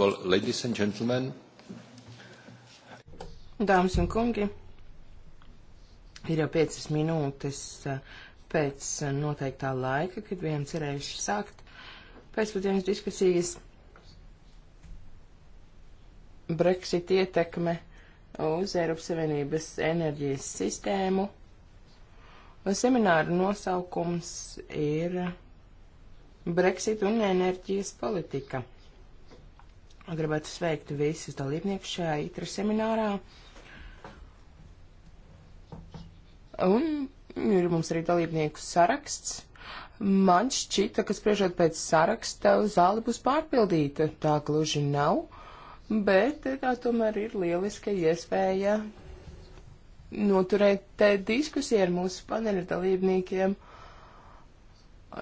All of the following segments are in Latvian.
Well, ladies and gentlemen. Dāmas un kungi, ir jau piecas minūtes eh, pēc eh, noteiktā laika, kad bijām cerējuši sākt pēcpusdienas diskusijas. Brexit ietekme uz Eiropas Savienības enerģijas sistēmu. Semināra nosaukums ir Brexit un enerģijas politika. Gribētu sveikt visus dalībniekus šajā itra e seminārā. Un ir mums arī dalībnieku saraksts. Man šķita, ka spriežot pēc saraksta, zāle būs pārpildīta. Tā gluži nav, bet tā tomēr ir lieliska iespēja noturēt diskusiju ar mūsu paneļa dalībniekiem.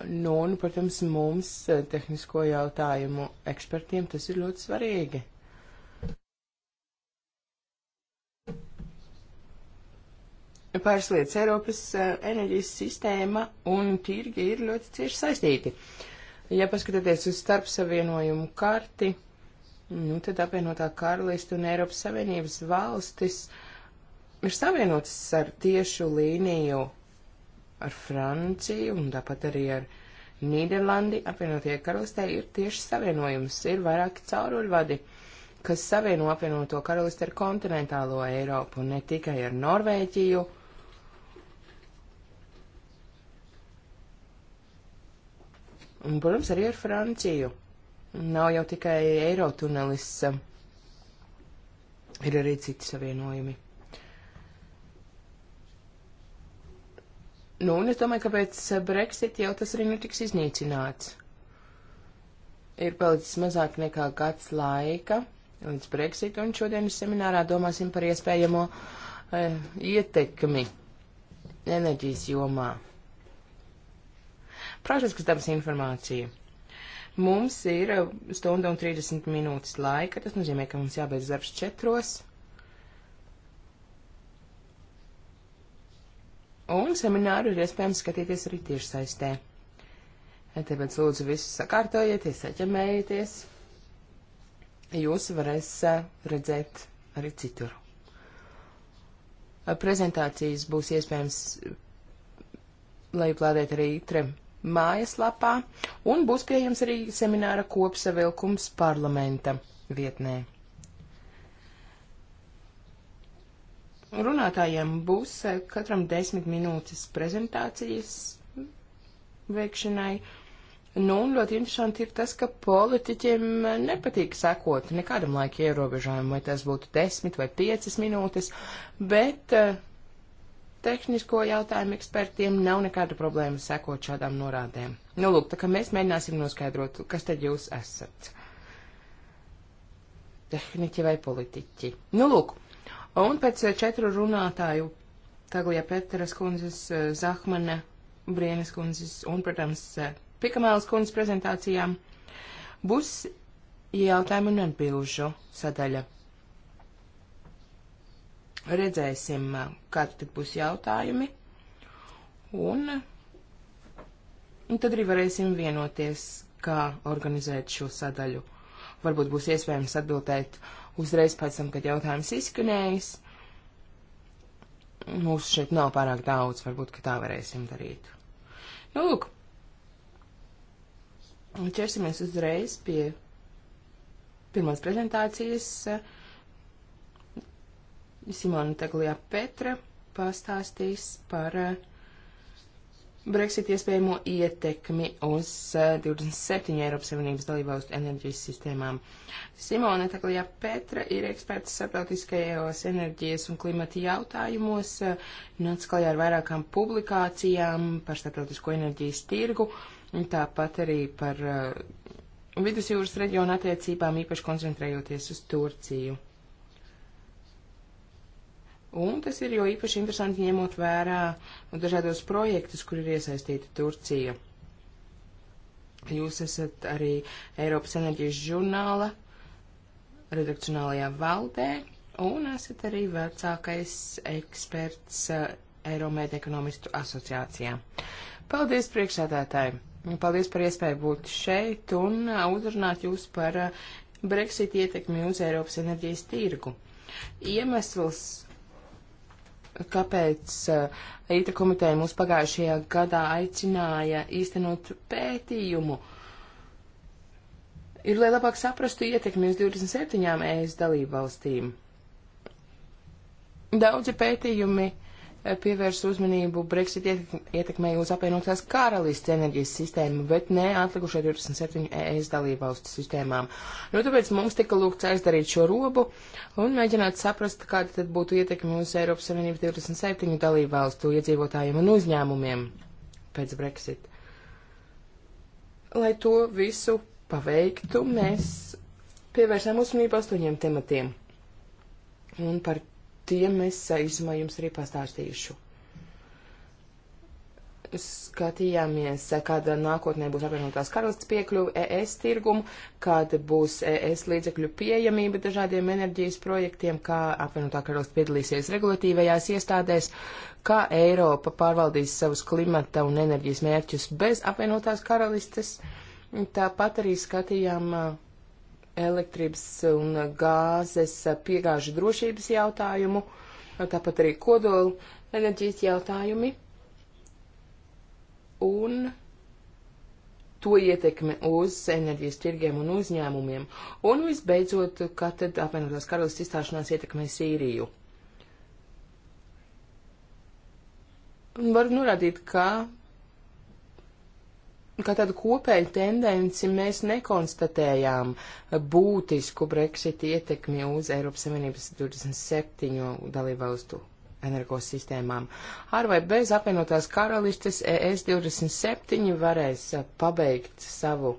Nu, un, protams, mums, eh, tehnisko jautājumu ekspertiem, tas ir ļoti svarīgi. Pāris lietas. Eiropas eh, enerģijas sistēma un tirgi ir ļoti cieši saistīti. Ja paskatāties uz starpsavienojumu karti, nu, tad apvienotā karalista un Eiropas Savienības valstis ir savienotas ar tiešu līniju ar Franciju un tāpat arī ar Nīderlandi, apvienotie karalistē ir tieši savienojums, ir vairāki cauruļvadi, kas savieno apvienoto karalisti ar kontinentālo Eiropu, ne tikai ar Norvēģiju. Un, protams, arī ar Franciju. Nav jau tikai Eirotunelis, ir arī citi savienojumi. Nu, un es domāju, ka pēc eh, Brexit jau tas arī netiks iznīcināts. Ir palicis mazāk nekā gads laika līdz Brexit, un šodienas seminārā domāsim par iespējamo e, ietekmi enerģijas jomā. Prāšas, kas dabas informācija. Mums ir eh, stunda un 30 minūtes laika, tas nozīmē, ka mums jābeidz darbs četros. un semināru ir iespējams skatīties arī tiešsaistē. Tāpēc lūdzu visus sakārtojieties, saķemējieties. Jūs varēs eh, redzēt arī citur. Prezentācijas būs iespējams lejuplādēt arī trem mājaslapā, un būs pieejams arī semināra kopsavilkums parlamenta vietnē. Runātājiem būs eh, katram desmit minūtes prezentācijas veikšanai. Nu, un ļoti interesanti ir tas, ka politiķiem eh, nepatīk sekot nekādam laika ierobežojumam, vai tas būtu desmit vai piecas minūtes, bet eh, tehnisko jautājumu ekspertiem nav nekāda problēma sekot šādām norādēm. Nu, lūk, tā kā mēs mēģināsim noskaidrot, kas tad jūs esat. Tehniķi vai politiķi. Nu, lūk, Un pēc eh, četru runātāju Taglija Peteras kundzes, eh, Zahmana Brienes kundzes un, protams, eh, Pikamēlas kundzes prezentācijām būs jautājumu un atbilžu sadaļa. Redzēsim, kādi būs jautājumi. Un, un tad arī varēsim vienoties, kā organizēt šo sadaļu. Varbūt būs iespējams atbildēt uh, uzreiz pēc tam, kad jautājums izskanējis. Mūsu šeit nav pārāk daudz, varbūt, ka tā varēsim darīt. Nu, lūk, ķersimies uzreiz pie pirmās prezentācijas. Simona Teglijā Petra pastāstīs par uh, Brexit iespējamo ietekmi uz 27 eh, Eiropas Savienības dalībvalstu enerģijas sistēmām. Simona Taklijā Petra ir eksperts starptautiskajos enerģijas un klimata jautājumos, eh, nāc klajā ar vairākām publikācijām par starptautisko enerģijas tirgu, tāpat arī par eh, vidusjūras reģionu attiecībām, īpaši koncentrējoties uz Turciju. Un tas ir jo īpaši interesanti ņemot vērā dažādos projektus, kur ir iesaistīta Turcija. Jūs esat arī Eiropas enerģijas žurnāla redakcionālajā valdē un esat arī vecākais eksperts eh, Eiromēda ekonomistu asociācijā. Paldies priekšsēdētāji! Paldies par iespēju būt šeit un eh, uzrunāt jūs par eh, Brexit ietekmi uz Eiropas enerģijas tirgu. Iemesls, kāpēc uh, eh, Eita komiteja mūs pagājušajā gadā aicināja īstenot pētījumu. Ir, lai labāk saprastu ietekmi uz 27 ES dalību valstīm. Daudzi pētījumi uh, pievērst uzmanību Brexit ietekmei uz apvienotās karalists enerģijas sistēmu, bet ne atlikušie 27 ES dalībvalstu sistēmām. Nu, tāpēc mums tika lūgts aizdarīt šo robu un mēģināt saprast, kāda tad būtu ietekme uz Eiropas Savienības 27 dalībvalstu iedzīvotājiem un uzņēmumiem pēc Brexit. Lai to visu paveiktu, mēs pievērsām uzmanību astoņiem tematiem. Un par tiem es īsumā jums arī pastāstīšu. Skatījāmies, kāda nākotnē būs apvienotās karalists piekļuva ES tirgumu, kāda būs ES līdzekļu pieejamība dažādiem enerģijas projektiem, kā apvienotā karalists piedalīsies regulatīvajās iestādēs, kā Eiropa pārvaldīs savus klimata un enerģijas mērķus bez apvienotās karalistes. Tāpat arī skatījām uh, elektrības un gāzes piegāžu drošības jautājumu, tāpat arī kodolu enerģijas jautājumi un to ietekme uz enerģijas tirgiem un uzņēmumiem, un visbeidzot, kā tad apvienotās karalists izstāšanās ietekmē Sīriju. Varu norādīt, ka kā tādu kopēju tendenci mēs nekonstatējām būtisku Brexit ietekmi uz Eiropas Savienības 27 dalībvalstu energosistēmām. Ar vai bez apvienotās karalistes e ES 27 varēs pabeigt savu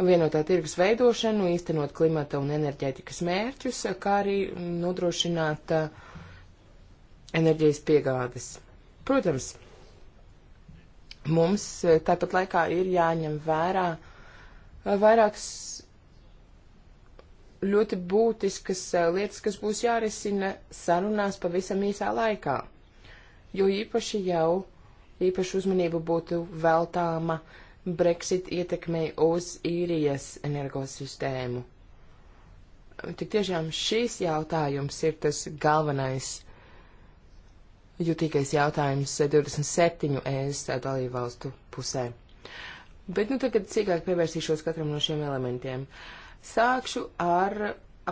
vienotā tirgus veidošanu, īstenot klimata un enerģētikas mērķus, kā arī nodrošināt uh, enerģijas piegādes. Protams, mums e, tāpat laikā ir jāņem vērā e, vairākas ļoti būtiskas e, lietas, kas būs jārisina sarunās pavisam īsā laikā. Jo īpaši jau īpaši uzmanību būtu veltāma Brexit ietekmei uz īrijas energosistēmu. Tik tiešām šīs jautājums ir tas galvenais jutīgais jautājums 27 ES dalību valstu pusē. Bet nu tagad cīkāk pievērsīšos katram no šiem elementiem. Sākšu ar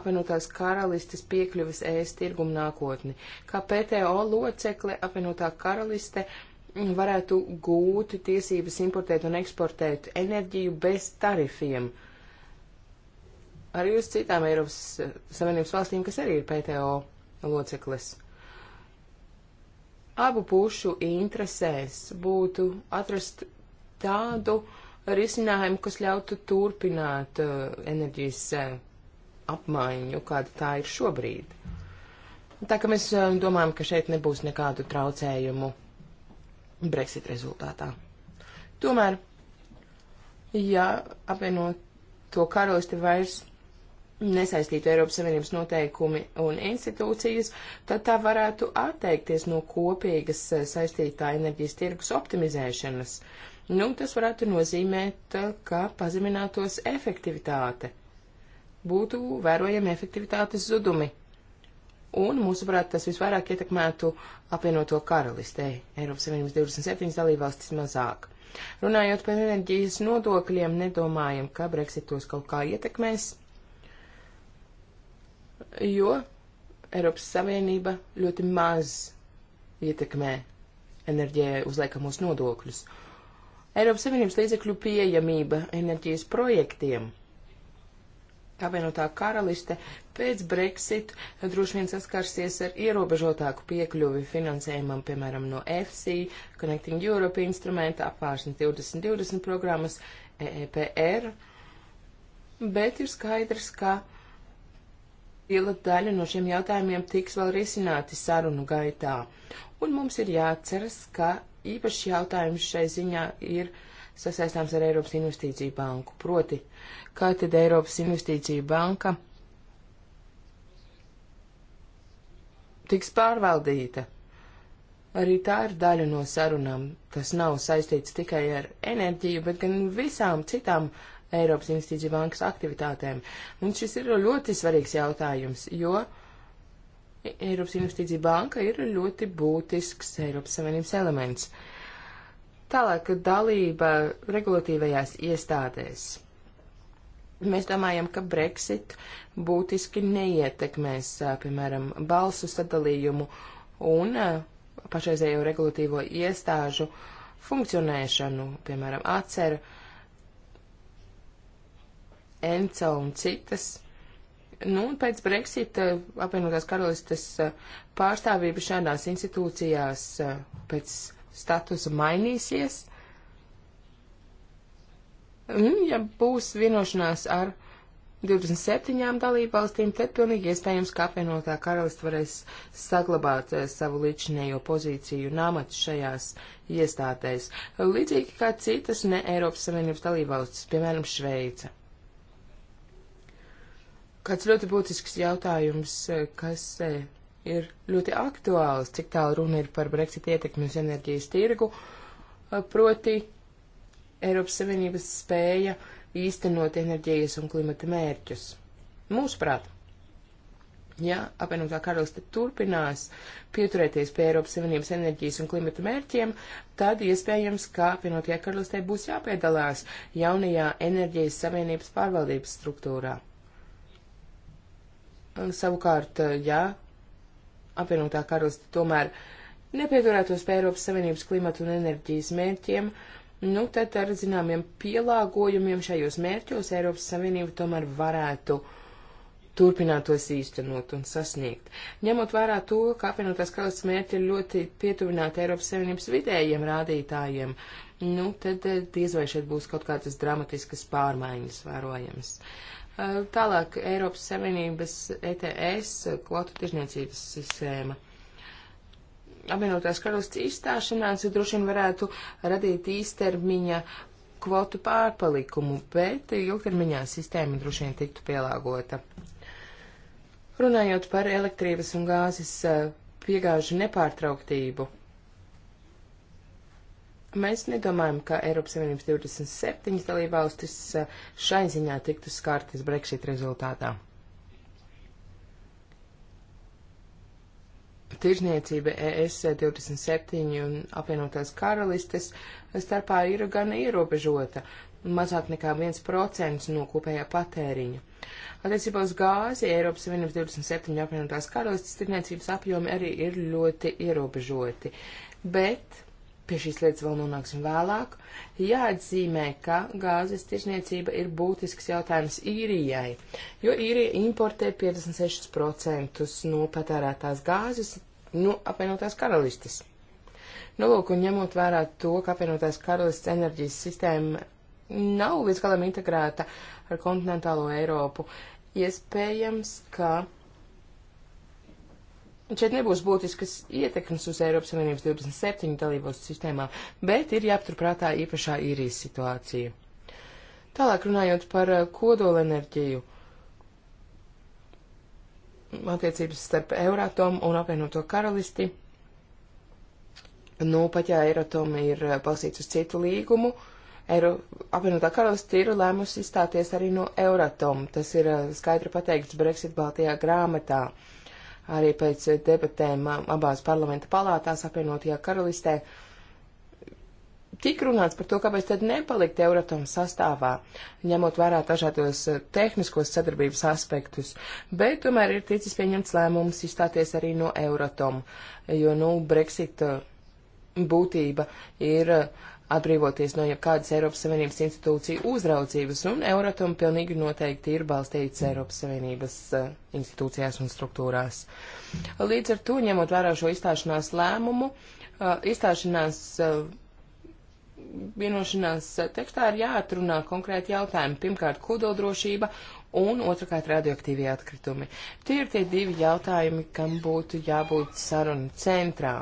apvienotās karalistes piekļuvis ES tirgumu nākotni. Kā PTO locekle apvienotā karaliste varētu gūt tiesības importēt un eksportēt enerģiju bez tarifiem. Arī uz citām Eiropas Savienības valstīm, kas arī ir PTO loceklis abu pušu interesēs būtu atrast tādu risinājumu, kas ļautu turpināt uh, enerģijas uh, apmaiņu, kāda tā ir šobrīd. Tā ka mēs uh, domājam, ka šeit nebūs nekādu traucējumu Brexit rezultātā. Tomēr, ja apvienot to karalisti vairs nesaistītu Eiropas Savienības noteikumi un institūcijas, tad tā varētu atteikties no kopīgas eh, saistītā enerģijas tirgus optimizēšanas. Nu, tas varētu nozīmēt, eh, ka pazeminātos efektivitāte. Būtu vērojami efektivitātes zudumi. Un, mūsuprāt, tas visvairāk ietekmētu apvienoto karalistē, Eiropas Savienības 27 dalībvalstis mazāk. Runājot par enerģijas nodokļiem, nedomājam, ka Brexit tos kaut kā ietekmēs, jo Eiropas Savienība ļoti maz ietekmē enerģijai uzliekamos nodokļus. Eiropas Savienības līdzekļu pieejamība enerģijas projektiem. Apvienotā karaliste pēc Brexit droši vien saskarsies ar ierobežotāku piekļuvi finansējumam, piemēram, no FC, Connecting Europe instrumenta, apvāršana 2020 programmas, EEPR, bet ir skaidrs, ka uh, Liela daļa no šiem jautājumiem tiks vēl risināti sarunu gaitā, un mums ir jāatceras, ka īpašs jautājums šai ziņā ir sasaistāms ar Eiropas Investīciju banku. Proti, kā tad Eiropas Investīciju banka tiks pārvaldīta? Arī tā ir daļa no sarunām, kas nav saistīts tikai ar enerģiju, bet gan visām citām uh, Eiropas Investīcija bankas aktivitātēm. Un šis ir ļoti svarīgs jautājums, jo Eiropas Investīcija banka ir ļoti būtisks Eiropas Savienības elements. Tālāk dalība regulatīvajās iestādēs. Mēs domājam, ka Brexit būtiski neietekmēs, piemēram, balsu sadalījumu un pašreizējo regulatīvo iestāžu funkcionēšanu, piemēram, atceru EMCO un citas. Nu, un pēc Brexit eh, apvienotās karalistes eh, pārstāvība šādās institūcijās eh, pēc statusa mainīsies. Ja būs vienošanās ar 27 dalībvalstīm, tad pilnīgi iespējams, ka apvienotā karalista varēs saglabāt savu līdzinējo pozīciju un amatu šajās iestādēs, līdzīgi kā citas ne Eiropas Savienības dalībvalstis, piemēram, Šveica kāds ļoti būtisks jautājums, eh, kas eh, ir ļoti aktuāls, cik tālu runa ir par Brexit ietekmi uz enerģijas tirgu, eh, proti Eiropas Savienības spēja īstenot enerģijas un klimata mērķus. Mūsuprāt, ja apvienotā karaliste turpinās pieturēties pie Eiropas Savienības enerģijas un klimata mērķiem, tad iespējams, ka apvienotajā karalistē būs jāpiedalās jaunajā enerģijas savienības pārvaldības struktūrā. Savukārt, eh, ja apvienotā karaliste tomēr nepieturētos pie Eiropas Savienības klimatu un enerģijas mērķiem, nu tad ar zināmiem pielāgojumiem šajos mērķos Eiropas Savienība tomēr varētu turpināt tos īstenot un sasniegt. Ņemot vērā to, ka apvienotās karalistes mērķi ir ļoti pietuvināti Eiropas Savienības vidējiem rādītājiem, nu tad eh, diez vai šeit būs kaut kādas dramatiskas pārmaiņas vērojamas. Uh, Eh, tālāk Eiropas Savienības ETS kvotu tirzniecības sistēma. Apvienotās karalists izstāšanās droši vien varētu radīt īstermiņa kvotu pārpalikumu, bet ilgtermiņā sistēma droši vien tiktu pielāgota. Runājot par elektrības un gāzes eh, piegāžu nepārtrauktību, Mēs nedomājam, ka Eiropas Savienības 27 dalībvalstis eh, šai ziņā tiktu skārtas Brexit rezultātā. Tirzniecība e ES 27 un apvienotās karalistes starpā ir gan ierobežota, mazāk nekā 1% no kopējā patēriņa. Attiecībā uz gāzi Eiropas Savienības 27 apvienotās karalistes tirniecības apjomi arī ir ļoti ierobežoti, bet Pie šīs lietas vēl nonāksim vēlāk. Jāatzīmē, ka gāzes tirsniecība ir būtisks jautājums īrijai, jo īrija importē 56% no patērētās gāzes no apvienotās karalistes. Nu, lūk, un ņemot vērā to, ka apvienotās karalistes enerģijas sistēma nav līdz galam integrēta ar kontinentālo Eiropu, iespējams, ka šeit nebūs būtiskas ietekmes uz Eiropas Savienības 27 dalībvalstu sistēmām, bet ir jāpaturprātā īpašā īrijas situācija. Tālāk runājot par eh, kodolenerģiju, attiecības starp Euratomu un apvienoto karalisti. Nu, pat ja Eiratom ir eh, balstīts uz citu līgumu, Eiro, apvienotā karaliste ir lēmusi izstāties arī no Euratom. Tas ir eh, skaidri pateikts Brexit Baltijā grāmatā. Uh, arī pēc debatēm abās parlamenta palātās apvienotajā karalistē, tik runāts par to, kāpēc tad nepalikt Euratom sastāvā, ņemot vērā dažādos tehniskos sadarbības aspektus, bet tomēr ir ticis pieņemts lēmums izstāties arī no Euratom, jo, nu, Brexit būtība ir uh, atbrīvoties no jebkādas Eiropas Savienības institūciju uzraudzības, un Euratom pilnīgi noteikti ir balstīts Eiropas Savienības uh, institūcijās un struktūrās. Līdz ar to, ņemot vērā šo izstāšanās lēmumu, uh, izstāšanās uh, vienošanās tekstā ir jāatrunā konkrēti jautājumi. Pirmkārt, kododrošība un otrkārt radioaktīvie atkritumi. Tie ir tie divi jautājumi, kam būtu jābūt sarunu centrā.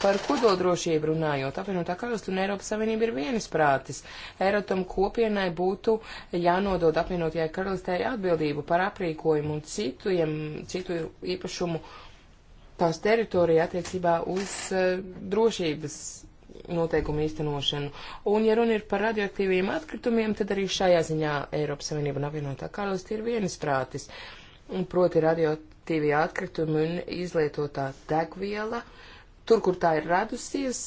Par kododrošību runājot, apvienotā karalista un Eiropas Savienība ir vienisprātis. Eirotam kopienai būtu jānodod apvienotajai karalistei atbildību par aprīkojumu un citujiem, citu īpašumu tās teritorija attiecībā uz uh, drošības noteikumu īstenošanu. Un, ja runa ir par radioaktīviem atkritumiem, tad arī šajā ziņā Eiropas Savienība un apvienotā karalista ir vienisprātis. Un proti radioaktīvie atkritumi un izlietotā degviela. Uh, Tur, kur tā ir radusies,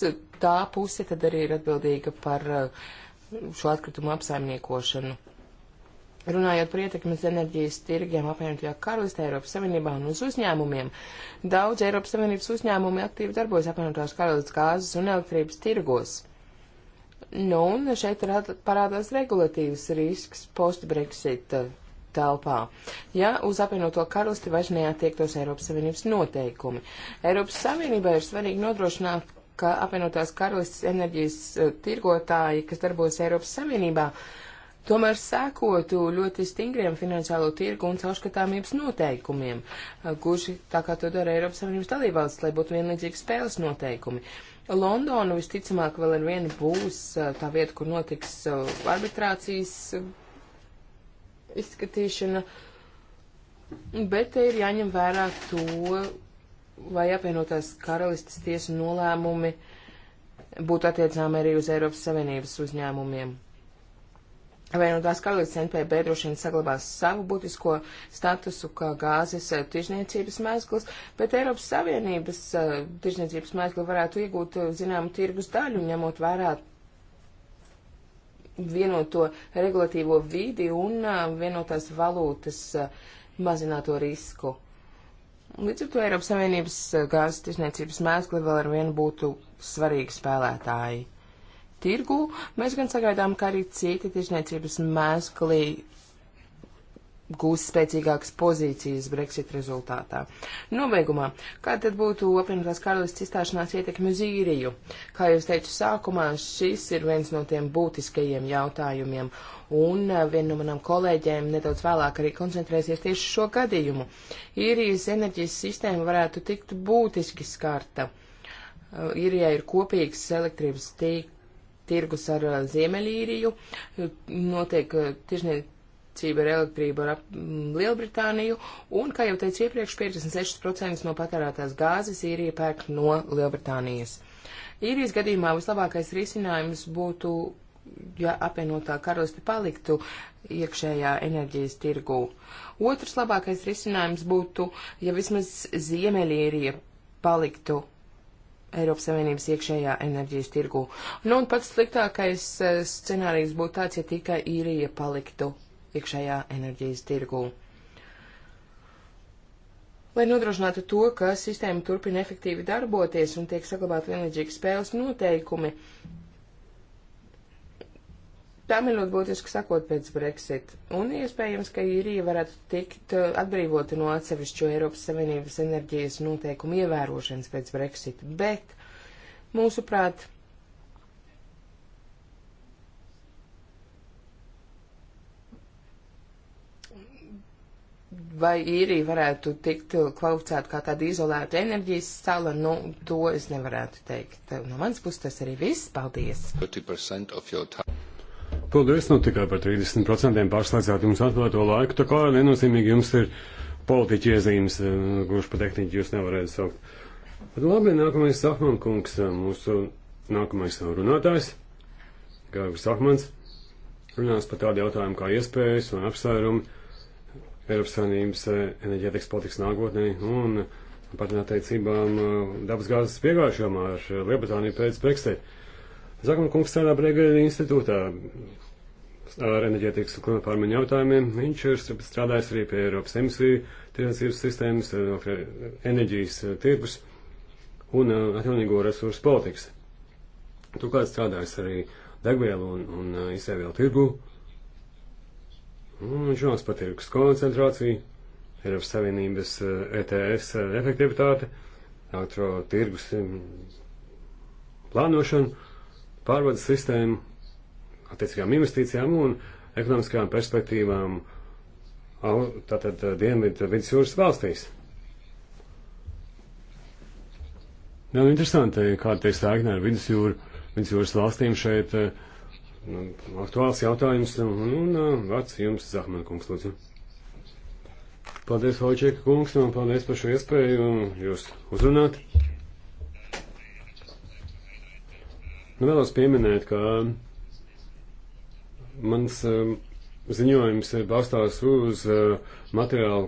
tā puse tad arī ir atbildīga par uh, šo atkritumu apsaimniekošanu. Runājot par ietekmes enerģijas tirgiem apvienotajā karalistē, Eiropas Savienībā un uz uzņēmumiem, daudz Eiropas Savienības uzņēmumi aktīvi darbojas apvienotās karalistes gāzes un elektrības tirgos. Nu, un šeit parādās regulatīvas risks post-Brexit uh, telpā, ja uz apvienoto karalisti vairs neatiektos Eiropas Savienības noteikumi. Eiropas Savienībā ir svarīgi nodrošināt, ka apvienotās karalistas enerģijas eh, tirgotāji, kas darbojas Eiropas Savienībā, tomēr sēkotu ļoti stingriem finansiālo tirgu un caurskatāmības noteikumiem, kurši eh, tā kā to dara Eiropas Savienības dalībvalsts, lai būtu vienlīdzīgi spēles noteikumi. Londona visticamāk vēl ar vienu būs eh, tā vieta, kur notiks arbitrācijas izskatīšana, bet te ir jāņem vērā to, vai apvienotās karalistas tiesu nolēmumi būtu attiecāmi arī uz Eiropas Savienības uzņēmumiem. Apvienotās karalistas NPB droši vien saglabās savu būtisko statusu kā gāzes eh, tirzniecības mēsls, bet Eiropas Savienības eh, tirzniecības mēsli varētu iegūt eh, zināmu tirgus daļu, ņemot vērā vienoto regulatīvo vidi un vienotās valūtas mazināto risku. Līdz ar to Eiropas Savienības gāzes tirsniecības mēsli vēl ar vienu būtu svarīgi spēlētāji. Tirgu mēs gan sagaidām, ka arī citi tirsniecības mēskli gūs spēcīgākas pozīcijas Brexit rezultātā. Nobeigumā, kā tad būtu apvienotās karalists izstāšanās ietekmi uz īriju? Kā jūs teicu sākumā, šis ir viens no tiem būtiskajiem jautājumiem, un eh, viena no manām kolēģēm nedaudz vēlāk arī koncentrēsies tieši šo gadījumu. Īrijas enerģijas sistēma varētu tikt būtiski skarta. Eh, Īrijai ir kopīgs elektrības tīk, tirgus ar eh, Ziemeļīriju, notiek tiešniecība cība ar elektrību ar ap, m, Lielbritāniju, un, kā jau teicu iepriekš, 56% no patērētās gāzes īrija pērk no Lielbritānijas. Īrijas gadījumā vislabākais risinājums būtu, ja apvienotā karaliste paliktu iekšējā enerģijas tirgū. Otrs labākais risinājums būtu, ja vismaz Ziemeļīrija paliktu Eiropas Savienības iekšējā enerģijas tirgū. Nu, un pats sliktākais eh, scenārijs būtu tāds, ja tikai īrija paliktu iekšējā enerģijas tirgū. Lai nodrošinātu to, ka sistēma turpina efektīvi darboties un tiek saglabāti vienlīdzīgi spēles noteikumi, tam ir ļoti būtiski sakot pēc Brexit, un iespējams, ka īrija varētu tikt uh, atbrīvota no atsevišķo Eiropas Savienības enerģijas noteikumu ievērošanas pēc Brexit, bet, mūsuprāt, vai īrija varētu tikt kvalificēta kā tāda izolēta enerģijas sala, nu, to es nevarētu teikt. No manas puses tas arī viss. Paldies! Paldies, nu tikai par 30% pārslēdzāt jums atvēlēto laiku, tā kā nenozīmīgi jums ir politiķi iezīmes, kurš eh, pa tehniķi jūs nevarētu saukt. Bet labi, nākamais Sahman kungs, eh, mūsu nākamais runātājs, Gārvis Sahmans, runās par tādu jautājumu kā iespējas un apsvērumi Eiropas Savienības eh, enerģētikas politikas nākotnē un partnerattiecībām eh, dabasgāzes piegājušajumā ar eh, Lielbritāniju pēc Brexit. Zakona kungs strādā Breigeļa institūtā ar enerģētikas un klimata pārmaiņu jautājumiem. Viņš ir strādājis arī pie Eiropas emisiju tirdzniecības sistēmas, enerģijas tirgus un atjaunīgo resursu politikas. Turklāt strādājis arī degvielu un, un izēvielu tirgu Un žurnāls par tirgus koncentrāciju, Eiropas Savienības ETS eh, e eh, efektivitāte, elektro tirgus mm, plānošanu, pārvades sistēmu, attiecīgām investīcijām un ekonomiskajām perspektīvām tātad eh, Dienvidu vidusjūras valstīs. Nav interesanti, kāda tiek sākna ar vidusjūru, vidusjūras valstīm šeit uh, Nu, aktuāls jautājums, un, un vārds jums, Zahmana kungs, lūdzu. Paldies, Hoģeka kungs, un paldies par šo iespēju jūs uzrunāt. Nu, vēlos pieminēt, ka mans eh, ziņojums balstās uz eh, materiālu,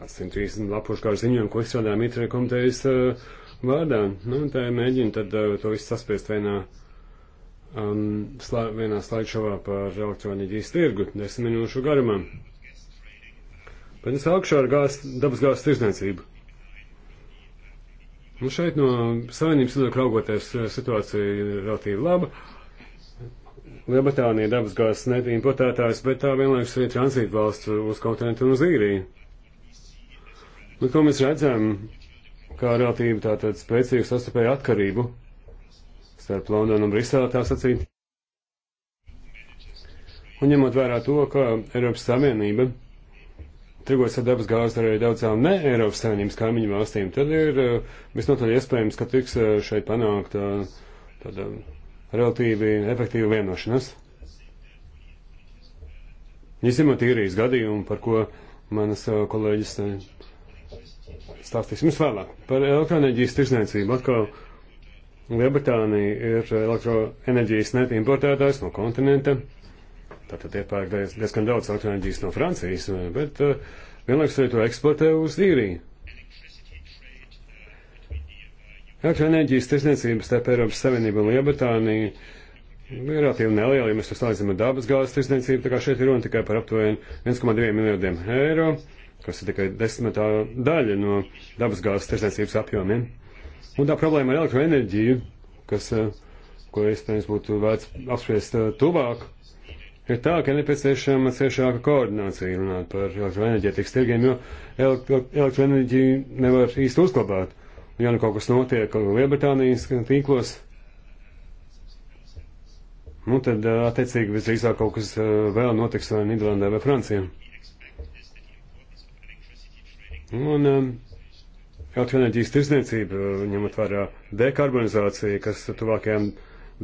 kāds 130 lapušu kā ziņojumu, ko izstrādājām ITRE komitejas eh, vārdā. Nu, tā mēģina tad to visu saspiest vienā. Uh, um, slā, vienā slaidšovā par elektroniģijas tirgu desmit minūšu garumā. Bet es sākšu ar gās, dabas gāzes tirsniecību. Nu šeit no savienības viedokļa raugoties eh, situācija ir relatīvi laba. Lielbritānija dabas gāzes net importētājs, bet tā vienlaikus ir tranzīta valsts uz kontinentu un uz īriju. Nu, ko mēs redzam, kā relatīvi tātad spēcīgu sastapēju atkarību starp Londonu un Briselu, tā sacīt. Un ņemot vērā to, ka Eiropas Savienība tirgojas ar dabas gāzi arī daudzām ne Eiropas Savienības kaimiņu valstīm, tad ir uh, visnotaļ iespējams, ka tiks uh, šeit panākt uh, tāda relatīvi efektīva vienošanās. Izņemot īrijas gadījumu, par ko manas kolēģis stāstīs mums vēlāk. Par elektroenerģijas tirsniecību atkal Lielbritānija ir elektroenerģijas net importētājs no kontinenta. Tātad iepērk diezgan daudz elektroenerģijas no Francijas, bet uh, vienlaikus arī to eksportē uz īriju. Elektroenerģijas tirsniecības starp Eiropas Savienību un Lielbritāniju ir relatīvi neliela, ja mēs to salīdzinām ar dabas gāzes tirsniecību, tā kā šeit ir runa tikai par aptuveni 1,2 miljardiem eiro, kas ir tikai desmitā daļa no dabas gāzes tirsniecības apjomiem. Ja? Un tā problēma ar elektroenerģiju, kas, eh, ko iespējams būtu vērts apspriest eh, tuvāk, ir tā, ka nepieciešama ciešāka koordinācija runāt par elektroenerģētikas tirgiem, jo elektro, elektroenerģiju nevar īsti uzglabāt. Ja nu kaut kas notiek Lielbritānijas tīklos, nu tad eh, attiecīgi visdrīzāk kaut kas vēl notiks vai Nīderlandē vai Francijā. Un um, elektroenerģijas tirsniecība, uh, ņemot vērā dekarbonizāciju, kas tuvākajām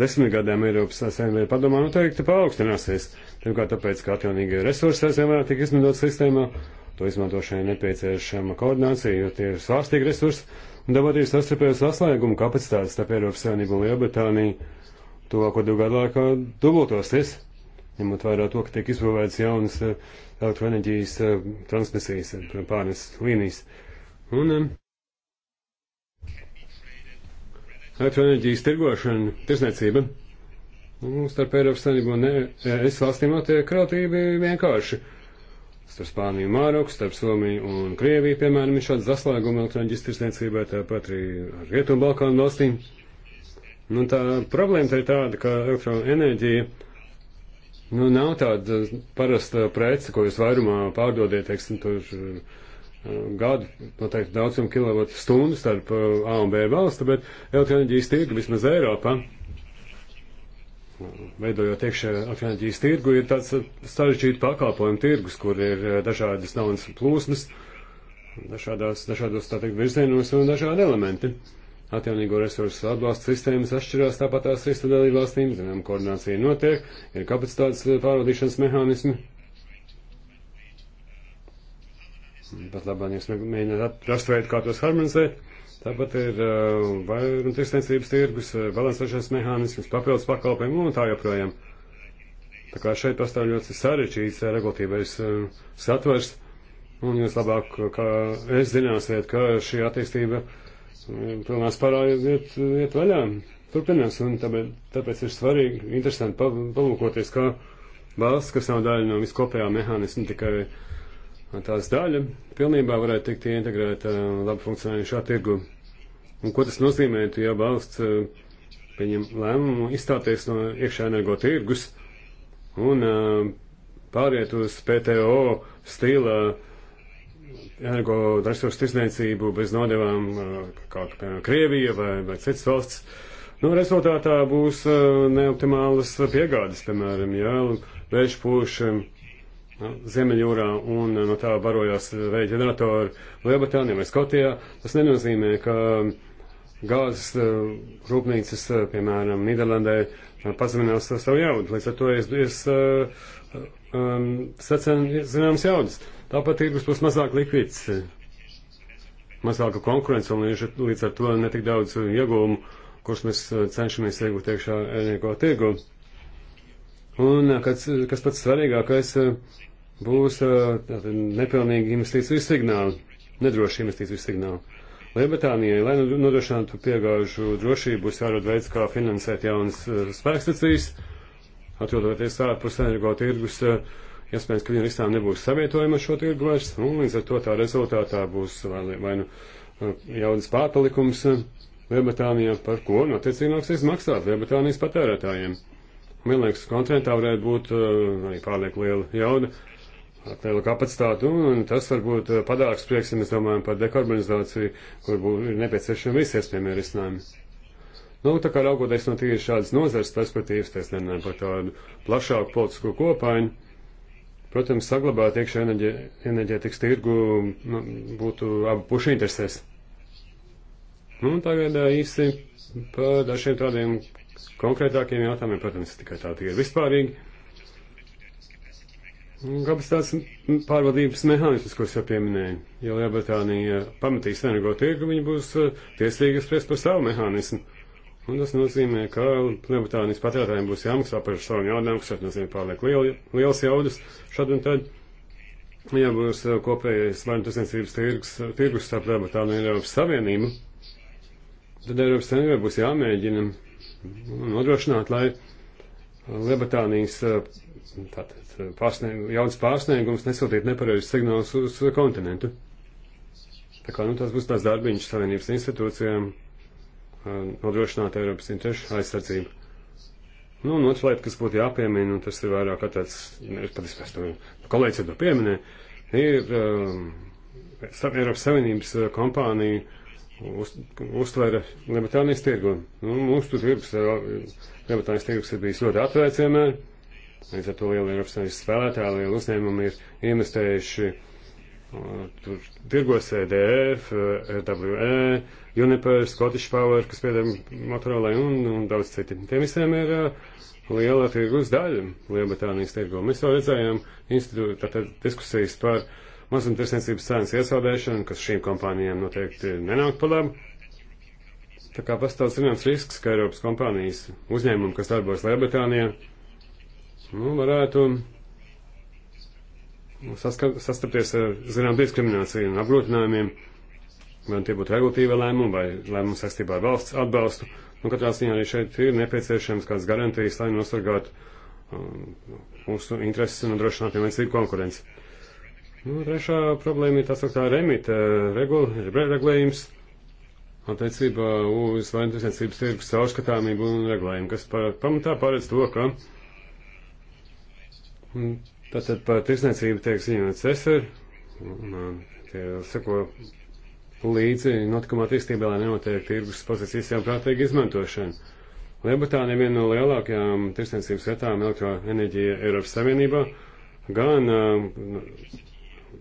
desmitgadēm Eiropas saimniecības padomā noteikti nu, paaugstināsies. Pirmkārt, tāpēc, ka atjaunīgie resursi aizvien vairāk tiek izmantot sistēmā, to izmantošanai nepieciešama koordinācija, jo tie ir svārstīgi resursi, un dabūtīs sastarpējas saslēguma kapacitātes starp Eiropas saimniecību un Lielbritāniju tuvāko divu gadu laikā dubultosies, ņemot vērā to, ka tiek izbūvētas jaunas uh, elektroenerģijas uh, transmisijas pārnes līnijas. Un, um, elektroenerģijas tirgošana, tirsniecība. Nu, starp Eiropas Savienību un es valstīm notiek krautība vienkārši. Starp Spāniju un Māroku, starp Somiju un Krieviju, piemēram, ir šāds zaslēguma elektroenerģijas tirsniecībai, tāpat arī ar Rietumu Balkānu valstīm. Nu, tā problēma tā ir tāda, ka elektroenerģija nu, nav tāda parasta prece, ko jūs vairumā pārdodiet, teiksim, tur gadu, noteikti daudzumu kilovatu stundu starp uh, A un B valstu, bet elektroenerģijas tirgu vismaz Eiropā, veidojot iekšējā elektroenerģijas tirgu, ir tāds uh, sarežģīts pakalpojumu tirgus, kur ir uh, dažādas naudas plūsmas, dažādās, dažādos, tā teikt, virzienos un dažādi elementi. Atjaunīgo resursu atbalsta sistēmas atšķirās tāpat tās trīs dalībvalstīm, zinām, koordinācija notiek, ir kapacitātes pārvaldīšanas mehānismi, Pat labāk jūs mēģināt atrast veidu, kā tos harmonizēt. Tāpat ir uh, vairums tirsniecības tirgus, uh, balansēšanas mehānisms, papildus pakalpojumi un tā joprojām. Tā kā šeit pastāv ļoti sarežģīts uh, regulatīvais uh, satvers, un jūs labāk, uh, kā es zināsiet, ka šī attīstība pilnās parā iet, iet vaļā, turpinās, un tāpēc, tāpēc ir svarīgi, interesanti palūkoties, kā valsts, kas nav daļa no viskopējā mehānisma, tikai uh, tās daļa pilnībā varētu tikt integrēta labi funkcionējušā tirgu. Un ko tas nozīmē, ja valsts eh, pieņem lēmumu izstāties no iekšā energo tirgus un eh, pāriet uz PTO stila eh, energo resursu tirdzniecību bez nodevām, kā piemēram Krievija vai, vai citas valsts. Nu, rezultātā būs neoptimālas piegādes, piemēram, ja vējš pūš nu, Ziemeļjūrā un eh, no tā barojās eh, vēja ģeneratori Lielbritānijā vai Skotijā, tas nenozīmē, ka mm, gāzes eh, rūpnīcas, piemēram, Nīderlandē, pazeminās savu jaudu. Līdz ar to es, es um, secinu zināmas jaudas. Tāpat tirgus būs mazāk likvids, mazāka konkurence un līdz ar to netik daudz iegūmu, kurus mēs cenšamies iegūt iekšā energo tirgu. Tirgu. Un, eh, kas, kas pats svarīgākais, eh, būs eh, tātad, nepilnīgi investīciju signāli, nedroši investīciju signāli. Lielbritānijai, lai nu- nodrošinātu piegāžu drošību, būs jārod veids, kā finansēt jaunas spēkstacijas, atrodoties ārpus energo tirgus, iespējams, ka viena risām nebūs savietojama šo tirgu vairs, un līdz ar to tā rezultātā būs vai, vai nu jaunas pārpalikums Lielbritānijā, par ko, nu, attiecīgi nāksies maksāt Lielbritānijas patērētājiem. Man liekas, kontinentā varētu būt eh, arī pārlieku liela jauda, liela kapacitāte, un tas varbūt eh, padāks prieks, ja mēs domājam par dekarbonizāciju, kur būtu nepieciešami visi iespējami risinājumi. Nu, tā kā raugoties no tīri šādas nozares perspektīvas, tas nerunājam par tādu plašāku politisko kopainu. Protams, saglabāt iekšā enerģē, enerģētikas tirgu nu, būtu abu pušu interesēs. Nu, tagad eh, īsi par dažiem tādiem konkrētākiem jautājumiem, protams, tikai tā tie ir vispārīgi. Kāpēc tāds pārvaldības mehānisms, ko es jau pieminēju? Ja Lielbritānija pamatīs energo tirgu, viņi būs eh, tiesīgi spriest par savu mehānismu. Un tas nozīmē, ka Lielbritānijas patērētājiem būs jāmaksā par savām jaudām, kas nozīmē pārliek liel, liels jaudas šad un tad. Ja būs eh, kopējais vainotnesniecības tirgus, tirgus starp Lielbritāniju un Eiropas Savienību, tad Eiropas Savienībai būs jāmēģina nodrošināt, lai Lielbritānijas eh, eh, pārsnieg, jaudas pārsniegums nesūtītu nepareizus signālus uz kontinentu. Tā kā nu, tas būs tās darbiņš Savienības institūcijām eh, nodrošināt Eiropas interešu aizsardzību. Nu, un otra lieta, kas būtu jāpiemina, un tas ir vairāk kā tāds, patiesībā to kolēģis jau to pieminē, ir um, Eiropas Savienības kompāniju uh, uz, uztvēra Lielbritānijas tirgu. Nu, mūsu tirgus, eh, Lielbritānijas tirgus ir bijis ļoti atvērts vienmēr. Līdz ar to liela Eiropas Savienības spēlētāja, liela uzņēmumi ir investējuši uh, tur tirgos EDF, RWE, e, Uniper, Scottish Power, kas pieder Motorola un, un daudz citi. Tiem visiem ir uh, liela tirgus daļa Lielbritānijas tirgu. Mēs jau redzējām institūta diskusijas par uh, mazumtirdzniecības cenas iesaldēšana, kas šīm kompānijām noteikti nenāk par labu. Tā kā pastāv zināms risks, ka Eiropas kompānijas uzņēmumi, kas darbojas Lielbritānijā, nu, varētu sastapties ar zinām diskrimināciju un apgrūtinājumiem, vai tie būtu regulatīva lēmuma vai lēmuma saistībā ar valsts atbalstu. Nu, katrā ziņā arī šeit ir nepieciešams kāds garantijas, lai nosargātu um, mūsu intereses un nodrošinātu vienlīdzīgu konkurenci. Nu, trešā problēma ir tā sauktā remita regul, regulējums attiecībā uz vainotniecības tirgus caurskatāmību un regulējumu, kas par, pamatā paredz to, ka tātad par tirsniecību tiek ziņots SR, un tie seko līdzi notikumā attīstībā, lai nenotiek tirgus pozīcijas jau prātīgi izmantošana. Lielbritānija viena no lielākajām tirsniecības vietām elektroenerģija Eiropas Savienībā, gan uh,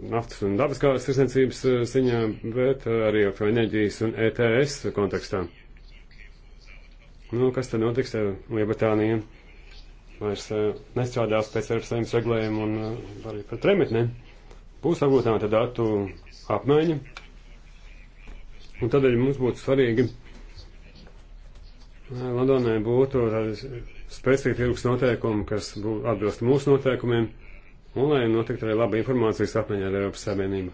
naftas un dabas kādas tirsniecības eh, ziņā, bet eh, arī elektroenerģijas un ETS kontekstā. Nu, kas tad notiks ar Lielbritāniju? Vairs eh, nestrādās pēc Eiropas saimnes regulējuma un arī pret remitnēm. Būs apgūtināta datu apmaiņa. Un tādēļ mums būtu svarīgi, lai Londonai būtu tādas spēcīgi tirgus noteikumi, kas atbilst mūsu noteikumiem un nu, lai notiktu arī laba informācijas apmaiņa ar Eiropas Savienību.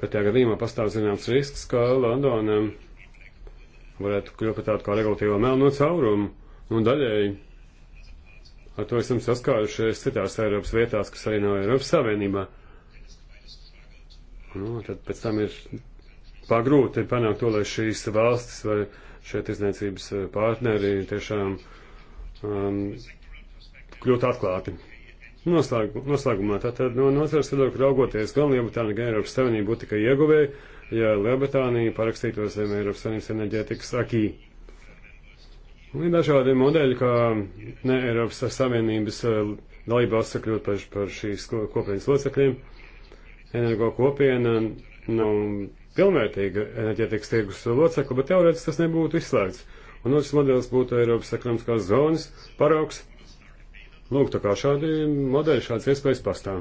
Pretējā gadījumā pastāv zināms risks, ka Londona varētu kļūt par tādu kā regulatīvo melno caurumu, nu, un daļēji ar to esam saskārušies citās Eiropas vietās, kas arī nav Eiropas Savienībā. Nu, tad pēc tam ir pagrūti panākt to, lai šīs valstis vai šeit izniecības partneri tiešām um, kļūtu atklāti. Noslēgumā, noslēgumā tātad no nozares viedokļa raugoties, gan Lielbritānija, gan Eiropas Savienība būtu tikai ieguvēji, ja Lielbritānija parakstītos zem Eiropas Savienības enerģētikas akī. Un ir dažādi modeļi, kā ne Eiropas Savienības eh, dalībvalsts kļūt par, par šīs kopienas locekļiem. Energo kopiena nav pilnvērtīga enerģētikas tirgus locekla, bet teorētiski tas nebūtu izslēgts. Un otrs modelis būtu Eiropas ekonomiskās zonas paraugs Lūk, tā kā šādi modeļi, šādas iespējas pastāv.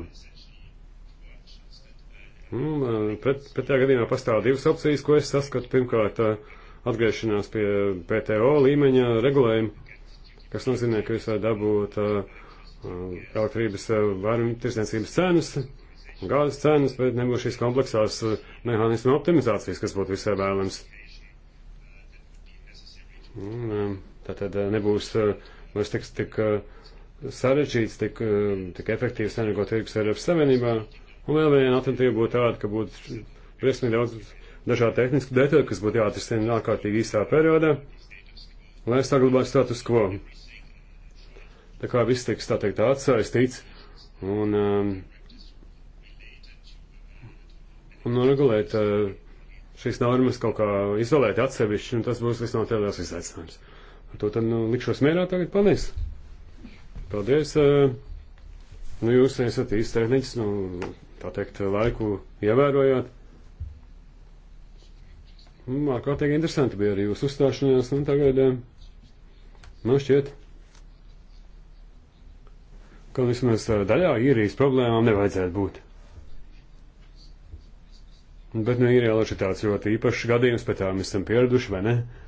Nu, un, pret, pretējā gadījumā pastāv divas opcijas, ko es saskatu. Pirmkārt, atgriešanās pie PTO līmeņa regulējuma, kas nozīmē, ka jūs varat dabūt elektrības vairuma tirsniecības cenas, gāzes cenas, bet nebūs šīs kompleksās mehānismu optimizācijas, kas būtu visai vēlams. Un, tātad nebūs vairs tik, tik uh, sarežģīts, tik, um, tik efektīvs energotirgus Eiropas Savienībā. Un vēl viena alternatīva būtu tāda, ka būtu briesmīgi daudz dažādu tehnisku detaļu, kas būtu jāatrisina ārkārtīgi īsā periodā, lai saglabātu status quo. Tā kā viss tiks, tā teikt, atsaistīts un, um, un noregulēt uh, šīs normas kaut kā izolēt atsevišķi, un tas būs visnotaļās izaicinājums. Ar to tad nu, likšos mierā tagad, paldies! Paldies. Eh, nu, jūs esat īsts tehniķis, nu, tā teikt, laiku ievērojāt. Nu, ārkārtīgi interesanti bija arī jūsu uzstāšanās, un tagad eh, man šķiet, ka vismaz eh, daļā īrijas problēmām nevajadzētu būt. Bet nu, ir jau tāds ļoti īpašs gadījums, pēc tā mēs esam pieraduši, vai ne? Uh,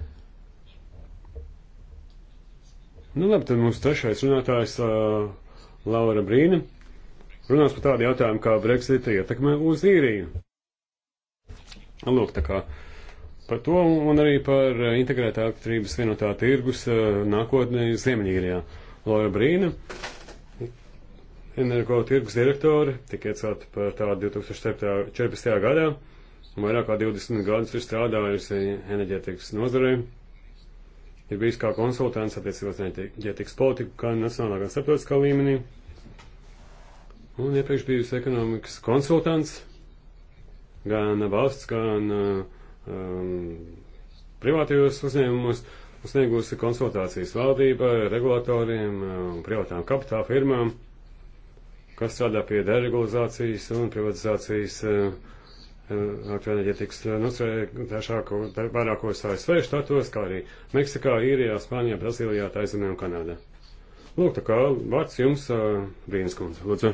Nu, labi, tad mūsu trešais runātājs uh, Laura Brīna runās par tādu jautājumu, kā Brexita ietekme uz īriju. Lūk, tā kā par to un arī par integrētā elektrības vienotā tirgus uh, nākotnē Ziemeņīrijā. Laura Brīna, energo tirgus direktore, tika iecelta par tādu 2014. gadā un vairāk kā 20 gadus ir strādājusi enerģētikas nozarei ir bijis kā konsultants attiecībās enerģētikas politiku, gan nacionālā, gan starptautiskā līmenī. Un iepriekš bijusi ekonomikas konsultants, gan valsts, gan um, privātajos uzņēmumos, sniegusi konsultācijas valdībai, regulatoriem, um, privātām kapitāla firmām, kas strādā pie deregulizācijas un privatizācijas. Uh, um, Atvainojiet, ja tiks eh, nosvēršāko nu, vairākos ASV štatos, kā arī Meksikā, Īrijā, Spānijā, Brazīlijā, Taizemē un Kanādā. Lūk, tā kā vārds jums, eh, Brīnis Kundze, lūdzu.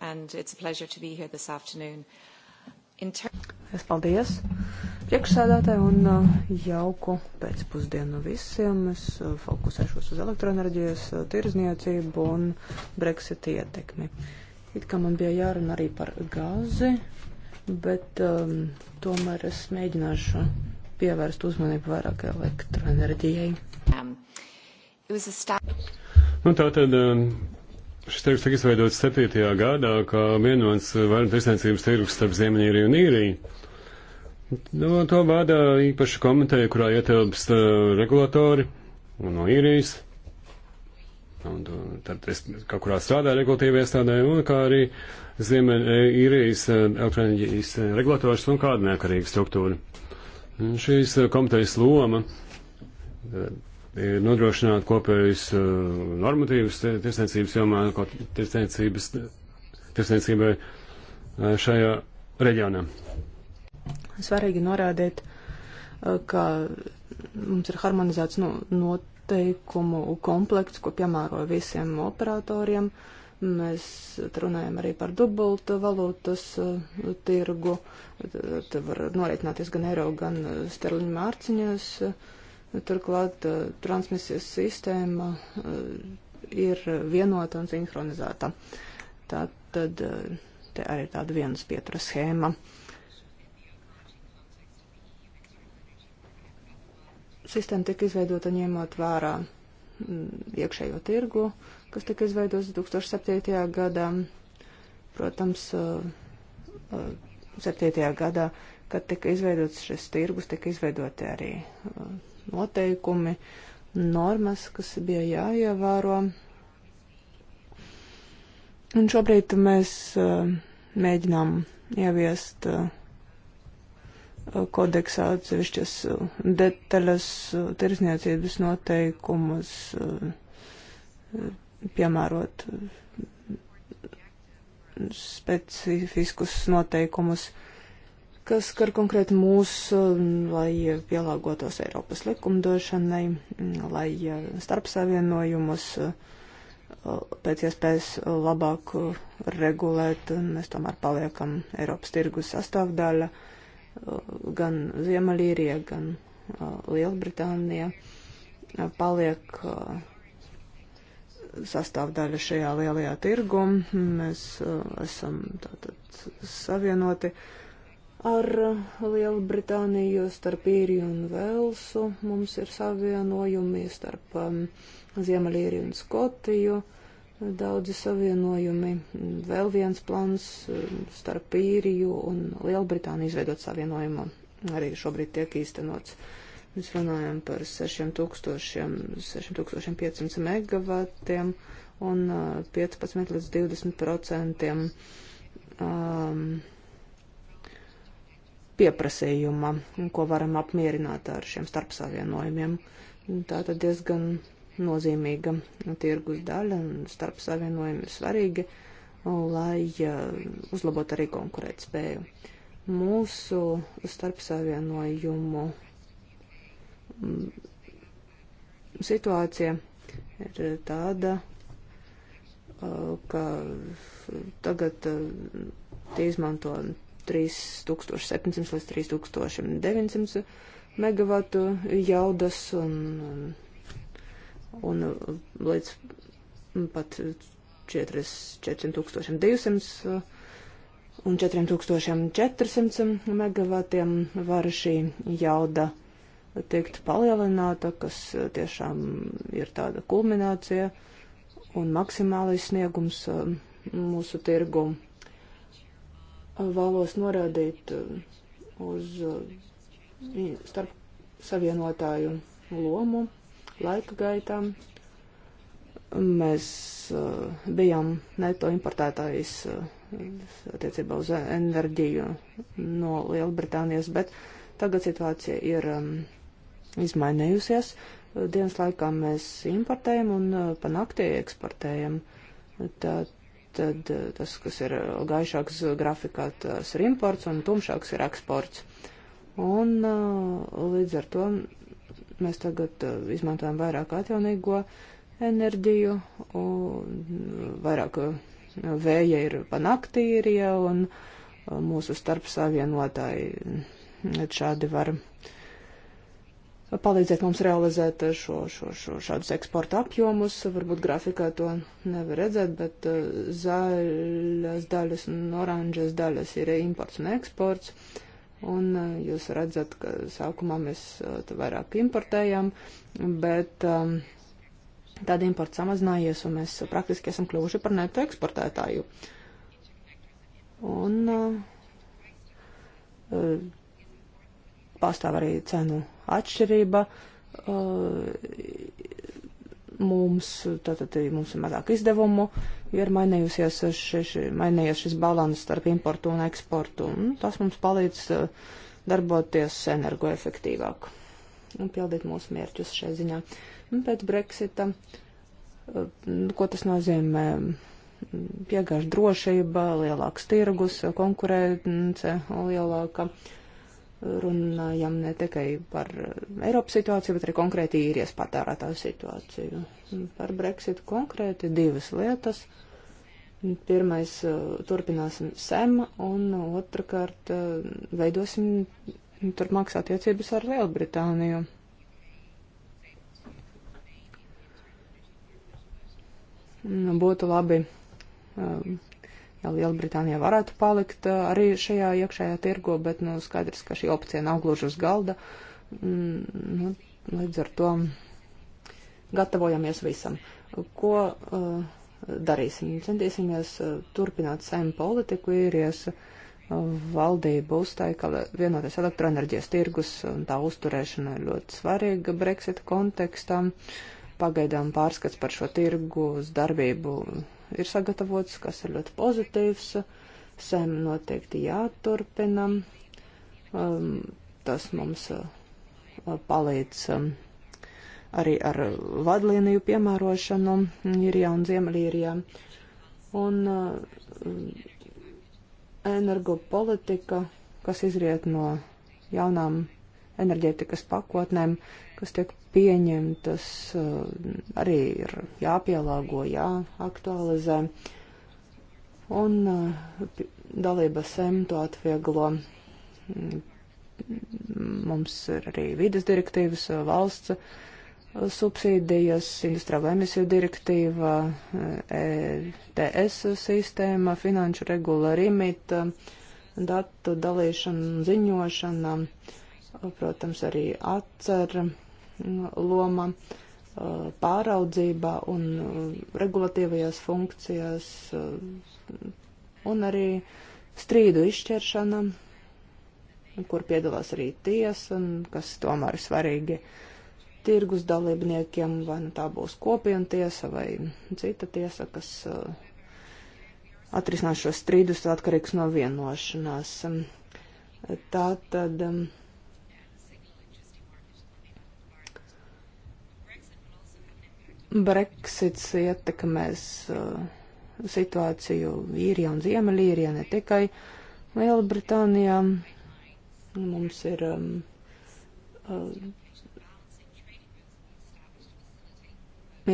And it's a pleasure to be here this afternoon. Es paldies priekšsēdētāju un eh, jauku pēcpusdienu visiem. Es fokusēšos uz elektroenerģijas, tirzniecību un Brexit ietekmi. It kā man bija jārunā arī par gāzi, bet um, tomēr es mēģināšu pievērst uzmanību vairāk elektroenerģijai. Um, nu, tā tad um, Šis tirgus tika izveidots 7. gadā, kā vienots varu tirsniecības tirgus starp Ziemeņīriju un Īriju. Nu, to vada īpaša komiteja, kurā ietilpst uh, regulatori no Īrijas, Un, un tad es kaut kurā strādāju regulatīvi iestādē, un kā arī Ziemeļīrijas e, e, elektroenerģijas e, regulators un kāda neakarīga struktūra. Un šīs komitejas loma ir nodrošināt kopējus normatīvus tirsniecības jomā, ko tirsniecības, tirsniecībai šajā reģionā. Svarīgi norādīt, ka mums ir harmonizēts nu, no, noteikumu komplekts, ko piemēro visiem operatoriem. Mēs runājam arī par dubultu valūtas eh, tirgu. Te var norēķināties gan eiro, gan eh, sterliņu mārciņas. Turklāt eh, transmisijas sistēma ir vienota un sinhronizēta. Tā tad te arī tāda vienas pietura schēma. Uh, sistēma tika izveidota ņemot vērā mm, iekšējo tirgu, kas tika izveidots 2007. gadā. Protams, 2007. Uh, uh, gadā, kad tika izveidots šis tirgus, tika izveidoti arī uh, noteikumi, normas, kas bija jāievēro. Un šobrīd mēs mēģinām ieviest uh, kodeksā atsevišķas detaļas, tirsniecības noteikumus piemērot specifiskus noteikumus, kas skar konkrēti mūs, lai pielāgotos Eiropas likumdošanai, lai starpsavienojumus pēc iespējas labāk regulēt, un mēs tomēr paliekam Eiropas tirgus sastāvdaļa. Uh, gan Ziemeļīrija, gan Lielbritānija paliek sastāvdaļa šajā lielajā tirgu. Mēs esam tātad savienoti ar Lielbritāniju, starp īriju un Velsu. Mums ir savienojumi starp Ziemeļīriju un Skotiju. Uh, daudzi savienojumi. Vēl viens plāns um, starp īriju un Lielbritāniju izveidot savienojumu arī šobrīd tiek īstenots. Mēs runājam par 6500 megavatiem un 15 uh, līdz 20 procentiem um, pieprasījuma, ko varam apmierināt ar šiem starpsavienojumiem. Tā tad diezgan nozīmīga tirgus daļa un starp savienojumi ir svarīgi, lai uzlabotu arī konkurētspēju. Mūsu starp savienojumu mm, situācija ir tāda, ka tagad tie izmanto 3700 līdz 3900 megavatu jaudas un un uh, līdz mm, pat 400 uh, tūkstošiem 200 uh, un 4400 megavatiem var šī jauda tikt palielināta, kas tiešām ir tāda kulminācija un maksimālais sniegums mūsu tirgu. Vēlos norādīt uz starp savienotāju lomu laika gaitā. Mēs uh, bijām neto importētājs uh, attiecībā uz enerģiju no Lielbritānijas, bet tagad situācija ir um, izmainījusies. Dienas laikā mēs importējam un uh, pa naktī eksportējam. Tad, tad tas, kas ir gaišāks grafikā, tas ir imports un tumšāks ir eksports. Un līdz ar to Mēs tagad uh, izmantojam vairāk atjaunīgo enerģiju, un uh, vairāk uh, vēja ir panaktīrie, un mūsu starp savienotāji mm, šādi var palīdzēt mums realizēt šo, šo, šo, šādus eksporta apjomus. Varbūt grafikā to nevar redzēt, bet zaļas daļas un oranžas daļas ir imports un eksports. Un eh, jūs redzat, ka sākumā mēs eh, vairāk importējam, bet um, tad imports samazinājies un mēs praktiski esam kļuvuši par neto eksportētāju. Un uh, pastāv arī cenu atšķirība. Uh, mums, tātad mums ir mazāk izdevumu, jo ir mainījusies ši, ši, mainījies šis balans starp importu un eksportu. Un tas mums palīdz eh, darboties energoefektīvāk un pildīt mūsu mērķus šai ziņā. Un pēc Brexita, eh, ko tas nozīmē? Piegāž drošība, lielāks tirgus, konkurence lielāka. Uh, runājam ne tikai par Eiropas situāciju, bet arī konkrēti īrijas patērētāju situāciju. Par Brexitu konkrēti divas lietas. Pirmais eh, turpināsim SEM un otrkārt eh, veidosim turpmākas attiecības ar Lielbritāniju. Nu, būtu labi um, Lielbritānija varētu palikt uh, arī šajā iekšējā tirgo, bet nu, skaidrs, ka šī opcija nav gluži uz galda. Mm, nu, līdz ar to gatavojamies visam. Ko uh, darīsim? Centīsimies uh, turpināt saimnu politiku, īrijas uh, valdība uzstāja, ka vienotais elektroenerģijas tirgus un tā uzturēšana ir ļoti svarīga Brexit kontekstam. Pagaidām pārskats par šo tirgu uz darbību ir sagatavots, kas ir ļoti pozitīvs. Sem noteikti jāturpina. Um, tas mums uh, palīdz um, arī ar vadlīniju piemērošanu Irijā un Ziemeļīrijā. Un uh, energopolitika, kas izriet no jaunām enerģētikas pakotnēm, kas tiek pieņemtas, eh, arī ir jāpielāgo, jāaktualizē. Un eh, dalība SEM to atvieglo. Mums ir arī vidas direktīvas, eh, valsts subsīdijas, industriāla emisiju direktīva, ETS e sistēma, finanšu regula, rimita, datu dalīšana, ziņošana, protams, arī atcera loma uh, pāraudzībā un uh, regulatīvajās funkcijās uh, un arī strīdu izšķiršana, kur piedalās arī tiesa un kas tomēr ir svarīgi tirgus dalībniekiem, vai nu tā būs kopiena tiesa vai cita tiesa, kas atrisinās šos strīdus atkarīgs no vienošanās. Tā tad. Um, Brexits ietekmēs uh, situāciju īrijā un Ziemeļīrijā, ne tikai Lielbritānijā. Mums ir um, uh,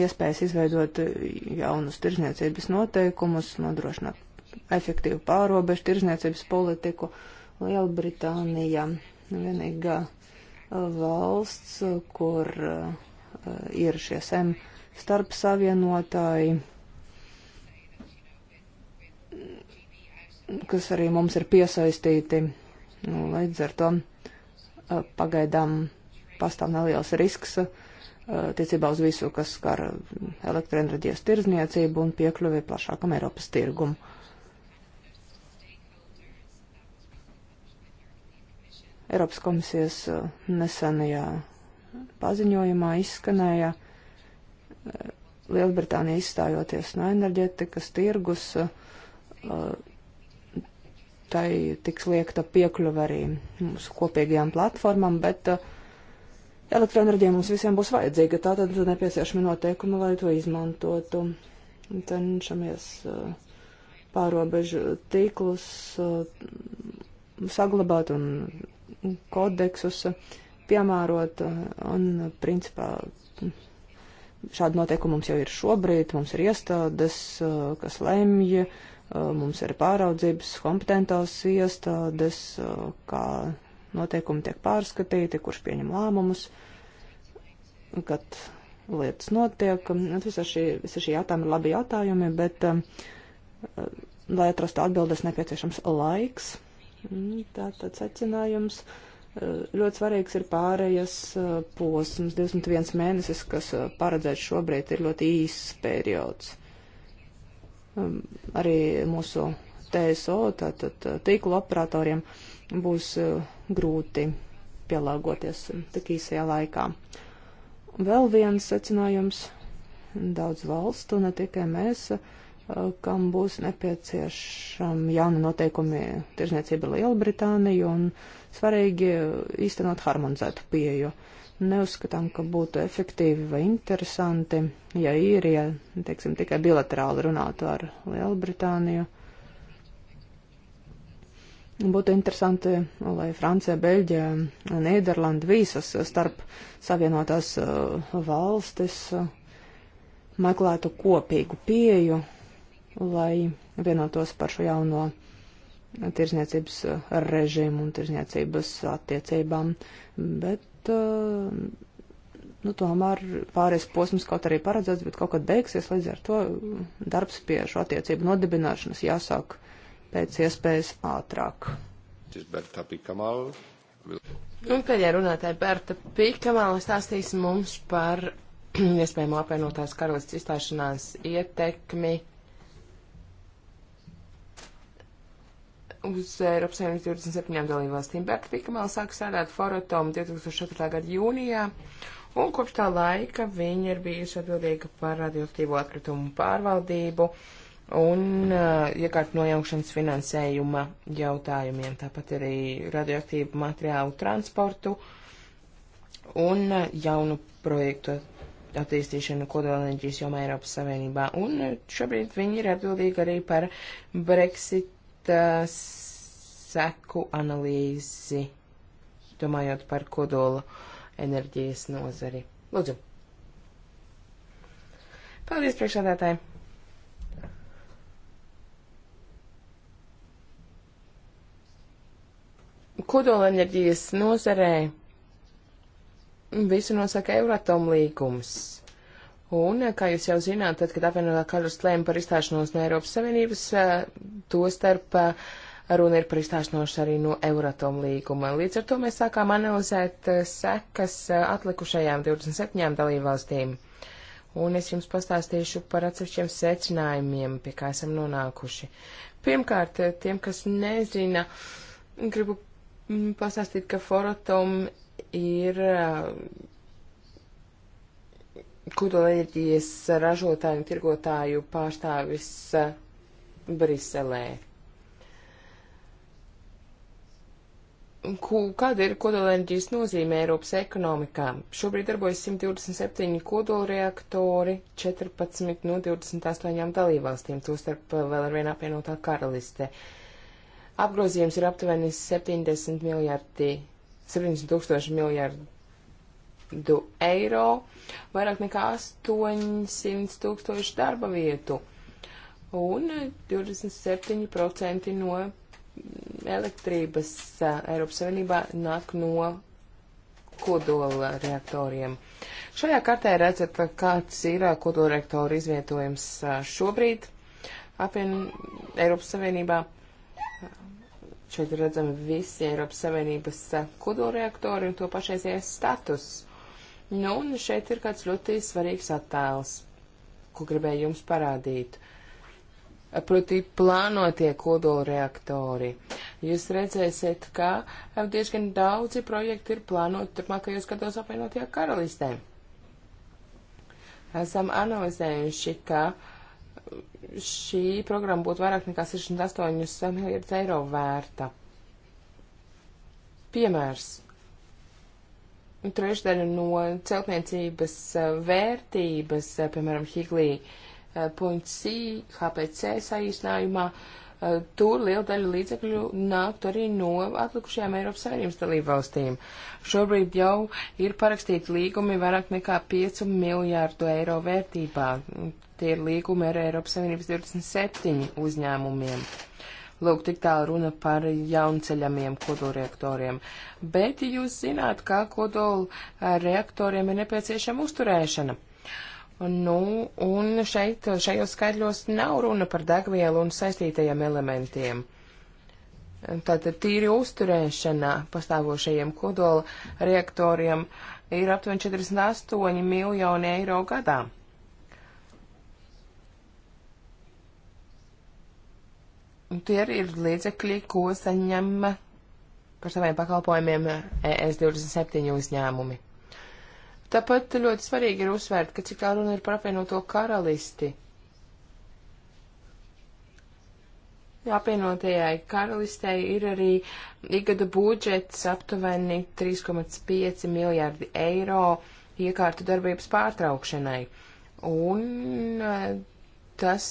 iespējas izveidot jaunus tirzniecības noteikumus, nodrošināt efektīvu pārobežu tirzniecības politiku. Lielbritānija vienīgā uh, valsts, uh, kur uh, ir šie sem. Uh, starp savienotāji, kas arī mums ir piesaistīti. Nu, līdz ar to pagaidām pastāv neliels risks tiecībā uz visu, kas skar elektroenerģijas tirzniecību un piekļuvi plašākam Eiropas tirgumu. Eiropas komisijas nesenajā paziņojumā izskanēja, uh, Lielbritānija izstājoties no enerģetikas tirgus, uh, tai tiks liekta piekļuva arī mūsu kopīgajām platformām, bet uh, elektroenerģija mums visiem būs vajadzīga, tātad nepieciešami noteikumi, lai to izmantotu. Cenšamies uh, pārobežu tīklus saglabāt un kodeksus piemērot un principā Šādi noteikumi mums jau ir šobrīd, mums ir iestādes, kas lemj, mums ir pāraudzības kompetentās iestādes, kā noteikumi tiek pārskatīti, kurš pieņem lēmumus, kad lietas notiek. Visi šie, visi šie jautājumi ir labi jautājumi, bet, lai atrastu atbildes, nepieciešams laiks. Mm, Tātad secinājums. Tā Eh, ļoti svarīgs ir pārējas eh, posms. 21 mēnesis, kas eh, paredzēts šobrīd, ir ļoti īss periods. Ehm, arī mūsu TSO, tātad tīklu operatoriem, būs grūti pielāgoties tik īsajā laikā. Vēl viens secinājums - daudz valstu, ne tikai mēs, kam būs nepieciešami jauni noteikumi tirzniecība Lielbritānija un Lielbritānija Svarīgi īstenot harmonizētu pieju. Neuzskatām, ka būtu efektīvi vai interesanti, ja īrija, teiksim, tikai bilaterāli runātu ar Lielbritāniju. Būtu interesanti, lai Francija, Beļģija, Nīderlanda visas starp savienotās uh, valstis uh, meklētu kopīgu pieju, lai vienotos par šo jauno tirzniecības uh, režīmu un tirzniecības attiecībām, bet uh, nu, tomēr pāris posms kaut arī paredzēts, bet kaut kad beigsies, līdz ar to darbs pie šo attiecību nodibināšanas jāsāk pēc iespējas ātrāk. Un pēdējā runātāja Berta Pikamāla stāstīs mums par iespējamo apvienotās karalists izstāšanās ietekmi uz Eiropas Savienības 27 dalībvalstīm. Berta Pikamela sāka strādāt Forotom 2004. gada jūnijā, un kopš tā laika viņa ir bijusi atbildīga par radioaktīvo atkritumu pārvaldību un uh, iekārtu nojaukšanas finansējuma jautājumiem, tāpat arī radioaktīvu materiālu transportu un uh, jaunu projektu attīstīšanu kodolenerģijas jomā Eiropas Savienībā. Un uh, šobrīd viņi ir atbildīgi arī par Brexit uh, seku analīzi, domājot par kodola enerģijas nozari. Lūdzu. Paldies, priekšādātāji. Kodolenerģijas nozarē visu nosaka Euratom līgums. Un, kā jūs jau zināt, tad, kad apvienotā karalists lēma par izstāšanos no Eiropas Savienības, eh, to starp eh, runa ir par izstāšanos arī no Euratom līguma. Līdz ar to mēs sākām analizēt eh, sekas atlikušajām 27 dalībvalstīm. Un es jums pastāstīšu par atsevišķiem secinājumiem, pie kā esam nonākuši. Pirmkārt, tiem, kas nezina, gribu mm, pastāstīt, ka Forotom ir kodolenerģijas ražotāju un tirgotāju pārstāvis eh, Briselē. Kāda ir kodolenerģijas nozīme Eiropas ekonomikā? Šobrīd darbojas 127 kodolreaktori 14 no 28 dalībvalstīm, tostarp eh, vēl ar vienu apvienotā karaliste. Apgrozījums ir aptuveni 70 miljardi, 70 tūkstoši miljardi miljardu eiro, vairāk nekā 800 tūkstoši darba vietu un 27% no elektrības Eiropas Savienībā nāk no kodola reaktoriem. Šajā kartē redzat, kāds ir kodola reaktoru izvietojums šobrīd apvien Eiropas Savienībā. Šeit redzam visi Eiropas Savienības kodola reaktori un to pašreizējais status. Nu, un šeit ir kāds ļoti svarīgs attēls, ko gribēju jums parādīt. Proti, plānotie kodolreaktori. Jūs redzēsiet, ka eh, diezgan daudzi projekti ir plānoti turpmākajos gados apvienotajā karalistē. Esam analizējuši, ka eh, šī programma būtu vairāk nekā 68 miljardus eiro vērta. Piemērs trešdaļu no celtniecības eh, vērtības, eh, piemēram, Higlī.c, eh, HPC saīsinājumā, tur liela daļa līdzekļu nāktu arī no atlikušajām Eiropas Savienības dalību valstīm. Šobrīd jau ir parakstīti līgumi vairāk nekā 5 miljārdu eiro vērtībā. Tie ir līgumi ar Eiropas Savienības 27 uzņēmumiem. Uh, Lūk, tik tālu runa par jaunceļamiem kodolreaktoriem. Bet jūs zināt, kā kodolreaktoriem ir nepieciešama uzturēšana. Nu, un šeit, šajos skaidļos nav runa par degvielu un saistītajiem elementiem. Tātad tīri uzturēšana pastāvošajiem kodola reaktoriem ir aptuveni 48 miljoni eiro gadā. Tie arī ir līdzekļi, ko saņem par saviem pakalpojumiem e ES27 uzņēmumi. Tāpat ļoti svarīgi ir uzsvērt, ka cik tā runa ir par apvienoto karalisti. Apvienotajai karalistei ir arī ikgada budžets aptuveni 3,5 miljārdi eiro iekārtu darbības pārtraukšanai. Un tas,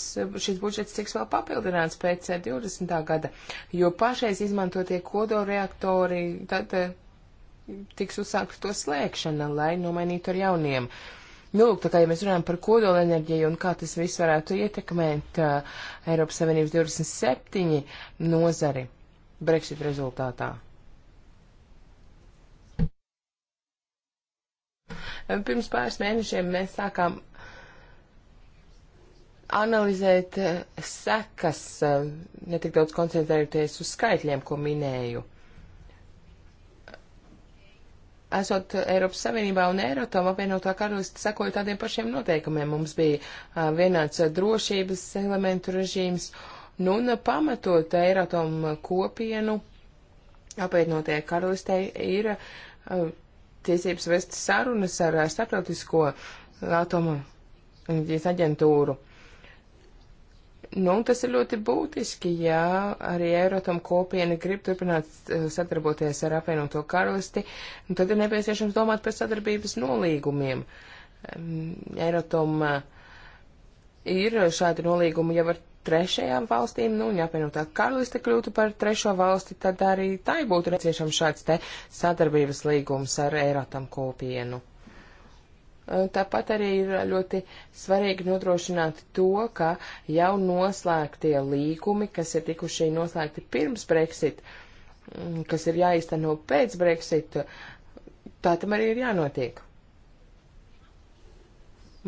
šis budžets tiks vēl papildināts pēc 20. Eh, gada, jo pašreiz izmantotie kodoreaktori, tad eh, tiks uzsākt to slēgšana, lai nomainītu ar jauniem. Nu, tā kā ja mēs runājam par kodolenerģiju un kā tas viss varētu ietekmēt uh, Eiropas Savienības 27 nozari Brexit rezultātā. Pirms pāris mēnešiem mēs sākām analizēt eh, sekas, eh, netik daudz koncentrējoties uz skaitļiem, ko minēju. Esot Eiropas Savienībā un Eirotom apvienotā karalista sekoju tādiem pašiem noteikumiem. Mums bija eh, vienāds drošības elementu režīms, nu un pamatot Eirotom kopienu apvienotajai karalistei ir tiesības vest sarunas ar starptautisko atomu aģentūru. Nu, tas ir ļoti būtiski, ja arī Eirotam kopiena grib turpināt eh, sadarboties ar apvienoto karalisti, nu, tad ir nepieciešams domāt par sadarbības nolīgumiem. Eirotam eh, ir šādi nolīgumi jau ar trešajām valstīm, nu, ja apvienotā karaliste kļūtu par trešo valsti, tad arī tai būtu nepieciešams šāds te sadarbības līgums ar Eirotam kopienu. Tāpat arī ir ļoti svarīgi nodrošināt to, ka jau noslēgtie līgumi, kas ir tikuši noslēgti pirms Brexit, mm, kas ir jāizteno pēc Brexit, tā tam arī ir jānotiek.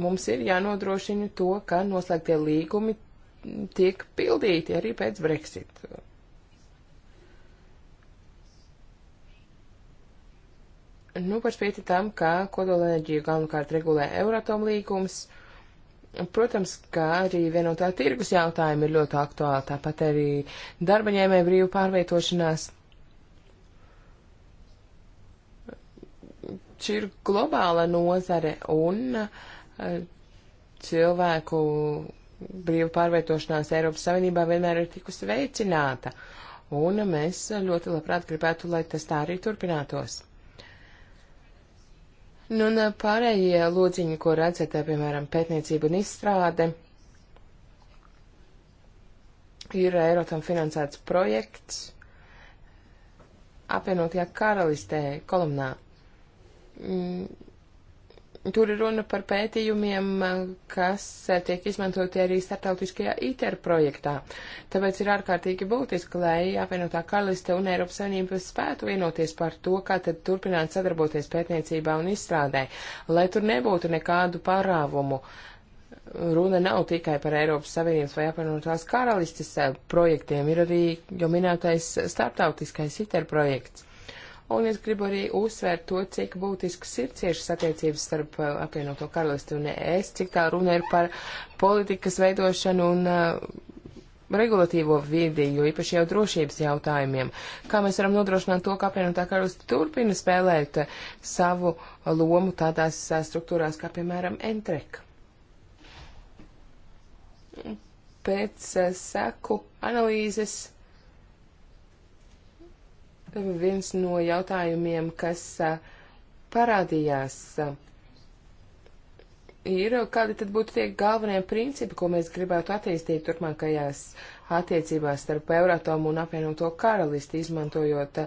Mums ir jānodrošina to, ka noslēgtie līgumi tiek pildīti arī pēc Brexit. Nu, par spīti tam, ka kodolenerģiju galvenokārt regulē Euratom līgums, protams, ka arī vienotā tirgus jautājumi ir ļoti aktuāli, tāpat arī darba ņēmē brīvu pārvietošanās. Šī ir globāla nozare un eh, cilvēku brīva pārvietošanās Eiropas Savienībā vienmēr ir tikusi veicināta, un mēs ļoti labprāt gribētu, lai tas tā arī turpinātos. Nu, un pārējie lodziņi, ko redzat, piemēram, pētniecība un izstrāde, ir Eirotam finansēts projekts apvienotajā karalistē kolumnā. Mm tur ir runa par pētījumiem, kas eh, tiek izmantoti arī startautiskajā ITER projektā. Tāpēc ir ārkārtīgi būtiski, lai apvienotā karaliste un Eiropas Savienība spētu vienoties par to, kā tad turpināt sadarboties pētniecībā un izstrādē, lai tur nebūtu nekādu pārāvumu. Runa nav tikai par Eiropas Savienības vai apvienotās karalistes eh, projektiem, ir arī jau minētais startautiskais ITER projekts un es gribu arī uzsvērt to, cik būtisks ir ciešas attiecības starp uh, apvienoto karalistu un es, cik tā runa ir par politikas veidošanu un uh, regulatīvo vidi, jo īpaši jau drošības jautājumiem. Kā mēs varam nodrošināt to, ka apvienotā karalista turpina spēlēt uh, savu lomu tādās uh, struktūrās kā, piemēram, Entrek? Pēc uh, seku analīzes viens no jautājumiem, kas parādījās, ir, kādi tad būtu tie galvenie principi, ko mēs gribētu attīstīt turpmākajās attiecībās starp Euratomu un apvienoto karalisti, izmantojot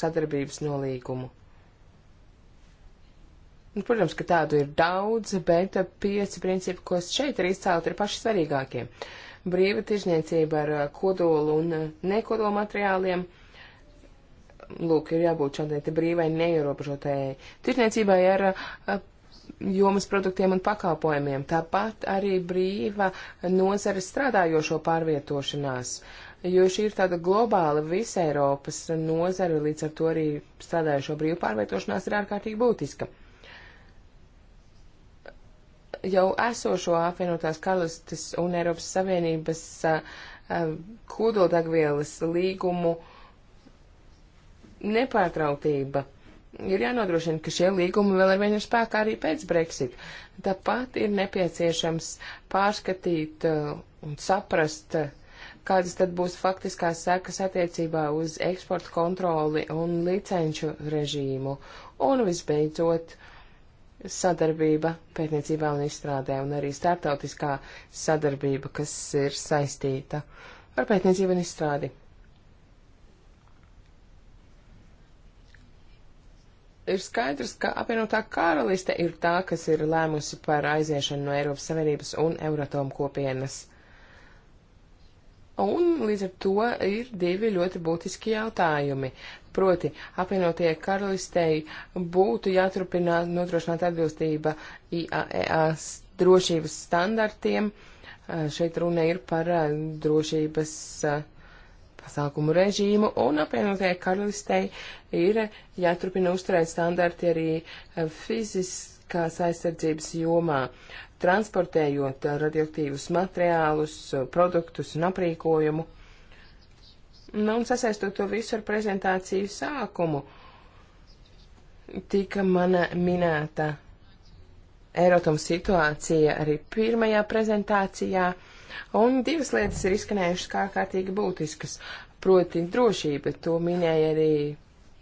sadarbības nolīgumu. Nu, protams, ka tādu ir daudz, bet pieci principi, ko šeit ir izcēlti, ir paši svarīgākie. Brīva tirzniecība ar kodolu un nekodolu materiāliem. Uh, lūk, ir jābūt šādai te brīvai neierobežotajai tirniecībai ar jomas produktiem un pakalpojumiem. Tāpat arī brīva nozares strādājošo pārvietošanās, jo šī ir tāda globāla visa Eiropas nozara, līdz ar to arī strādājošo brīvu pārvietošanās ir ārkārtīgi būtiska. Jau esošo apvienotās karalistes un Eiropas Savienības kododagvielas līgumu uh, nepārtrauktība. Ir jānodrošina, ka šie līgumi vēl ar vienu spēkā arī pēc Brexit. Tāpat ir nepieciešams pārskatīt uh, un saprast, uh, kādas tad būs faktiskās sekas attiecībā uz eksporta kontroli un licenču režīmu. Un visbeidzot, sadarbība pētniecībā un izstrādē, un arī starptautiskā sadarbība, kas ir saistīta ar pētniecību un izstrādi. ir skaidrs, ka apvienotā karaliste ir tā, kas ir lēmusi par aiziešanu no Eiropas Savienības un Euratomu kopienas. Un līdz ar to ir divi ļoti būtiski jautājumi. Proti, apvienotie karalistei būtu jāturpina nodrošināt atbilstība IAEAS drošības standartiem. Šeit runa ir par eh, drošības uh, pasākumu režīmu, un apvienotajai karalistei ir jāturpina uzturēt standarti arī eh, fiziskās aizsardzības jomā, transportējot radioaktīvus materiālus, produktus un aprīkojumu. Nu, un sasaistot to visu ar prezentāciju sākumu, tika mana minēta Eirotums situācija arī pirmajā prezentācijā. Un divas lietas ir izskanējušas kā kārtīgi būtiskas. Proti drošība, to minēja arī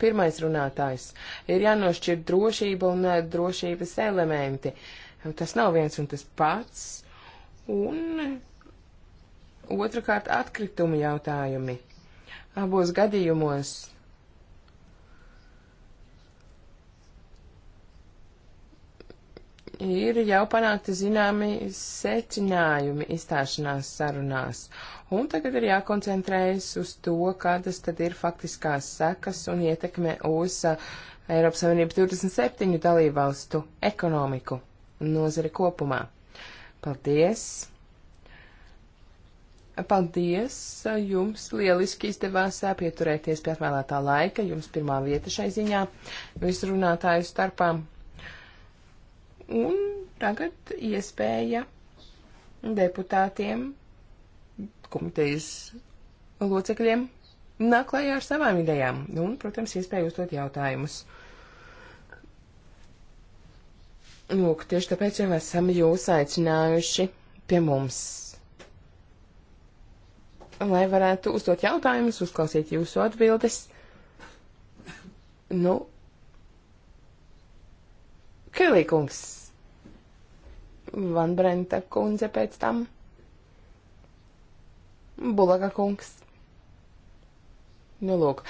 pirmais runātājs. Ir jānošķir drošība un eh, drošības elementi. Tas nav viens un tas pats. Un otrkārt atkrituma jautājumi. Abos gadījumos ir jau panākti zināmi secinājumi izstāšanās sarunās. Un tagad ir jākoncentrējas uz to, kādas tad ir faktiskās sekas un ietekme uz uh, Eiropas Savienības 27 dalībvalstu ekonomiku nozari kopumā. Paldies! Paldies! Jums lieliski izdevās uh, pieturēties pie atvēlētā laika. Jums pirmā vieta šai ziņā visrunātāju starpām. Un tagad iespēja deputātiem, komitejas locekļiem nāk klajā ar savām idejām un, protams, iespēja uzdot jautājumus. Lūk, tieši tāpēc jau esam jūs aicinājuši pie mums, lai varētu uzdot jautājumus, uzklausīt jūsu atbildes. Nu, Kelīkungs, Van Brenta kundze pēc tam. Bulaka kungs. Nu, lūk,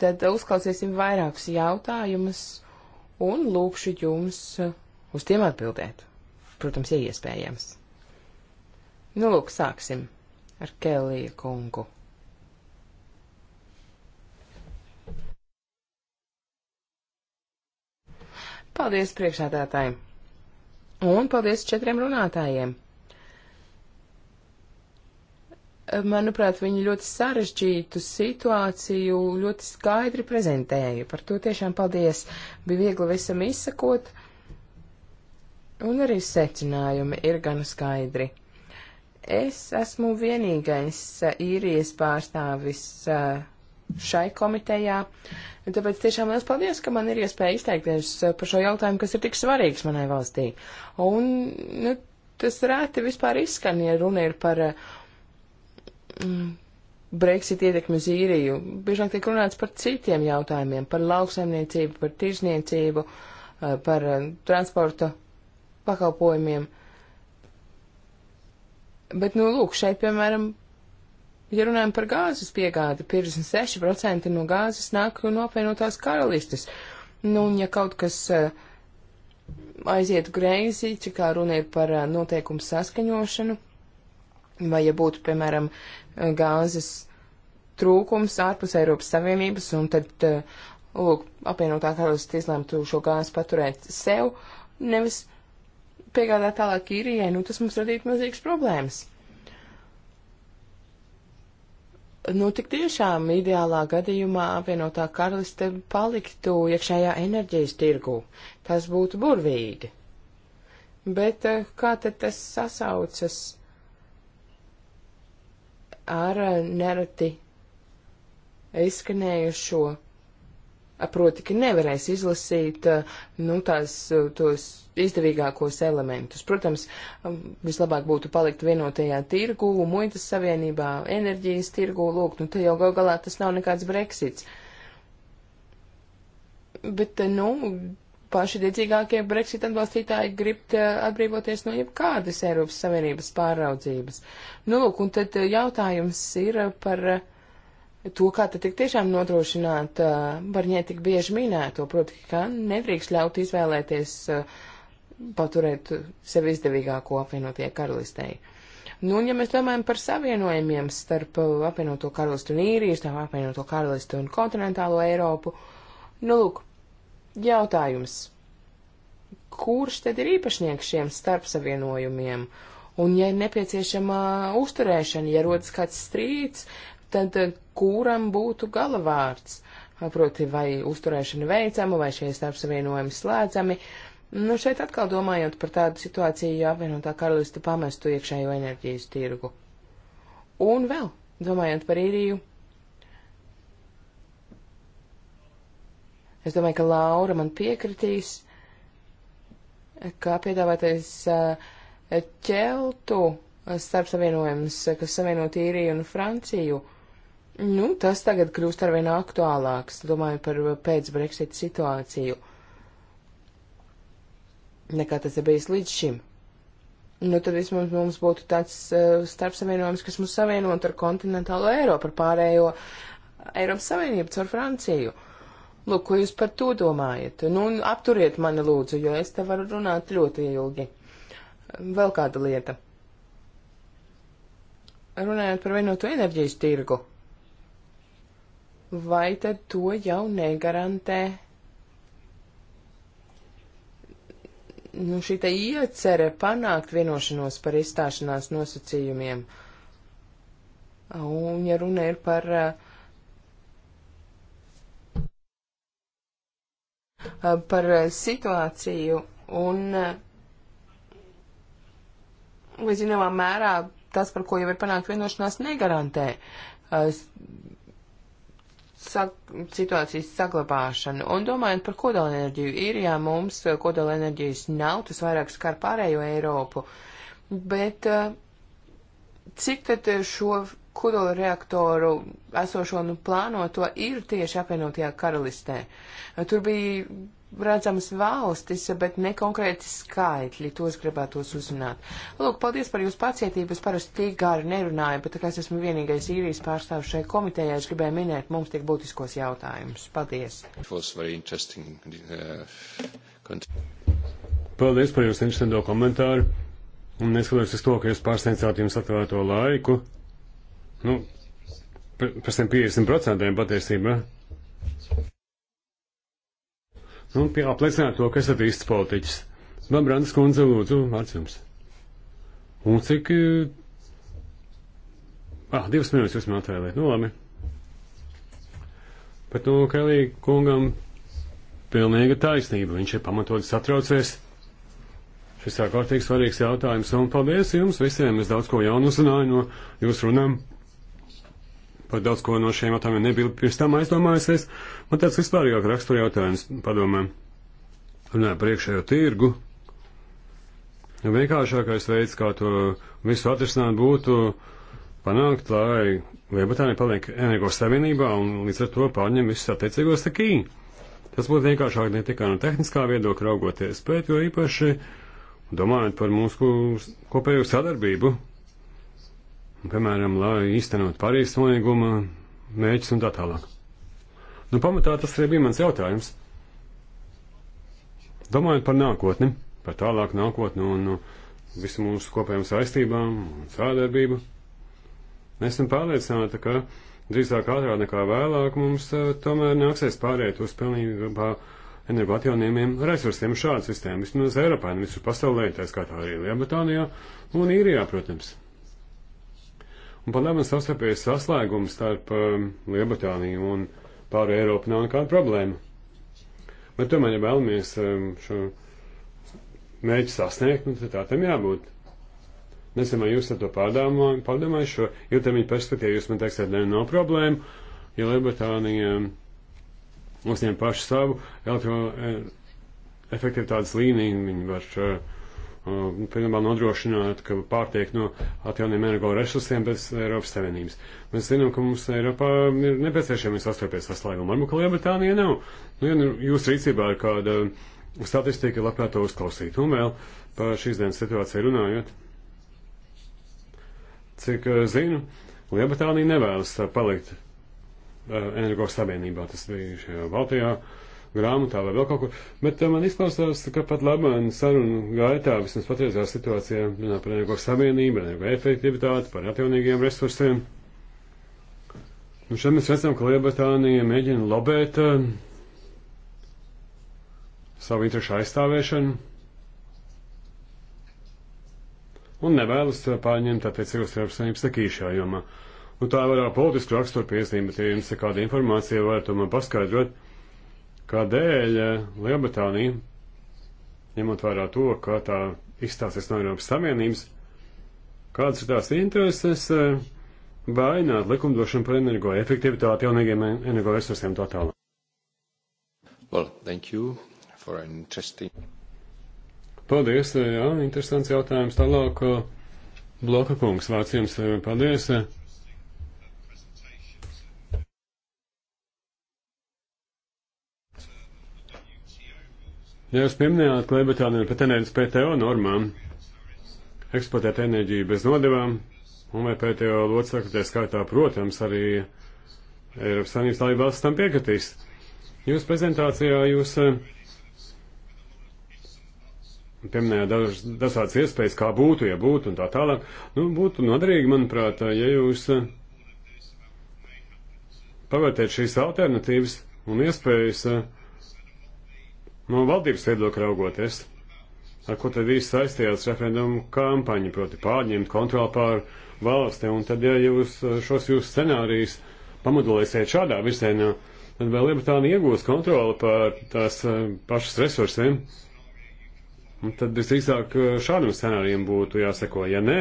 tad uzklausīsim vairākus jautājumus un lūkšu jums uz tiem atbildēt. Protams, ja iespējams. Nu, lūk, sāksim ar Kelija kungu. Paldies priekšādātājiem! Un paldies četriem runātājiem. Manuprāt, viņi ļoti sarežģītu situāciju ļoti skaidri prezentēja. Par to tiešām paldies. Bija viegli visam izsakot. Un arī secinājumi ir gan skaidri. Es esmu vienīgais īrijas pārstāvis uh, šai komitejā. Tāpēc tiešām liels paldies, ka man ir iespēja izteikties eh, par šo jautājumu, kas ir tik svarīgs manai valstī. Un nu, tas rēti vispār izskan, ja runa ir par eh, mm, Brexit ietekmi uz īriju. Biežāk tiek runāts par citiem jautājumiem, par lauksaimniecību, par tirzniecību, eh, par transporta pakalpojumiem. Bet, nu, lūk, šeit, piemēram, Ja runājam par gāzes piegādi, 56% no gāzes nāk no apvienotās karalistes. Nu, un ja kaut kas eh, aizietu greizi, cik kā runa ir par eh, noteikumu saskaņošanu, vai ja būtu, piemēram, eh, gāzes trūkums ārpus Eiropas Savienības, un tad, lūk, apvienotā karaliste izlēmtu šo gāzi paturēt sev, nevis piegādāt tālāk īrijai, nu tas mums radītu milzīgas problēmas. Nu, tik tiešām ideālā gadījumā apvienotā karaliste paliktu iekšējā enerģijas tirgū. Tas būtu burvīgi. Bet eh, kā tad tas sasaucas ar nereti izskanējušo proti, ka nevarēs izlasīt eh, nu, tās, eh, tos izdevīgākos elementus. Protams, um, vislabāk būtu palikt vienotajā tirgū, muitas savienībā, enerģijas tirgū, lūk, nu te jau gal galā tas nav nekāds breksits. Bet, eh, nu, paši dedzīgākie Brexit atbalstītāji grib atbrīvoties no jebkādas Eiropas Savienības pāraudzības. Nu, lūk, un tad jautājums ir par to, kā tad tik tiešām nodrošināt barņē tik bieži minēto, proti, ka nedrīkst ļaut izvēlēties paturēt sev izdevīgāko apvienotie karalistei. Nu, un ja mēs domājam par savienojumiem starp apvienoto karalistu un īriju, starp apvienoto karalistu un kontinentālo Eiropu, nu, lūk, jautājums. Kurš tad ir īpašnieks šiem starpsavienojumiem? Un, ja ir nepieciešama uzturēšana, ja rodas kāds strīds, tad eh, kuram būtu galavārds? Proti, vai uzturēšana veicama, vai šie starpsavienojumi slēdzami. Nu, šeit atkal domājot par tādu situāciju, ja apvienotā karaliste pamestu iekšējo enerģijas tirgu. Un vēl, domājot par īriju, es domāju, ka Laura man piekritīs, kā piedāvātais ķeltu starpsavienojums, kas savienot īriju un Franciju. Uh, Nu, tas tagad kļūst arvien aktuālāks, domāju par uh, pēc-Brexit situāciju, nekā tas ir bijis līdz šim. Nu, tad vismaz mums būtu tāds uh, starpsavienojums, kas mūs savienot ar kontinentālo Eiropu, ar pārējo Eiropas Savienību, caur Franciju. Lūk, ko jūs par to domājat? Nu, apturiet mani lūdzu, jo es te varu runāt ļoti ilgi. Vēl kāda lieta. Runājot par vienotu enerģijas tirgu vai tad to jau negarantē nu, šī iecere panākt vienošanos par izstāšanās nosacījumiem. Un, ja runa ir par uh, uh, par uh, situāciju un līdz zināmā mērā tas, par ko jau ir panākt vienošanās, negarantē sag situācijas saglabāšanu. Un domājot par kodolenerģiju, ir, ja mums kodolenerģijas nav, tas vairāk skar pārējo Eiropu, bet eh, cik tad šo kodolreaktoru esošo un plānoto ir tieši apvienotajā karalistē? Tur bija redzamas valstis, bet ne konkrēti skaitļi. Tos gribētos uzzināt. Lūk, paldies par jūsu pacietību. Es parasti tik gari nerunāju, bet tā kā es esmu vienīgais īrijas pārstāvs šai komitejai, es gribēju minēt mums tik būtiskos jautājumus. Paldies! Uh, paldies par jūsu interesanto komentāru. Un neskatoties uz to, ka jūs pārsniedzāt jums atvēlēto laiku, nu, par 150% patiesībā un nu, apliecināt to, ka esat īsts politiķis. Nu, Labrandas kundze, lūdzu, vārds jums. Un cik. Eh, ah, divas minūtes jūs man atvēlēt, nu labi. Bet, nu, Kelī kungam pilnīga taisnība, viņš ir pamatot satraucies. Šis ārkārtīgi svarīgs jautājums, un paldies jums visiem, es daudz ko jaunu uzzināju no jūsu runām par daudz ko no šiem jautājumiem nebija pirms tam aizdomājusies. Man tāds vispārīgāk rakstura jautājums padomē. Runāju par iekšējo tirgu. Vienkāršākais veids, kā to visu atrisināt, būtu panākt, lai Lielbritānija paliek energo savienībā un līdz ar to pārņem visus attiecīgos takī. Tas būtu vienkāršāk ne tikai no tehniskā viedokļa raugoties, bet jo īpaši domājot par mūsu kopējo sadarbību piemēram, lai īstenot Parīzes nolīguma mērķus un tā tālāk. Nu, pamatā tas arī bija mans jautājums. Domājot par nākotni, par tālāku nākotni un no nu, visu mūsu kopējām saistībām un sādarbību, esmu pārliecināta, ka drīzāk ātrāk nekā vēlāk mums eh, tomēr nāksies pāriet uz pilnībā energoatjaunījumiem resursiem šādas sistēmas, vismaz Eiropā, ne visur pasaulē, tā skaitā arī Lielbritānijā un Īrijā, protams. Un pat labi savstarpējas saslēgums starp um, Lielbritāniju un pāri Eiropu nav nekāda problēma. Bet tomēr, ja vēlamies um, šo mērķi sasniegt, nu, tad tā tam jābūt. Nesen vai jūs ar to pārdomājat šo ilgtermiņu perspektīvu, jūs man teiksiet, ne, nav problēma, ja Lielbritānija um, uzņem pašu savu elektroefektivitātes e, līniju, viņi var uh, Uh, pilnībā nodrošināt, ka pārtiek no atjauniem energoresursiem bez Eiropas Savienības. Mēs zinām, ka mums Eiropā ir nepieciešami sastopies saslēgumi. Varbūt, ka Lielbritānija nav. Nu, ja nu jūs rīcībā ir kāda statistika, labprāt to uzklausīt. Un vēl par šīs dienas situāciju runājot. Cik uh, zinu, Lielbritānija nevēlas palikt uh, energo savienībā. Tas bija šajā Baltijā. Uh, grāmatā vai vēl kaut kur. Bet eh, man izklausās, ka pat labāk sarunu gaitā, vismaz patreizajā situācijā, runā par energo savienību, energo efektivitāti, par atjaunīgiem resursiem. Un nu, šeit mēs redzam, ka Lielbritānija mēģina lobēt uh, savu interesu aizstāvēšanu un nevēlas eh, pārņemt attiecīgos Eiropas Savienības tekīšā jomā. Un nu, tā ir vairāk politiska rakstura piezīme, bet, ja jums ir kāda informācija, varat to man paskaidrot. Kādēļ eh, Lielbritānija, ņemot vērā to, ka tā izstāsies no Eiropas Savienības, kādas ir tās intereses eh, vainot likumdošanu par energoefektivitāti, jaunīgiem energoresursiem tā tālāk? Well, thank you for an interesting. Paldies, eh, jā, interesants jautājums tālāk. Bloka kungs, vārds jums, paldies. Ja jūs pieminējāt, ka Lielbritānija pat enerģijas PTO normām eksportēt enerģiju bez nodevām, un vai PTO locekļu skaitā, protams, arī Eiropas Savienības dalība valsts tam piekritīs. Jūs prezentācijā jūs eh, pieminējāt daž, dažādas iespējas, kā būtu, ja būtu, un tā tālāk. Nu, būtu noderīgi, manuprāt, ja jūs eh, pavērtētu šīs alternatīvas un iespējas uh, No valdības viedokļa raugoties, ar ko tad viss saistījās referendumu kampaņa, proti pārņemt kontroli pār valsti, un tad, ja jūs eh, šos jūsu scenārijus pamodelēsiet šādā virzienā, tad vēl Lielbritānija iegūs kontroli pār tās eh, pašas resursiem, un tad visdrīzāk eh, šādam scenārijam būtu jāseko. Ja nē,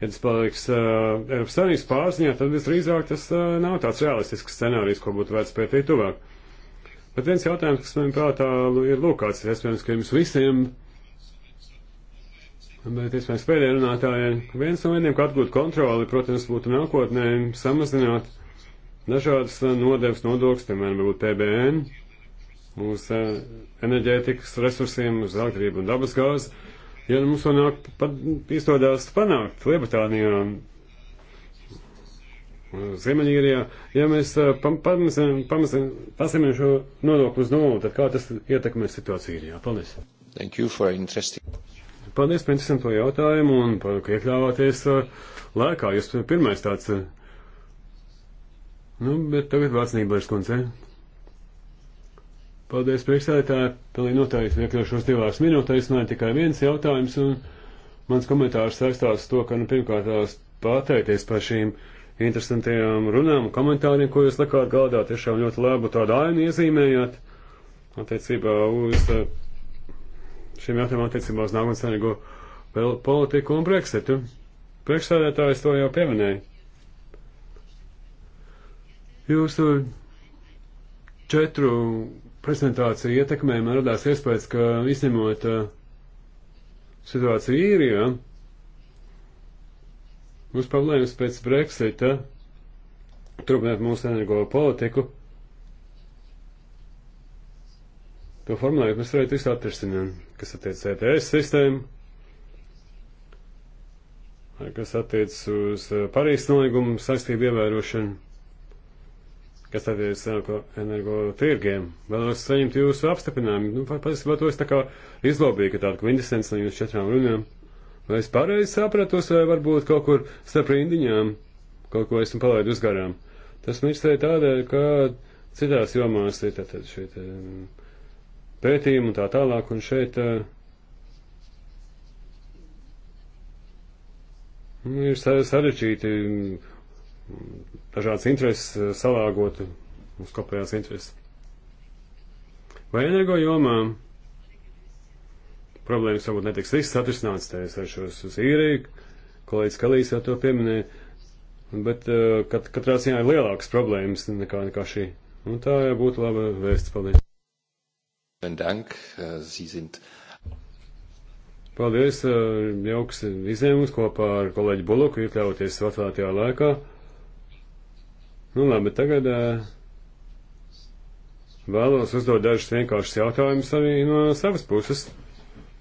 ja tas paliks uh, Eiropas Savienības pārziņā, tad visdrīzāk tas uh, nav tāds realistisks scenārijs, ko būtu vērts pētīt tuvāk. Bet viens jautājums, kas man prātā ir lūkāts, iespējams, ka jums visiem, bet iespējams pēdējiem runātājiem, viens no vieniem, kā atgūt kontroli, protams, būtu nākotnē samazināt dažādas eh, nodevas nodokļus, piemēram, būtu PBN, uz eh, enerģētikas resursiem, uz elektrību un dabasgāzi. Ja nu mums to nāk, pat izdodas panākt Lielbritānijā Ziemeļīrijā, ja mēs pametam šo nodokli uz nulli, tad kā tas ietekmē situāciju īrijā? Paldies! Thank you for interesting. Paldies par interesantu jautājumu un par, ka iekļāvāties laikā. Jūs pirmais tāds, nu, bet tagad vācnība ir skundze. Paldies priekšsēdētāji, pilnīgi noteikti iekļaušos divās minūtēs, man ir tikai viens jautājums un mans komentārs saistās to, ka, nu, pirmkārt tās pateikties par šīm uh, interesantajām runām un komentāriem, ko jūs likāt galdā. Tiešām ļoti labu tādu ainu iezīmējāt attiecībā uz eh, šiem jautājumiem attiecībā uz nākotnes energo politiku un Brexitu. Priekšsēdētājs to jau pieminēja. Jūsu četru prezentāciju ietekmē man radās iespējas, ka izņemot eh, situāciju īrijā, ja? Mums problēmas pēc Brexita, turpināt mūsu energo politiku, to formulējumu mēs varētu visu atrisināt, kas attiec ETS sistēmu, kas attiec uz uh, Parīzes nolīgumu saistību ievērošanu, kas attiec energo tirgiem. Vēlos saņemt jūsu apstiprinājumu. Nu, patiesībā to es tā kā izlobīju, ka tāda kvintesence no jūsu četrām runām. Vai es pareizi sapratos, vai varbūt kaut kur starp rindiņām kaut ko esmu palaidus garām? Tas mirstēja tādēļ, ka citās jomās ir tātad šie mm, pētījumi un tā tālāk, un šeit mm, ir sarežģīti mm, dažādas intereses eh, salāgot uz kopējās intereses. Vai energo jomām problēmas varbūt netiks viss atrisināts, tā es vēršos uz īriju, kolēģis Kalīs jau to pieminēja, bet uh, kat, katrā ziņā ir lielākas problēmas nekā, nekā šī. Un tā jau būtu laba vēsts. Paldies. Dank, äh, Sie sind. Paldies, äh, jauks izņēmums kopā ar kolēģi Buluku iekļauties atvēlētajā laikā. Nu labi, tagad äh, vēlos uzdot dažus vienkāršus jautājumus arī no savas puses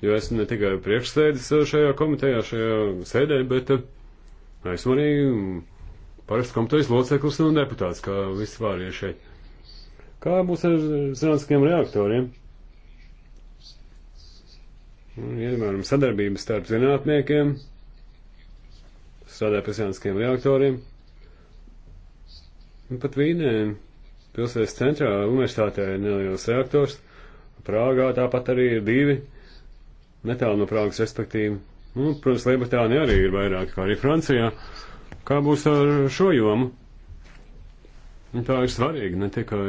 jo esmu ne tikai priekšsēdis eh, šajā komitejā, šajā sēdē, bet eh, esmu arī mm, parasts komitejas loceklis un deputāts, kā visi vārie šeit. Kā būs ar zinātniskiem reaktoriem? Mm, Iedomājam, sadarbība starp zinātniekiem, strādāja pie zinātniskiem reaktoriem. Un pat Vīnē, pilsētas centrā, universitātē ir neliels reaktors, Prāgā tāpat arī ir divi netālu no Prāgas, respektīvi. Nu, protams, Lielbritānija arī ir vairāk, kā arī Francijā. Kā būs ar šo jomu? Nu, tā ir svarīga ne tikai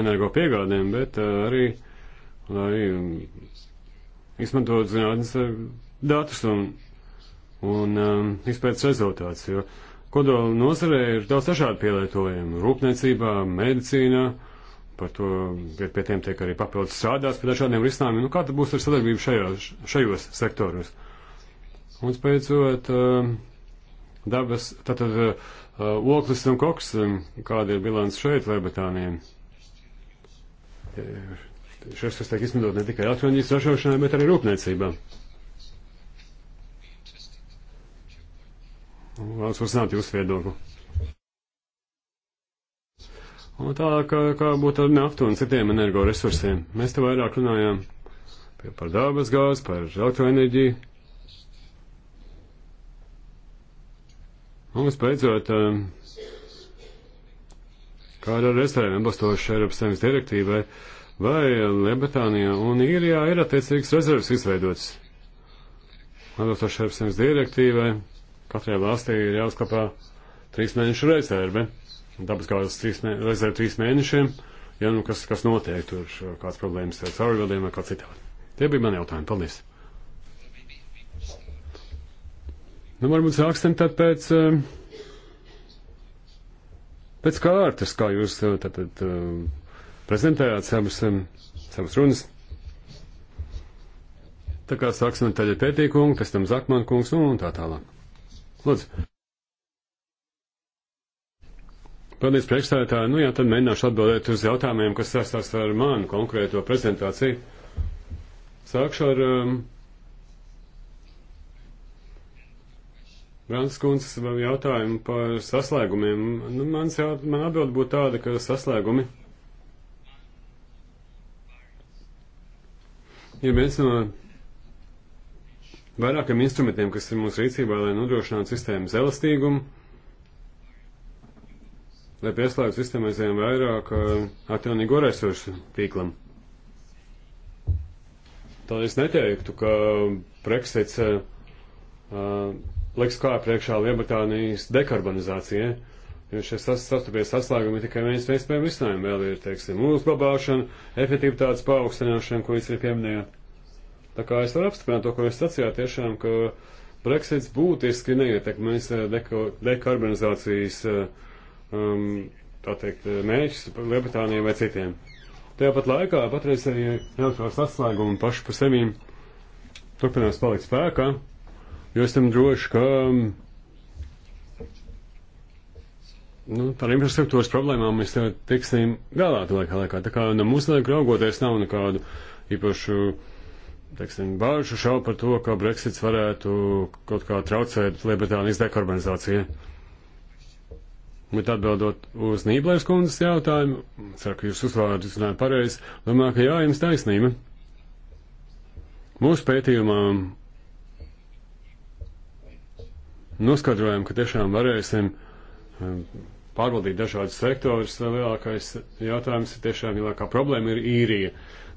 energo piegādēm, bet eh, arī, lai um, izmantot zinātnes eh, datus un, un um, izpētes rezultātus. Jo kodola nozarē ir daudz dažādu pielietojumu - rūpniecībā, medicīnā. Uh, par to, ka pie tiem tiek arī papildus strādās pie dažādiem risinājumiem. Nu, kā tad būs ar sadarbību šajos, šajos sektoros? Un spēcot eh, dabas, tātad eh, oklis un koks, eh, kāda ir bilants šeit Lielbritānijai? Šis, kas tiek izmantot ne tikai elektronikas ražošanai, bet arī rūpniecībā. Vēlos uzzināt jūsu viedokli. Un tālāk, kā, kā būtu ar naftu un citiem energoresursiem. Mēs te vairāk runājām par dabas gāzi, par elektroenerģiju. Un visbeidzot, um, kā ar reservēm balstošu Eiropas Savienības direktīvai, vai Lielbritānijā un Īrijā ir attiecīgas rezerves izveidotas. Atbilstoši Eiropas Savienības direktīvai, katrai valstī ir jāuzkopā trīs mēnešu rezerve dabasgāzes rezervu trīs mēnešiem, ja nu kas, kas notiek tur, kāds problēmas ar caurvildiem vai kā citādi. Tie bija mani jautājumi. Paldies! Nu, varbūt sāksim tad pēc, eh, pēc kārtas, kā jūs eh, tad, tad eh, prezentējāt savas, savas runas. Tā kā sāksim tad pētīkungu, pēc tam Zakman kungs un tā tālāk. Lūdzu. Paldies, priekšstādātāji. Nu jā, tad mēģināšu atbildēt uz jautājumiem, kas saistās ar manu konkrēto prezentāciju. Sākšu ar um, Brāns kundzes jautājumu par saslēgumiem. Nu, mans jau, man atbild būtu tāda, ka saslēgumi ir viens no vairākiem instrumentiem, kas ir mūsu rīcībā, lai nodrošinātu sistēmas elastīgumu lai pieslēgtu sistēmu aizvien vairāk eh, atjaunīgo resursu tīklam. Tā es neteiktu, ka Brexits uh, eh, liks kā priekšā Lielbritānijas dekarbonizācijai, jo šie sastopie saslēgumi tikai viens no iespējām risinājumiem vēl ir, teiksim, uzglabāšana, efektivitātes paaugstināšana, ko jūs arī pieminējāt. Tā kā es varu apstiprināt to, ko jūs sacījāt, tiešām, ka Brexits būtiski neietekmēs eh, deka dekarbonizācijas uh, um, tā teikt, mērķus Lielbritānijai vai citiem. Tāpat laikā patreizējie neutros atslēgumi paši par sevi turpinās palikt spēkā, jo esam droši, ka um, nu, par infrastruktūras problēmām mēs tiksim galā tālākā laikā. Tā kā no mūsu laika raugoties nav nekādu īpašu teiksim, bāžu šau par to, ka Brexits varētu kaut kā traucēt Lielbritānijas dekarbonizācijai. Bet atbildot uz Nīblēras kundzes jautājumu, ceru, ka jūs uzvārdu izrunājat pareizi, domāju, ka jā, jums taisnība. Mūsu pētījumā noskaidrojam, ka tiešām varēsim um, pārvaldīt dažādus sektorus. Lielākais jautājums ir tiešām lielākā problēma ir īrija.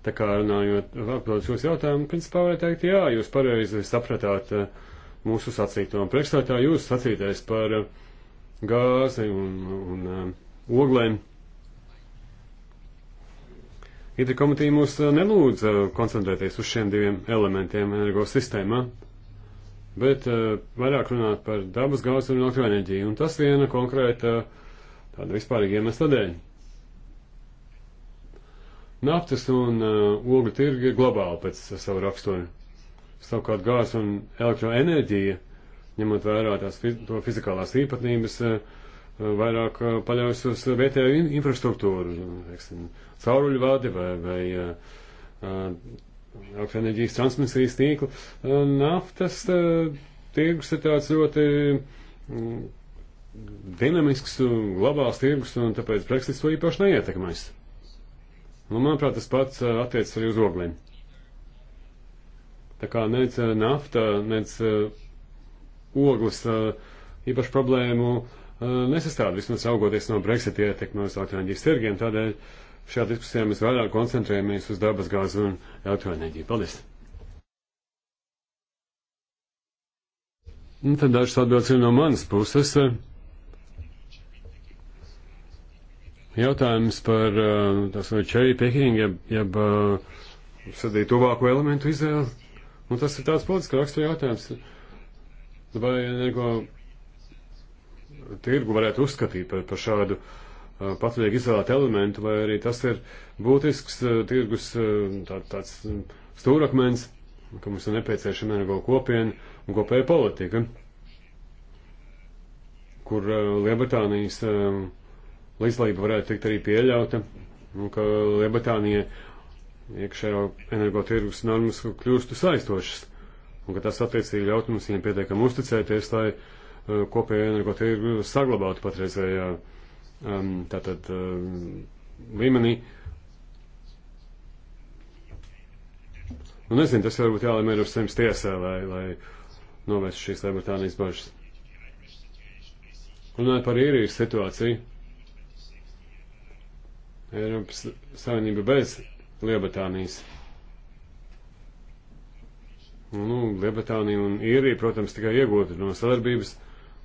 Tā kā runājot, atbildot uz jautājumu, principā varētu teikt, jā, jūs pareizi sapratāt uh, mūsu sacīto un priekšstātā jūs sacītais par uh, gāzi un, un um, oglēm. Itra komitī mūs uh, nelūdza uh, koncentrēties uz šiem diviem elementiem energosistēmā, bet uh, vairāk runāt par dabas gāzi un elektroenerģiju, un tas viena konkrēta uh, tāda vispārīga iemesla dēļ. Naftas un uh, ogļu tirgi ir globāli pēc savu raksturu. Savukārt gāzes un elektroenerģija uh, ņemot vērā tās to fizikālās īpatnības, eh, vairāk eh, paļaujas uz vietēju infrastruktūru, teiksim, cauruļu vadi vai, vai eh, augstenerģijas transmisijas tīklu. Naftas tirgus ir tāds ļoti mm, dinamisks un globāls tirgus, un tāpēc Brexit to īpaši neietekmēs. Un, nu, manuprāt, tas pats attiecas arī uz ogliem. Tā kā nec nafta, nec ogles īpašu problēmu nesastāv vismaz augoties no Brexit ietekmi uz elektroenerģijas tirgiem. Tādēļ šajā diskusijā mēs vairāk koncentrējamies uz dabas gāzi un elektroenerģiju. Paldies! Un nu, tad dažas atbildes ir no manas puses. Jautājums par tā saucamo cherry picking, jeb, jeb sadīt tuvāko elementu izvēli. Un tas ir tāds politisks rakstura jautājums vai energo tirgu varētu uzskatīt par, par šādu uh, patvaļīgi izvēlētu elementu, vai arī tas ir būtisks uh, tirgus uh, tā, tāds stūrakmens, ka mums ir nepieciešama energo kopiena un kopēja politika, kur uh, Liebritānijas um, līdzlība varētu tikt arī pieļauta, un ka Liebritānija iekšējo energo tirgus normas kļūstu saistošas un ka tas attiecīgi ļaut mums viņiem pietiekami uzticēties, lai uh, kopējā energotirgu saglabātu patreizējā um, tātad um, līmenī. Nu, nezinu, tas varbūt jālemēr uz sevis tiesā, lai, lai novērstu šīs Lielbritānijas bažas. Runājot par īrijas situāciju, Eiropas Savienība bez Lielbritānijas Nu, Lielbritānija un Īrija, protams, tikai iegūta no sadarbības.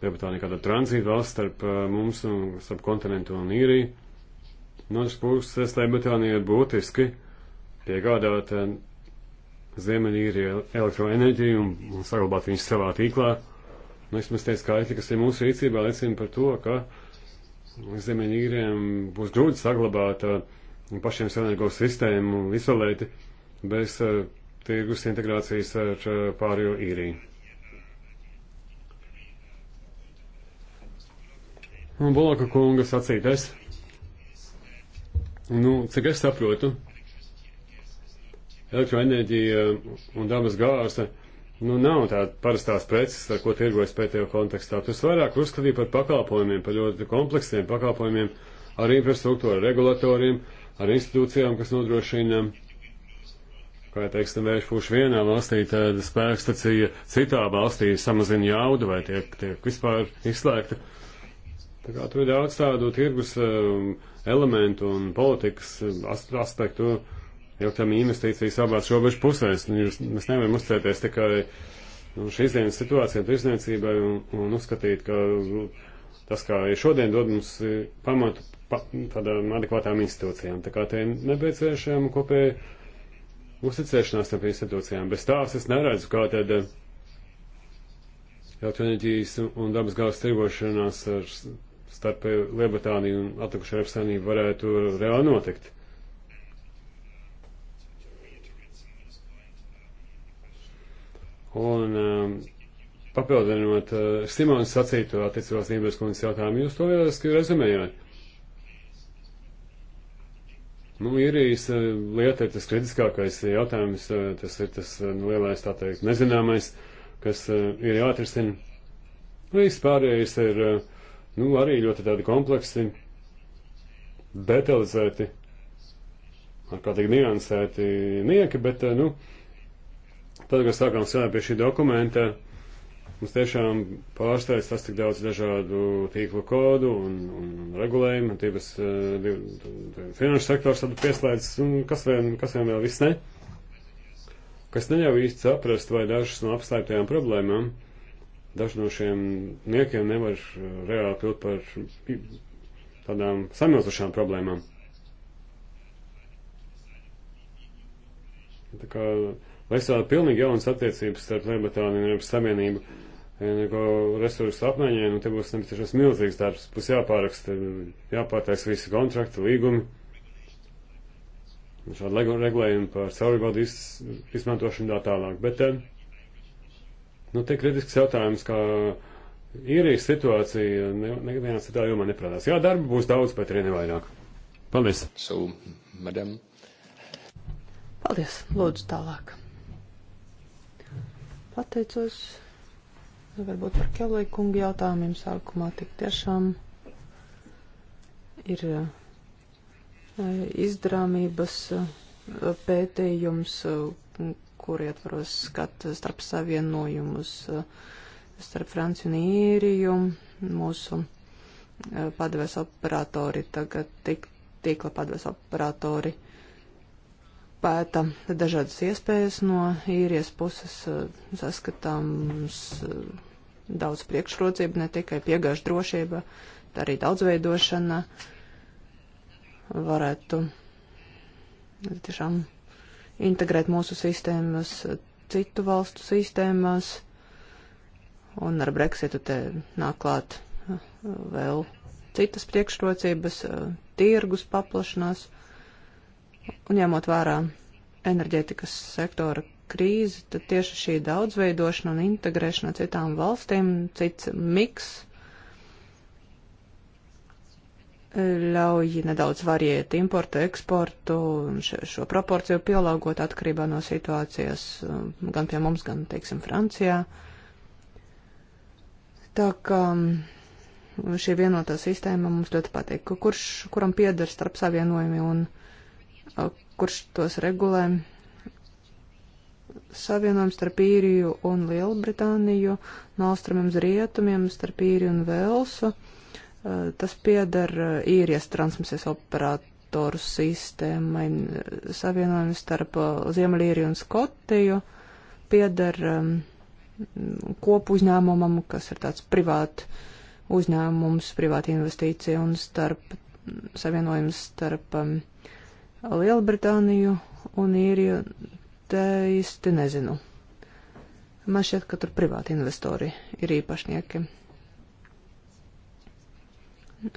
Lielbritānija kāda tranzīta valsts starp mums un starp kontinentu un Īriju. No otras puses, Lielbritānija ir būtiski piegādāt Ziemeļīrija elektroenerģiju un, un saglabāt viņus savā tīklā. Nu, vismaz tie skaitļi, kas ir mūsu rīcībā, liecina par to, ka Ziemeļīriem būs grūti saglabāt pašiem savienoto sistēmu izolēti bez uh, tirgus integrācijas ar eh, pārējo īriju. Un Bulaka kunga sacītais, nu, cik es saprotu, elektroenerģija un dabas gāze nu, nav tāda parastās preces, ar ko tirgojas pētējo kontekstā. Tas vairāk uzskatīja par pakalpojumiem, par ļoti kompleksiem pakalpojumiem ar infrastruktūru, ar regulatoriem, ar institūcijām, kas nodrošina uh, kā teiksim, vēršpūši vienā valstī, tad spēkstacija citā valstī samazina jaudu vai tiek, tiek vispār izslēgta. Tā kā tur ir daudz tādu tirgus um, elementu un politikas um, aspektu, jau tam investīcijas abās robežu pusēs. Nu, jūs, mēs nevaram uzcēties tikai nu, šīs dienas situācijām, tirsniecībai un, un uzskatīt, ka nu, tas, kā ir šodien, dod mums eh, pamatu pa, tādām adekvātām institūcijām. Tā kā te nepieciešama kopēja uzticēšanās tam institūcijām. Bez tās es neredzu, kā tad eh, elektroenerģijas un dabas gāzes tirgošanās ar starp Lielbritāniju un atlikušo Eiropas Savienību varētu reāli notikt. Un um, papildinot uh, Simons sacīto attiecībās Nībēs kundzes jautājumu, jūs to lieliski rezumējāt. Nu, īrijas eh, lieta ir tas kritiskākais jautājums, eh, tas ir tas nu, lielais, tā teikt, nezināmais, kas ir jāatrisina. Viss pārējais ir, nu, arī ļoti tādi kompleksi, detalizēti, ar kā teikt, niansēti nieki, bet, nu, tad, kad sākām strādāt pie šī dokumenta, Mums tiešām pārsteidz tas, cik daudz dažādu tīklu kodu un, un regulējumu, un tīpas eh, finanšu sektors tad pieslēdz, un kas vien, kas vien vēl viss ne, kas neļauj īsti saprast, vai dažas no apslēptajām problēmām, daži no šiem niekiem nevar eh, reāli kļūt par tādām samilzušām problēmām. Tā kā lai izstrādātu pilnīgi jaunas attiecības starp Lielbritāniju un Eiropas Savienību energo resursu apmaiņai, nu te būs nepieciešams milzīgs darbs, būs jāpāraksta, jāpārtais visi kontrakti, līgumi. Šādi regulējumi par caurvadu izmantošanu tā tālāk. Bet, eh, nu, te kritisks jautājums, kā īrijas situācija ne, nevienā citā jomā neprādās. Jā, darba būs daudz, bet arī nevairāk. Paldies. So, madam. Paldies. Lūdzu tālāk. Pateicos. Varbūt par Kelija kungu jautājumiem sākumā tik tiešām ir eh, izdarāmības eh, pētījums, eh, kur ietvaros skata starp savienojumus starp Franciju un Īriju. Mūsu padeves operatori tagad tik, tīkla padeves operatori pēta dažādas iespējas no īrijas puses saskatāms daudz priekšrocību, ne tikai piegāžu drošība, tā arī daudzveidošana varētu tiešām integrēt mūsu sistēmas citu valstu sistēmās, un ar Brexitu te nāk klāt uh, vēl citas priekšrocības, uh, tirgus paplašanās, un ņemot vērā enerģētikas sektora krīzi, tad tieši šī daudzveidošana un integrēšana citām valstīm, cits miks ļauj nedaudz variēt importu, eksportu un šo, šo proporciju pielāgot atkarībā no situācijas um, gan pie mums, gan, teiksim, Francijā. Tā kā um, šī vienotā sistēma mums ļoti patīk, kurš, kuram pieder starp savienojumi un uh, kurš tos regulē savienojums starp īriju un Lielbritāniju, no austrumiem uz rietumiem, starp īriju un Velsu. Eh, tas pieder eh, īrijas transmisijas operatoru sistēmai, savienojums starp eh, Ziemeļīriju un Skotiju pieder kopu uzņēmumam, kas ir tāds privāti uzņēmums, privāti investīcija un starp, savienojums starp Lielbritāniju un īriju Eh, īsti nezinu. Man šķiet, ka tur privāti investori ir īpašnieki.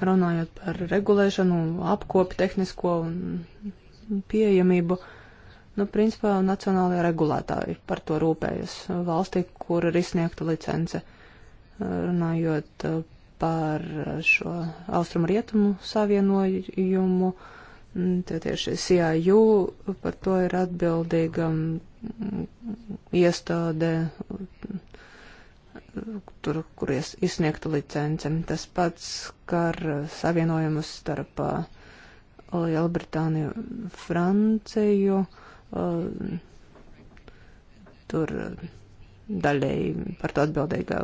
Runājot par regulēšanu, apkopi tehnisko un pieejamību, nu, principā nacionālajie regulētāji par to rūpējas valstī, kur ir izsniegta licence. Runājot eh, par šo austrumu rietumu savienojumu, uh, Mm, Tad tieši CIU par to ir atbildīga mm, iestāde, tur, kur izsniegta licence. Tas pats, kā ar savienojumus starp Lielbritāniju, Franciju, tur daļēji par to atbildīgā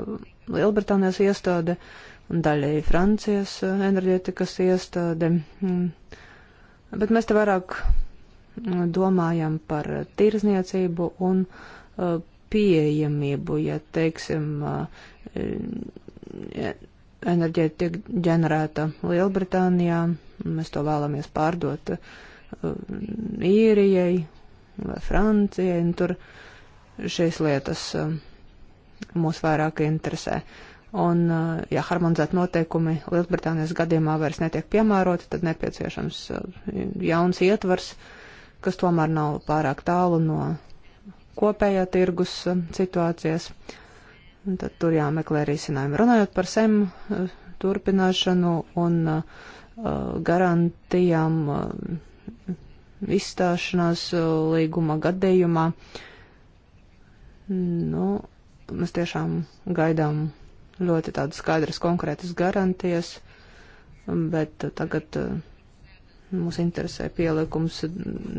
Lielbritānijas iestāde un daļēji Francijas enerģētikas iestāde. Mm Bet mēs te vairāk mm, domājam par tirzniecību un uh, pieejamību, ja, teiksim, uh, enerģija tiek ģenerēta Lielbritānijā, mēs to vēlamies pārdot uh, īrijai vai Francijai, un tur šīs lietas mūs vairāk interesē. Uh, Un, uh, ja harmonizēt noteikumi Lielbritānijas gadījumā vairs netiek piemēroti, tad nepieciešams uh, jauns ietvars, kas tomēr nav pārāk tālu no kopējā tirgus uh, situācijas. Un tad tur jāmeklē risinājumi. Runājot par SEM turpināšanu un uh, garantijām uh, izstāšanās uh, līguma gadījumā, nu, mēs tiešām gaidām ļoti tādas skaidras, konkrētas garantijas, bet uh, tagad uh, mūs interesē pielikums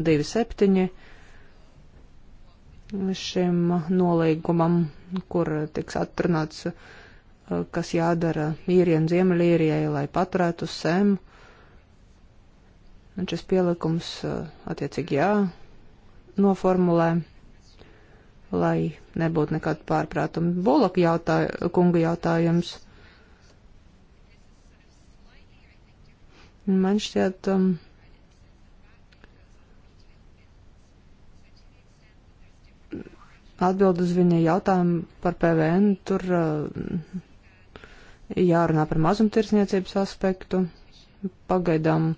2.7 šim nolīgumam, kur tiks atrunāts, uh, kas jādara īriem Ziemeļīrijai, lai paturētu sem. Un šis pielikums attiecīgi jā noformulē lai nebūtu nekādu pārprātumu. Bolaka jautāj, kunga jautājums. Man šķiet, um, atbild uz viņa jautājumu par PVN, tur uh, jārunā par mazumtirsniecības aspektu. Pagaidām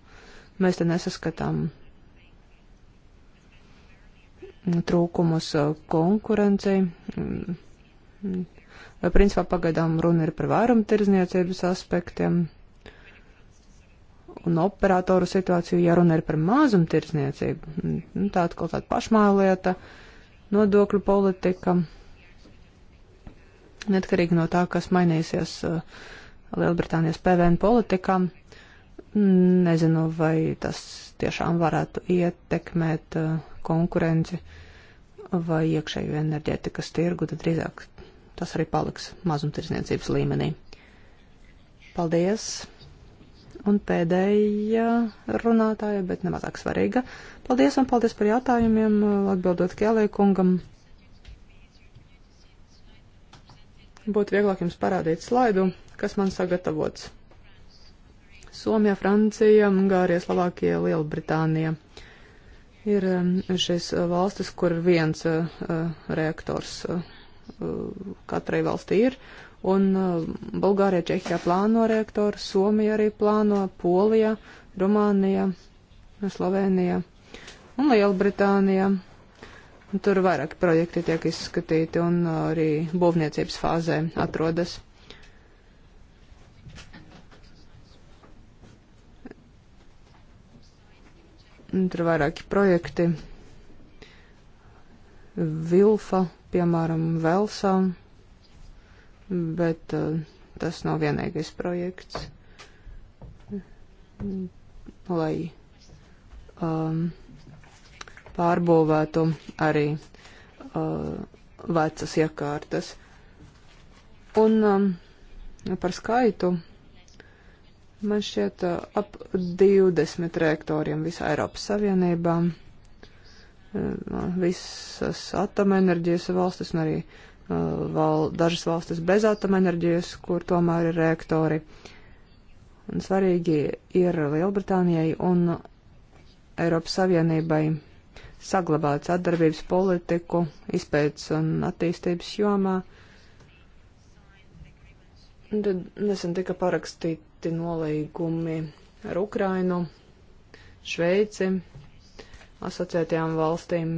mēs te nesaskatām trūkumus uh, konkurencei. Mm, mm. Principā pagaidām runa ir par vairumtirdzniecības aspektiem un operatoru situāciju, ja runa ir par mazumtirdzniecību. Mm, nu, tā atkal tāda pašmālieta, nodokļu politika, netkarīgi no tā, kas mainīsies uh, Lielbritānijas PVN politikā. Nezinu, vai tas tiešām varētu ietekmēt uh, konkurenci vai iekšēju enerģētikas tirgu, tad drīzāk tas arī paliks mazumtirdzniecības līmenī. Paldies! Un pēdējā runātāja, bet nemazāk svarīga. Paldies un paldies par jautājumiem, atbildot Kēlē kungam. Būtu vieglāk jums parādīt slaidu, kas man sagatavots. Somija, Francija, Ungārija, Slovākija, Lielbritānija. Ir um, šīs uh, valstis, kur viens uh, uh, reaktors katrai valstī ir, un Bulgārija, Čehijā plāno reaktoru, Somija arī plāno, Polija, Rumānija, Slovenija un Lielbritānija. Tur vairāki projekti tiek izskatīti un arī būvniecības fāzē atrodas. Tur ir vairāki projekti. Vilfa, piemēram, Velsā, bet uh, tas nav vienīgais projekts, lai um, pārbūvētu arī uh, vecas iekārtas. Un um, par skaitu man šķiet, uh, ap 20 reaktoriem visā Eiropas Savienībā, uh, visas atomenerģijas valstis un arī uh, val, dažas valstis bez atomenerģijas, kur tomēr ir reaktori. Un svarīgi ir Lielbritānijai un Eiropas Savienībai saglabāt sadarbības politiku, izpētes un attīstības jomā. Tad nesen tika parakstīt slēgti nolīgumi ar Ukrainu, Šveici, asociētajām valstīm,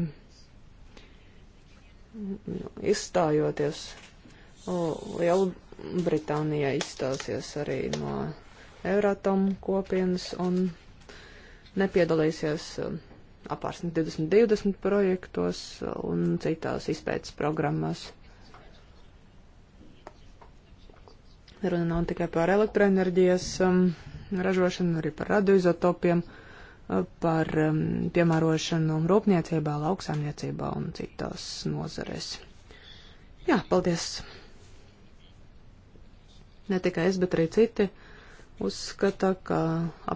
izstājoties Lielbritānijā izstāsies arī no Euratom kopienas un nepiedalīsies apārsni 2020 projektos un citās izpētes programmās. Runa nav tikai par elektroenerģijas um, ražošanu, arī par radioizotopiem, uh, par um, piemērošanu rūpniecībā, lauksaimniecībā un citās nozarēs. Jā, paldies! Ne tikai es, bet arī citi uzskata, ka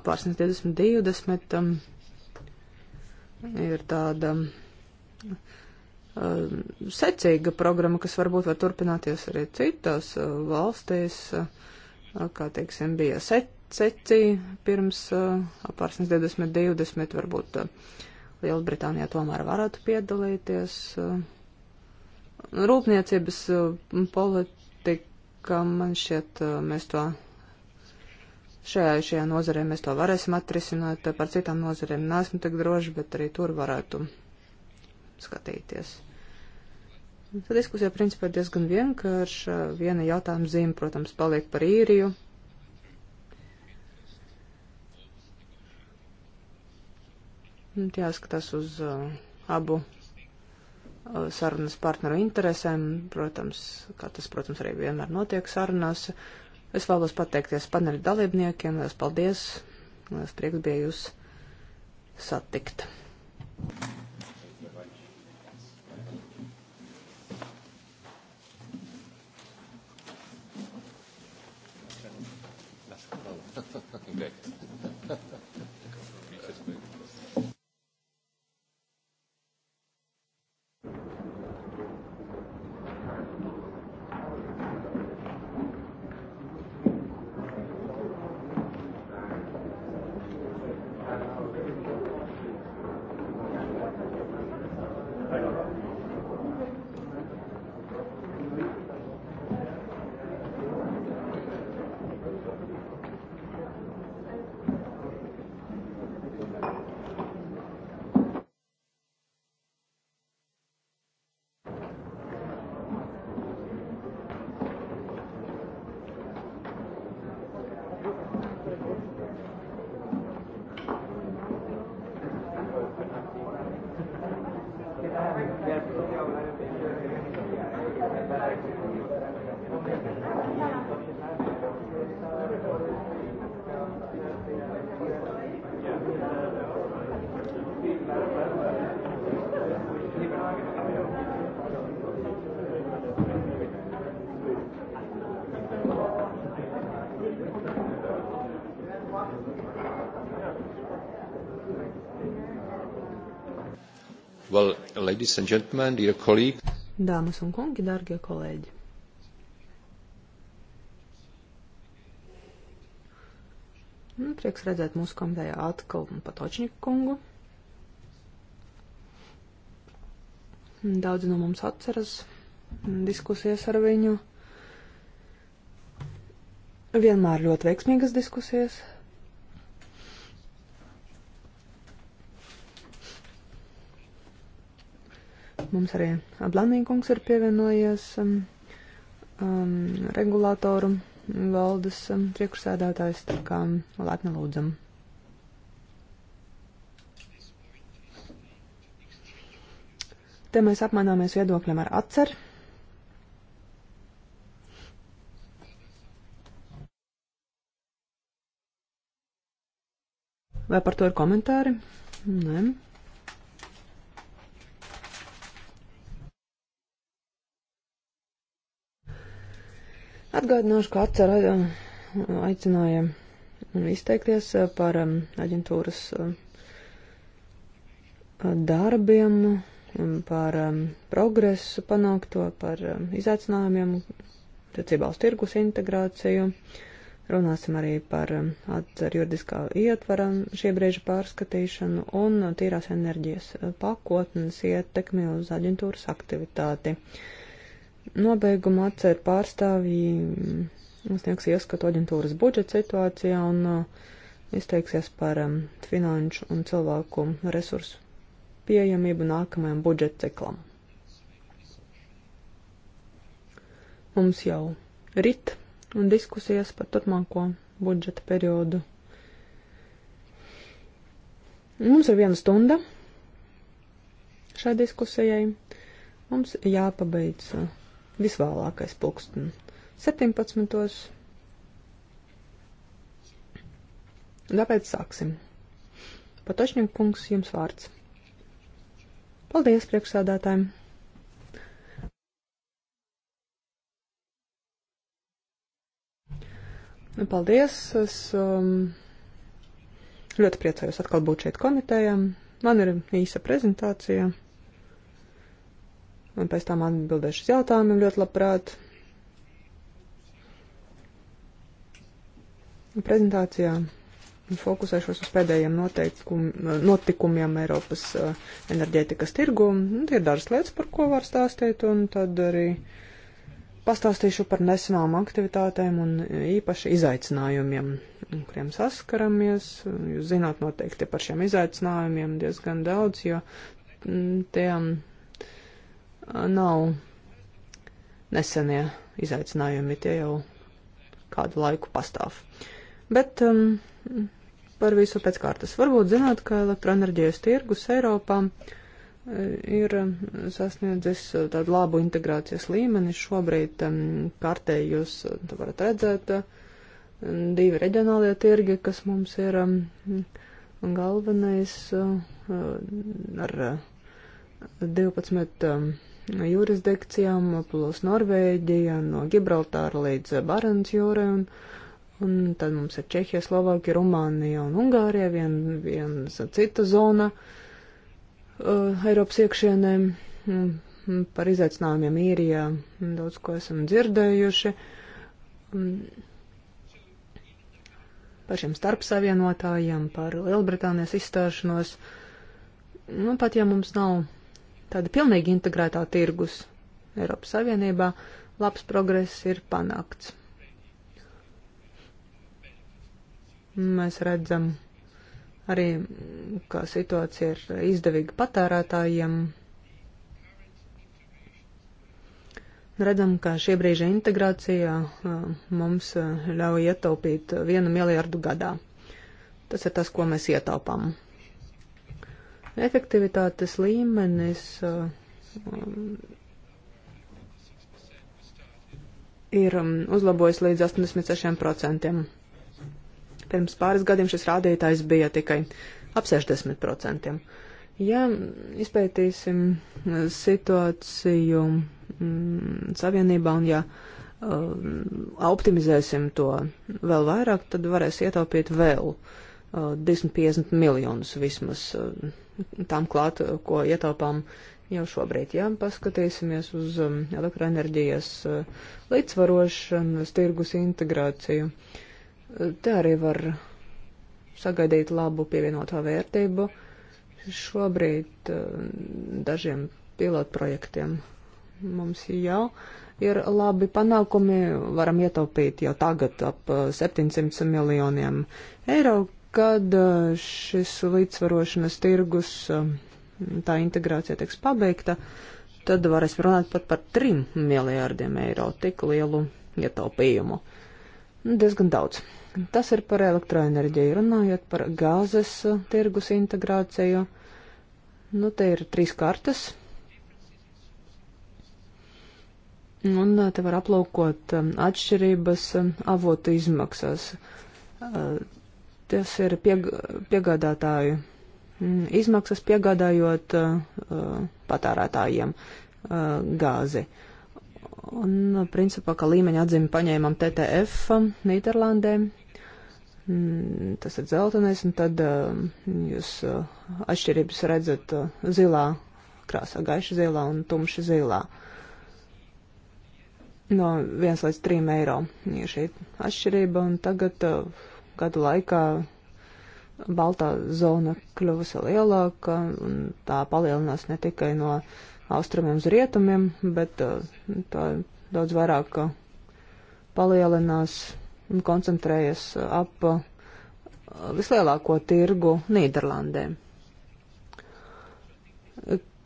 apvārsnes 2020 um, ir tāda. Um, Ehm, secīga programma, kas varbūt var turpināties arī citās eh, valstīs, eh, kā teiksim bija secī pirms eh, apārsnes 2020, varbūt Lielbritānijā tomēr varētu piedalīties. Rūpniecības politika, man šķiet, mēs to šajā, šajā nozarē mēs to varēsim atrisināt, par citām nozarēm neesmu tik droši, bet arī tur varētu skatīties. Tad diskusija principā diezgan vienkārša. Viena jautājuma zīme, protams, paliek par īriju. Un jāskatās uz uh, abu uh, sarunas partneru interesēm, protams, kā tas, protams, arī vienmēr notiek sarunās. Es vēlos pateikties paneļu dalībniekiem, liels paldies, liels prieks bija jūs satikt. Thank you. Well, ladies and gentlemen, dear colleague. Dāmas un kungi, dārgie kolēģi. Nu, prieks redzēt mūsu komitejā atkal Patočņiku kungu. Daudzi no mums atceras diskusijas ar viņu. Vienmēr ļoti veiksmīgas diskusijas. Mums arī Blanīkungs ir pievienojies um, um, regulātoru valdes um, priekšsēdētājs, tā kā um, lētni lūdzam. Te mēs apmaināmies viedokļiem ar atceru. Vai par to ir komentāri? Nē. Atgādināšu, ka atcer um, aicināja izteikties uh, par um, aģentūras um, darbiem, par progresu panākto, par izaicinājumiem, tiecībā uz tirgus integrāciju. Runāsim arī par atceru juridiskā ietvara šie brieža pārskatīšanu un tīrās enerģijas uh, pakotnes ietekmi uz aģentūras aktivitāti. Uh, Nobeigumā atcer pārstāvji mm, sniegs ieskatu aģentūras budžeta situācijā un uh, izteiksies par um, finanšu un cilvēku resursu pieejamību nākamajam budžeta ciklam. Mums jau rit un diskusijas par turpmāko budžeta periodu. Mums ir viena stunda šai diskusijai. Mums jāpabeidz. Uh, visvēlākais pulksten 17. Tāpēc sāksim. Patočņiem kungs jums vārds. Paldies priekšsādātājiem! Paldies! Es um, ļoti priecājos atkal būt šeit komitējām. Man ir īsa prezentācija un pēc tam atbildēšu uz jautājumiem ļoti labprāt. Prezentācijā fokusēšos uz pēdējiem notikumiem Eiropas uh, enerģētikas tirgu. Tie ir dažas lietas, par ko var stāstīt, un tad arī pastāstīšu par nesenām aktivitātēm un īpaši izaicinājumiem, kuriem saskaramies. Jūs zināt noteikti par šiem izaicinājumiem diezgan daudz, jo mm, tiem. Ja nav nesenie izaicinājumi, tie jau kādu laiku pastāv. Bet um, par visu pēc kārtas. Varbūt zināt, ka elektroenerģijas tirgus Eiropā e, ir sasniedzis tādu labu integrācijas līmeni. Šobrīd um, kartē jūs varat redzēt um, divi reģionālie tirgi, kas mums ir um, galvenais uh, ar uh, 12. Um, jurisdikcijām, plus Norvēģija, no Gibraltāra līdz Barents jūrai, un, un tad mums ir Čehija, Slovākija, Rumānija un Ungārija, vien, viens cita zona uh, Eiropas iekšienē. Um, par izaicinājumiem īrijā daudz ko esam dzirdējuši. Um, par šiem starpsavienotājiem, par Lielbritānijas izstāšanos. Nu, pat ja mums nav tāda pilnīgi integrētā tirgus Eiropas Savienībā, labs progress ir panākts. Mēs redzam arī, ka situācija ir izdevīga patērētājiem. Redzam, ka šī brīža integrācija mums ļauj ietaupīt vienu miljardu gadā. Tas ir tas, ko mēs ietaupām efektivitātes līmenis eh, ir mm, uzlabojis līdz 86%. Pirms pāris gadiem šis rādītājs bija tikai ap 60%. Ja izpētīsim eh, situāciju mm, savienībā un ja eh, optimizēsim to vēl vairāk, tad varēs ietaupīt vēl uh, 250 miljonus vismaz eh, tam klāt, eh, ko ietaupām jau šobrīd. Ja paskatīsimies uz eh, elektroenerģijas līdzvarošanas tirgus integrāciju, te arī var sagaidīt labu pievienotā vērtību šobrīd dažiem pilotprojektiem. Mums jau ir labi panākumi, varam ietaupīt jau tagad ap 700 miljoniem eiro, kad šis līdzsvarošanas tirgus, tā integrācija tiks pabeigta, tad varēs runāt pat par 3 miljārdiem eiro tik lielu ietaupījumu. Diezgan daudz. Tas ir par elektroenerģiju. Runājot par gāzes tirgus integrāciju, nu te ir trīs kartas. Un te var aplaukot atšķirības avotu izmaksās Tas ir pieg piegādātāju mm, izmaksas piegādājot uh, patērētājiem uh, gāzi. Un principā, ka līmeņa atzīmi paņēmām TTF um, Nīderlandē, mm, tas ir dzeltenais, un tad um, uh, jūs atšķirības redzat uh, zilā krāsā, gaiši zilā un tumši zilā. No 1 līdz 3 eiro ir šī atšķirība, un tagad uh, gadu laikā baltā zona kļuvusi lielāka, un tā palielinās ne tikai no austrumiem uz rietumiem, bet uh, tā daudz vairāk uh, palielinās un koncentrējas ap uh, vislielāko tirgu Nīderlandē.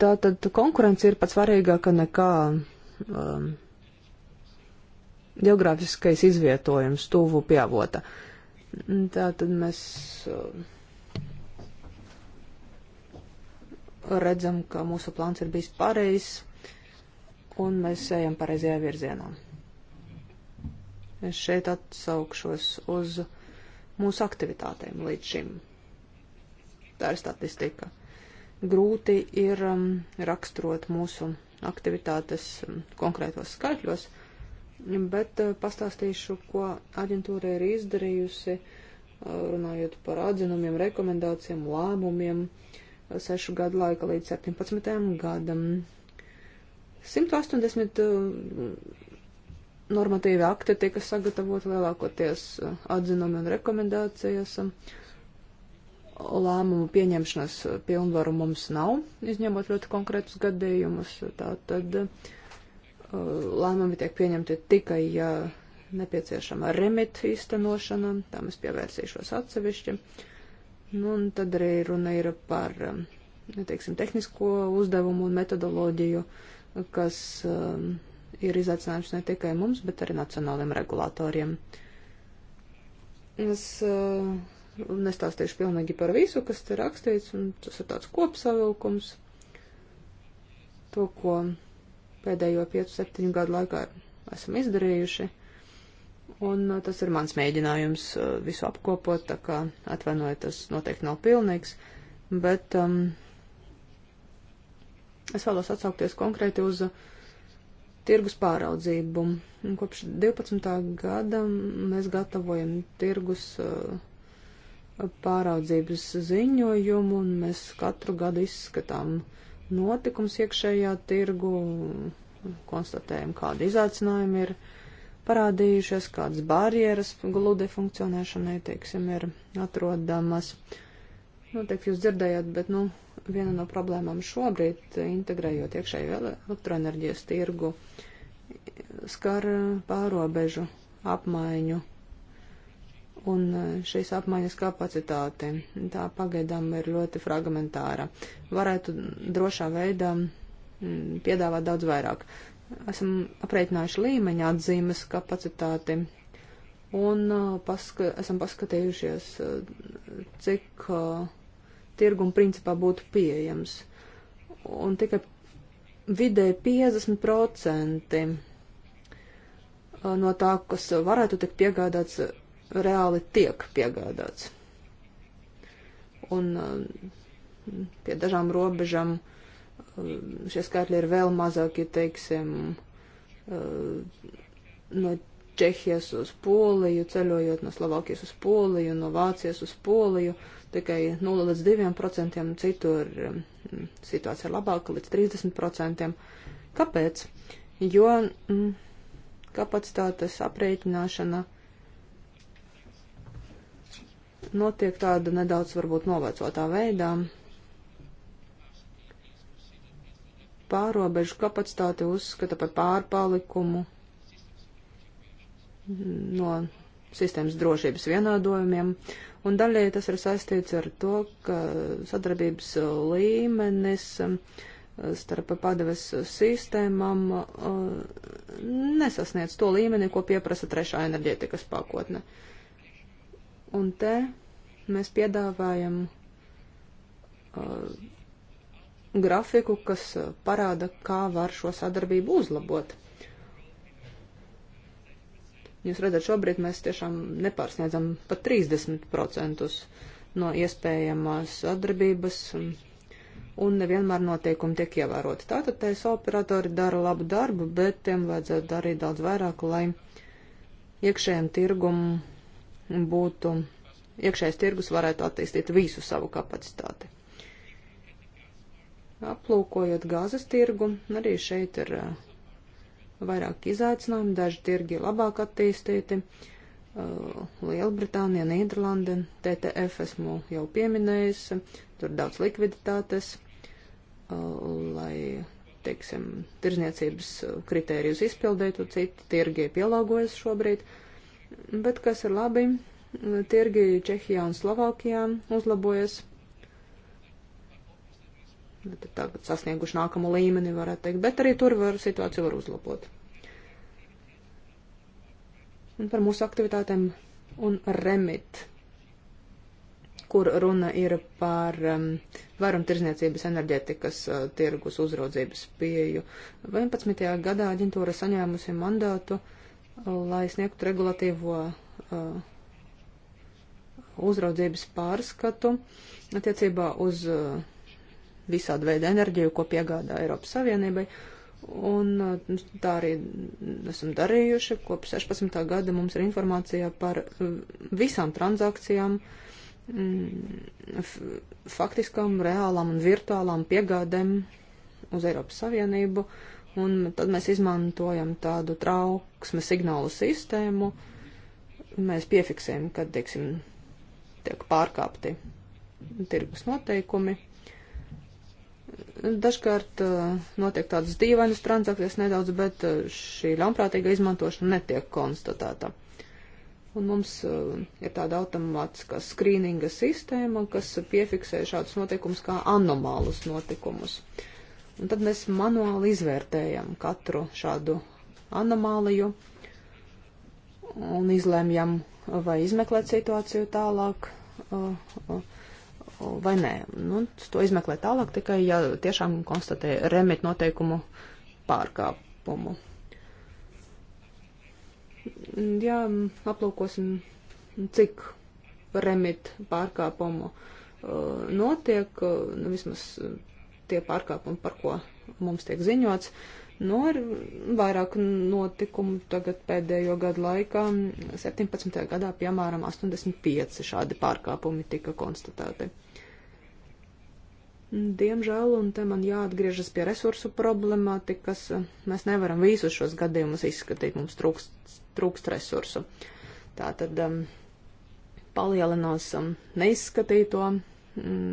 Tātad konkurence ir pats svarīgāka nekā um, geogrāfiskais izvietojums tuvu pie avota. Uh, Tā tad mēs uh, redzam, ka mūsu plāns ir bijis pareizs, un mēs ejam pareizajā virzienā. Es šeit atsaukšos uz mūsu aktivitātēm līdz šim. Tā ir statistika. Grūti ir um, raksturot mūsu aktivitātes um, konkrētos skaitļos, bet eh, pastāstīšu, ko aģentūra ir izdarījusi, eh, runājot par atzinumiem, rekomendācijām, lēmumiem eh, sešu gadu laika līdz 17. gadam. 180 normatīvi akti tika sagatavoti lielākoties atzinumi un rekomendācijas. Lēmumu pieņemšanas pilnvaru mums nav, izņemot ļoti konkrētus gadījumus. Tātad uh, lēmumi tiek pieņemti tikai, ja nepieciešama remita īstenošana, tam es pievērsīšos atsevišķi. Nu, un tad arī runa ir par, um, teiksim, tehnisko uzdevumu un metodoloģiju, kas um, ir izaicinājums ne tikai mums, bet arī nacionāliem regulatoriem. Es uh, nestāstīšu pilnīgi par visu, kas te rakstīts, un tas ir tāds kopsavilkums. To, ko pēdējo 5-7 gadu laikā esam izdarījuši. Un uh, tas ir mans mēģinājums uh, visu apkopot, tā kā atvainojiet, tas noteikti nav pilnīgs, bet um, es vēlos atsaukties konkrēti uz uh, tirgus pāraudzību. Kopš 12. gada mēs gatavojam tirgus pāraudzības ziņojumu un mēs katru gadu izskatām uh, notikums iekšējā tirgu, konstatējam, kādi izaicinājumi ir parādījušies, kādas barjeras gludi funkcionēšanai, teiksim, ir atrodamas. Noteikti nu, jūs dzirdējāt, bet, nu, viena no problēmām šobrīd, integrējot iekšējo elektroenerģijas tirgu, skar uh, pārobežu apmaiņu un e, šīs apmaiņas kapacitāte. Tā pagaidām ir ļoti fragmentāra. Varētu drošā veidā piedāvāt daudz vairāk. Esam apreitinājuši līmeņa atzīmes kapacitāti un e, paska esam paskatījušies, e, cik uh, tirguma principā būtu pieejams. Un tikai vidēji 50% no tā, kas varētu tikt piegādāts reāli tiek piegādāts. Un um, pie dažām robežām um, šie skaitļi ir vēl mazāki, teiksim, uh, no Čehijas uz Poliju, ceļojot no Slovākijas uz Poliju, no Vācijas uz Poliju, tikai 0 līdz 2%, citur um, situācija ir labāka līdz 30%. Kāpēc? Jo mm, kapacitātes aprēķināšana. Mm, notiek tāda nedaudz varbūt novecotā veidā. Pārobežu kapacitāti uzskata par pārpalikumu no sistēmas drošības vienādojumiem, un daļai tas ir saistīts ar to, ka sadarbības līmenis um, starp padeves sistēmām uh, nesasniedz to līmeni, ko pieprasa trešā enerģētikas pakotne. Uh, Un te mēs piedāvājam uh, grafiku, kas uh, parāda, kā var šo sadarbību uzlabot. Jūs redzat, šobrīd mēs tiešām nepārsniedzam pat 30% no iespējamās sadarbības, un, un nevienmēr noteikumi tiek ievēroti. Tātad tais operatori dara labu darbu, bet tiem vajadzētu darīt daudz vairāk, lai iekšējiem tirgumam būtu iekšējais tirgus varētu attīstīt visu savu kapacitāti. Aplūkojot gāzes tirgu, arī šeit ir uh, vairāk izaicinājumu, daži tirgi labāk attīstīti. Uh, Lielbritānija, Nīderlanda, TTF esmu jau pieminējis, tur daudz likviditātes, uh, lai, teiksim, tirzniecības kritērijus izpildētu, citi tirgie pielāgojas šobrīd. Uh, bet kas ir labi, tirgi Čehijā un Slovākijā uzlabojas. Tagad sasnieguši nākamo līmeni, varētu teikt, bet arī tur var situāciju var uzlabot. Un par mūsu aktivitātēm un remit, kur runa ir par um, varumtirdzniecības enerģetikas uh, tirgus uzraudzības pieju. 11. gadā aģentūra saņēmusi mandātu uh, lai sniegtu regulatīvo uh, uzraudzības pārskatu attiecībā uz uh, visādu veidu enerģiju, ko piegādā Eiropas Savienībai. Un uh, tā arī esam darījuši. Kopš 16. gada mums ir informācija par uh, visām transakcijām, mm, faktiskām, reālām un virtuālām piegādēm uz Eiropas Savienību. Uh, Un tad mēs izmantojam tādu trauksmes signālu sistēmu. Mēs piefiksējam, kad, teiksim, tiek pārkāpti tirgus noteikumi. Dažkārt eh, notiek tādas dīvainas transakcijas nedaudz, bet eh, šī ļaunprātīga izmantošana netiek konstatēta. Un mums eh, ir tāda automātiskā skrīninga sistēma, kas piefiksē šādus notikumus kā anomālus notikumus. Uh, Un tad mēs manuāli izvērtējam katru šādu anomāliju un izlēmjam, vai izmeklēt situāciju tālāk uh, uh, vai nē. Nu, to izmeklē tālāk tikai, ja tiešām konstatē remit noteikumu pārkāpumu. Jā, aplūkosim, cik remit pārkāpumu uh, notiek, nu, vismaz tie pārkāpumi, par ko mums tiek ziņots. Nu, ir vairāk notikumu tagad pēdējo gadu laikā. 17. gadā, piemēram, 85 šādi pārkāpumi tika konstatēti. Diemžēl, un te man jāatgriežas pie resursu problemātikas, mēs nevaram visus šos gadījumus izskatīt, mums trūkst, trūkst resursu. Tātad um, palielinās um, neizskatīto um,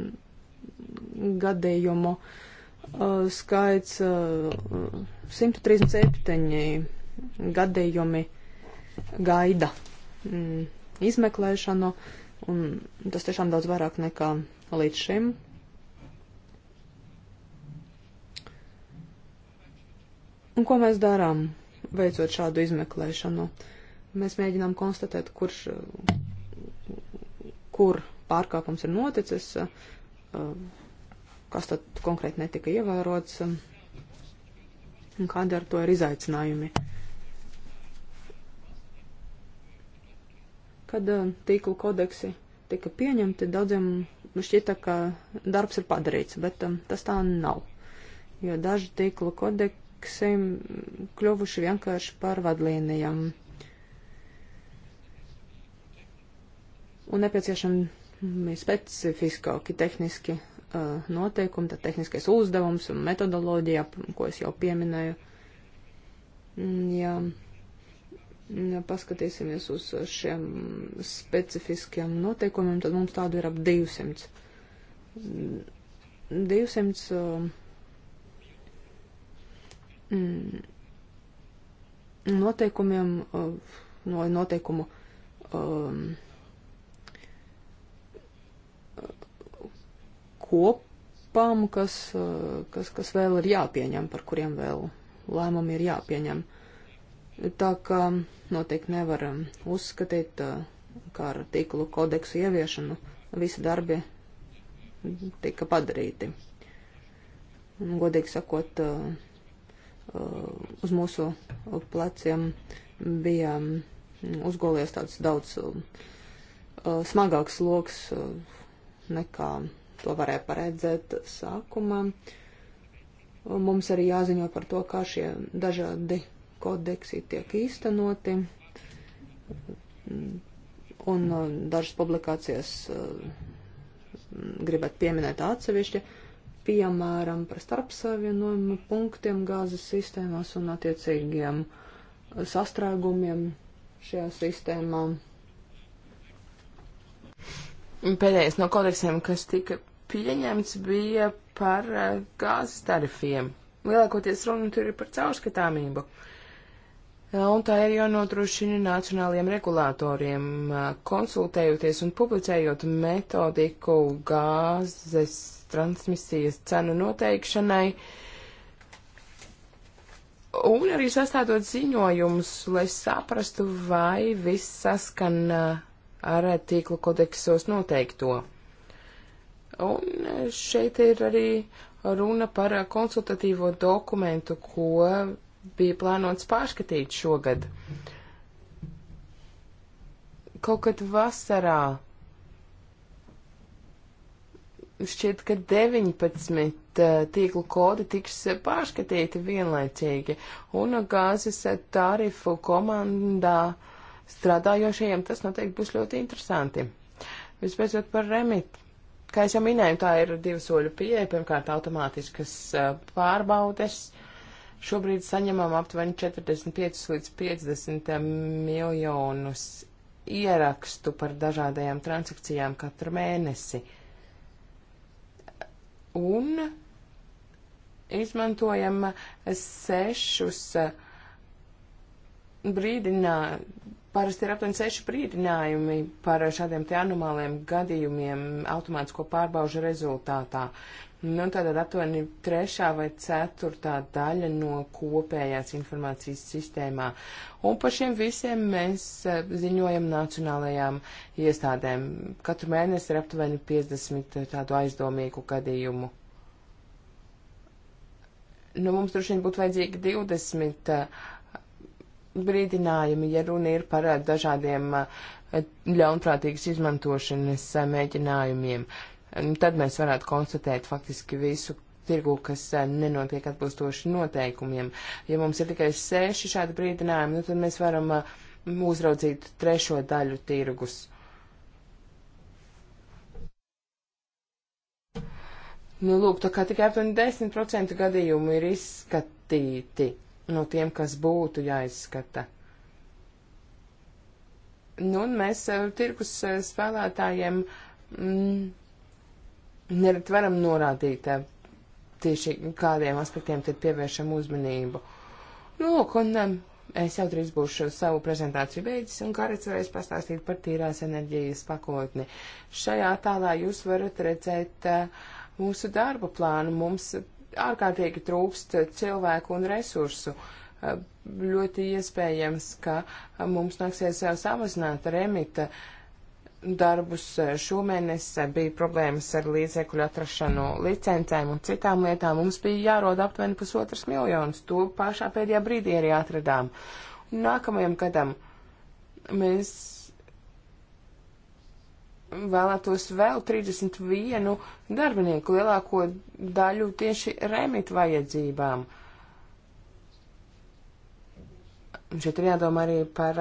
gadījumu uh, skaits 137 uh, gadījumi gaida mm, izmeklēšanu, un tas tiešām daudz vairāk nekā līdz šim. Un ko mēs darām, veicot šādu izmeklēšanu? Mēs mēģinām konstatēt, kurš, uh, kur pārkāpums ir noticis, uh, Eh, kas tad konkrēti netika ievērots eh, un kādi ar to ir izaicinājumi. Kad eh, tīklu kodeksi tika pieņemti, daudziem nu, šķita, ka darbs ir padarīts, bet tas tā nav, jo daži tīklu kodeksi mm, kļuvuši vienkārši par vadlīnijām. Un nepieciešami ir specifiskāki tehniski uh, noteikumi, tad tehniskais uzdevums un metodoloģija, ko es jau pieminēju. Mm, ja, mm, ja paskatīsimies uz šiem specifiskiem noteikumiem, tad mums tādu ir ap 200. 200 uh, noteikumiem, uh, no noteikumu um, kopam, kas, eh, kas, kas vēl ir jāpieņem, par kuriem vēl lēmumi ir jāpieņem. Tā kā noteikti nevar uzskatīt, eh, kā ar tīklu kodeksu ieviešanu visi darbi tika padarīti. Godīgi sakot, eh, uz mūsu pleciem bija mm, uzgolies tāds daudz smagāks sloks nekā to varēja paredzēt sākumā. Mums arī jāziņo par to, kā šie dažādi kodeksi tiek īstenoti. Un uh, dažas publikācijas uh, gribētu pieminēt atsevišķi, piemēram, par starpsavienojumu punktiem gāzes sistēmās un attiecīgiem sastrēgumiem šajā sistēmā. Pēdējais no kodeksiem, kas tika pieņemts bija par eh, gāzes tarifiem. Lielākoties runa tur ir par caurskatāmību. Eh, un tā ir jānodrošina nacionāliem regulātoriem, eh, konsultējoties un publicējot metodiku gāzes transmisijas cenu noteikšanai un arī sastādot ziņojumus, lai saprastu, vai viss saskan ar tīklu kodeksos noteikto. Un šeit ir arī runa par konsultatīvo dokumentu, ko bija plānots pārskatīt šogad. Kaut kad vasarā šķiet, ka 19 eh, tīklu kodi tiks pārskatīti vienlaicīgi, un gāzes tarifu komandā strādājošajiem tas noteikti būs ļoti interesanti. Vispēcot par remitu. Kā jau minēju, tā ir divu soļu pieeja. Pirmkārt, automātiskas pārbaudes. Šobrīd saņemam aptuveni 45 līdz 50 miljonus ierakstu par dažādajām transakcijām katru mēnesi. Un izmantojam sešus brīdinā, Parasti ir aptuveni seši brīdinājumi par šādiem te anomāliem gadījumiem automātisko pārbaužu rezultātā. Nu, tātad aptuveni trešā vai ceturtā daļa no kopējās informācijas sistēmā. Un par šiem visiem mēs e, ziņojam nacionālajām iestādēm. Katru mēnesi ir aptuveni 50 e, tādu aizdomīgu gadījumu. Nu, mums droši vien būtu vajadzīgi 20. Uh, e, brīdinājumi, ja runa ir par eh, dažādiem eh, ļaunprātīgas izmantošanas eh, mēģinājumiem. Mm, tad mēs varētu konstatēt faktiski visu tirgu, kas nenotiek atbilstoši noteikumiem. Ja mums ir tikai seši šādi brīdinājumi, nu, tad mēs varam uzraudzīt trešo daļu tirgus. Nu, lūk, tā kā tikai aptuveni 10% gadījumu ir izskatīti no tiem, kas būtu jāizskata. Nu, un mēs eh, tirkus eh, spēlētājiem mm, nerad varam norādīt eh, tieši kādiem aspektiem tad pievēršam uzmanību. Nu, lūk, un es jau drīz būšu savu prezentāciju beidzis, un Karits varēs pastāstīt par tīrās enerģijas pakotni. Šajā tālā jūs varat redzēt mūsu darba plānu. Mums ārkārtīgi trūkst cilvēku un resursu. Eh, ļoti iespējams, ka eh, mums nāksies jau eh, samazināt remita darbus. Šomēnes bija problēmas ar līdzekļu atrašanu licencēm un citām lietām. Mums bija jārod aptuveni pusotras miljonus. To pašā pēdējā brīdī arī atradām. Nākamajam gadam mēs vēlētos vēl 31 darbinieku, lielāko daļu tieši remit vajadzībām. Un šeit ir jādomā arī par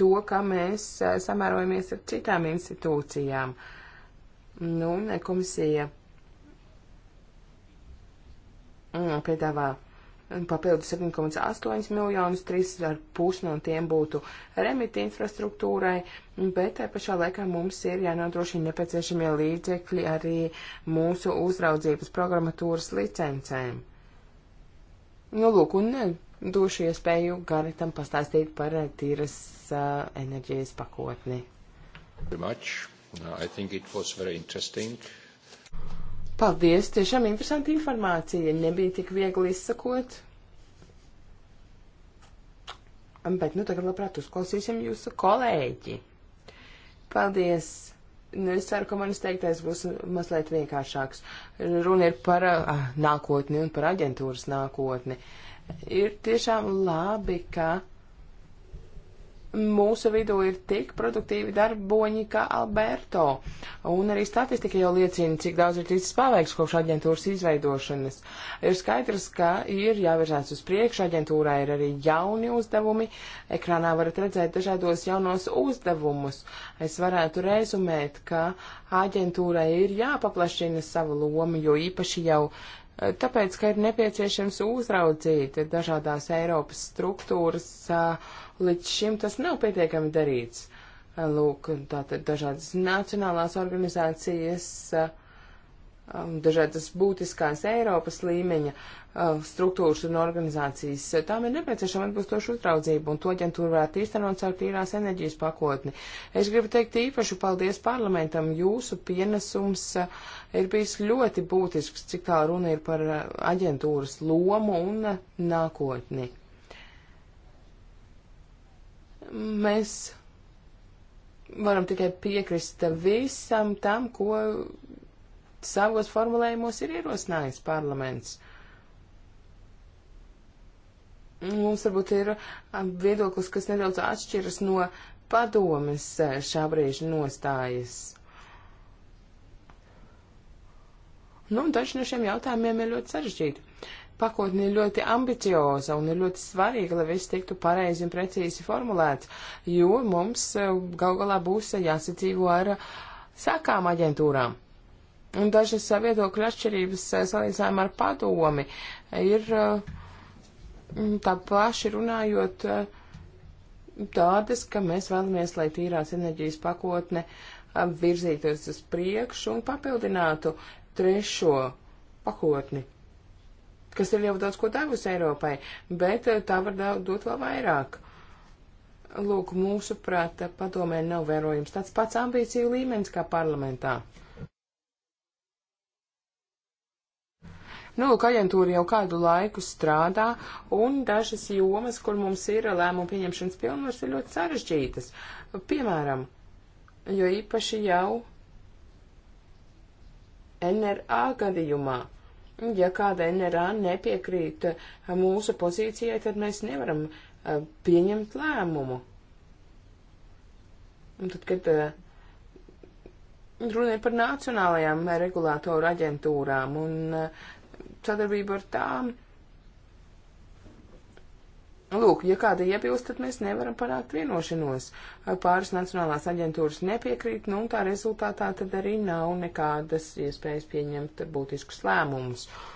to, kā mēs samērojamies ar citām institūcijām. Nu, komisija mm, piedāvā papildus 7,8 miljonus, 3,5 no tiem būtu remita infrastruktūrai, bet tā pašā laikā mums ir jānodrošina nepieciešamie līdzekļi arī mūsu uzraudzības programmatūras licencēm. Nu, lūk, un ne, eh, došu iespēju Garitam pastāstīt par eh, tīras uh, enerģijas pakotni. Very much. Uh, I think it was very interesting. Uh, Paldies, tiešām interesanti informācija. Nebija tik viegli izsakot. Bet, nu, tagad labprāt uzklausīsim jūsu kolēģi. Paldies! Nu, es ceru, ka manis teiktais būs mazliet vienkāršāks. Runa ir par uh, nākotni un par aģentūras nākotni. Ir tiešām labi, ka mūsu vidū ir tik produktīvi darboņi kā Alberto. Un arī statistika jau liecina, cik daudz ir ticis paveikts kopš aģentūras izveidošanas. Ir skaidrs, ka ir jāvirzās uz priekšu, aģentūrā ir arī jauni uzdevumi. Ekrānā varat redzēt dažādos jaunos uzdevumus. Es varētu rezumēt, ka aģentūrai ir jāpaplašina savu lomu, jo īpaši jau eh, tāpēc, ka ir nepieciešams uzraudzīt dažādās Eiropas struktūras eh, Līdz šim tas nav pietiekami darīts. Eh, lūk, tātad dažādas nacionālās organizācijas, eh, um, dažādas būtiskās Eiropas līmeņa eh, struktūras un organizācijas. Tām ir nepieciešama atbilstoša uzraudzība, un to ģentūra varētu īstenot caur tīrās enerģijas pakotni. Es gribu teikt īpašu paldies parlamentam. Jūsu pienesums ir bijis ļoti būtisks, cik tā runa ir par aģentūras lomu un nākotni. Mēs varam tikai piekrist visam tam, ko savos formulējumos ir ierosinājis parlaments. Mums varbūt ir viedoklis, kas nedaudz atšķiras no padomes šā brīža nostājas. Nu, daži no šiem jautājumiem ir ļoti sarežģīti pakotne ir ļoti ambicioza un ir ļoti svarīga, lai viss tiktu pareizi un precīzi formulēts, jo mums eh, gal galā būs eh, jāsadzīvo ar eh, sākām aģentūrām. Un dažas viedokļu atšķirības salīdzinājumā ar padomi ir mm, tā plaši runājot tādas, ka mēs vēlamies, lai tīrās enerģijas pakotne virzītos uz priekšu un papildinātu trešo pakotni kas ir jau daudz ko devusi Eiropai, bet eh, tā var dot vēl vairāk. Lūk, mūsuprāt, padomē nav vērojams tāds pats ambīciju līmenis kā parlamentā. Nu, lūk, aģentūra jau kādu laiku strādā, un dažas jomas, kur mums ir lēmumu pieņemšanas pilnvars, ir ļoti sarežģītas. Piemēram, jo īpaši jau NRA gadījumā Ja kādai nerāna nepiekrīt eh, mūsu pozīcijai, tad mēs nevaram eh, pieņemt lēmumu. Un tad, kad eh, runa ir par nacionālajām regulātoru aģentūrām un sadarbību ar tām, Lūk, ja kāda iebilst, tad mēs nevaram panākt vienošanos. Pāris nacionālās aģentūras nepiekrīt, nu un tā rezultātā tad arī nav nekādas iespējas pieņemt būtiskus lēmumus. Uh,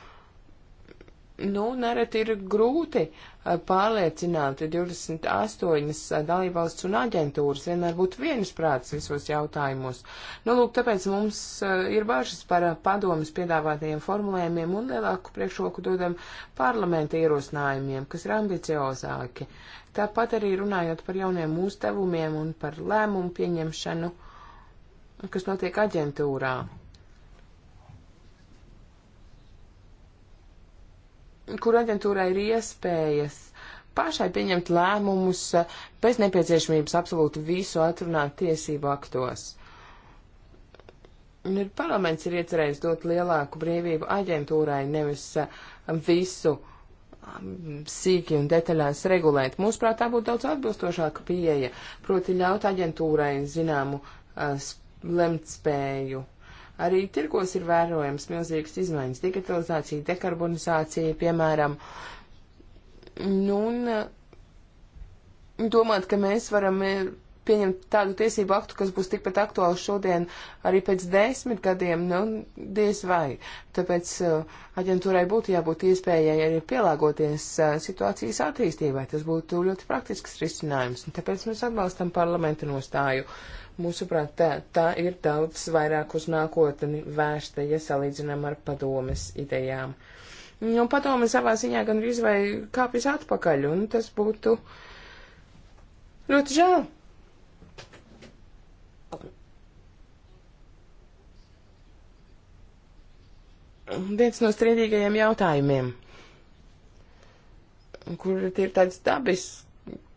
nu, nereti ir grūti eh, pārliecināt 28 eh, dalībvalsts un aģentūras vienmēr būt vienisprāts visos jautājumos. Nu, lūk, tāpēc mums eh, ir bažas par padomas piedāvātajiem formulējumiem un lielāku priekšroku dodam parlamenta ierosinājumiem, kas ir ambiciozāki. Tāpat arī runājot par jauniem uzdevumiem un par lēmumu pieņemšanu, kas notiek aģentūrā. kur aģentūrai ir iespējas pašai pieņemt lēmumus bez nepieciešamības absolūti visu atrunāt tiesību aktos. Ir parlaments ir iecerējis dot lielāku brīvību aģentūrai, nevis um, visu um, sīki un detaļās regulēt. Mūsuprāt, tā būtu daudz atbilstošāka pieeja, proti ļaut aģentūrai zināmu uh, lemt spēju Arī tirgos ir vērojams milzīgas izmaiņas - digitalizācija, dekarbonizācija, piemēram. Nu, un domāt, ka mēs varam eh, pieņemt tādu tiesību aktu, kas būs tikpat aktuāls šodien arī pēc desmit gadiem, nu, diez vai. Tāpēc uh, aģentūrai būtu jābūt iespējai arī pielāgoties uh, situācijas attīstībai. Tas būtu ļoti praktisks risinājums, un tāpēc mēs atbalstam parlamentu nostāju. Uh, Mūsuprāt, tā, tā ir daudz vairāk uz nākotni vērsta, ja salīdzinām ar padomes idejām. Nu, padome savā ziņā gan arī vai kāpjas atpakaļ, un tas būtu ļoti žēl. Viens no strīdīgajiem jautājumiem, kur ir tāds dabisks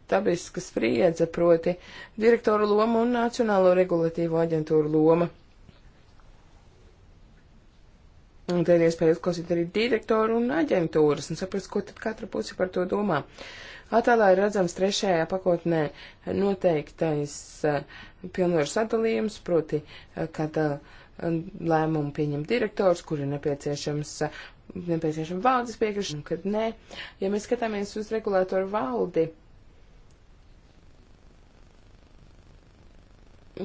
dabiska spriedze, proti direktoru loma un Nacionālo regulatīvo aģentūru loma. Un te ir iespēja uzklausīt arī direktoru un aģentūras un saprast, ko tad katra puse par to domā. Atālā ir redzams trešajā pakotnē noteiktais eh, pilnvaru sadalījums, proti, eh, kad eh, lēmumu pieņem direktors, kur ir nepieciešams nepieciešama valdes piekrišana, kad nē. Ja mēs skatāmies uz regulātoru valdi,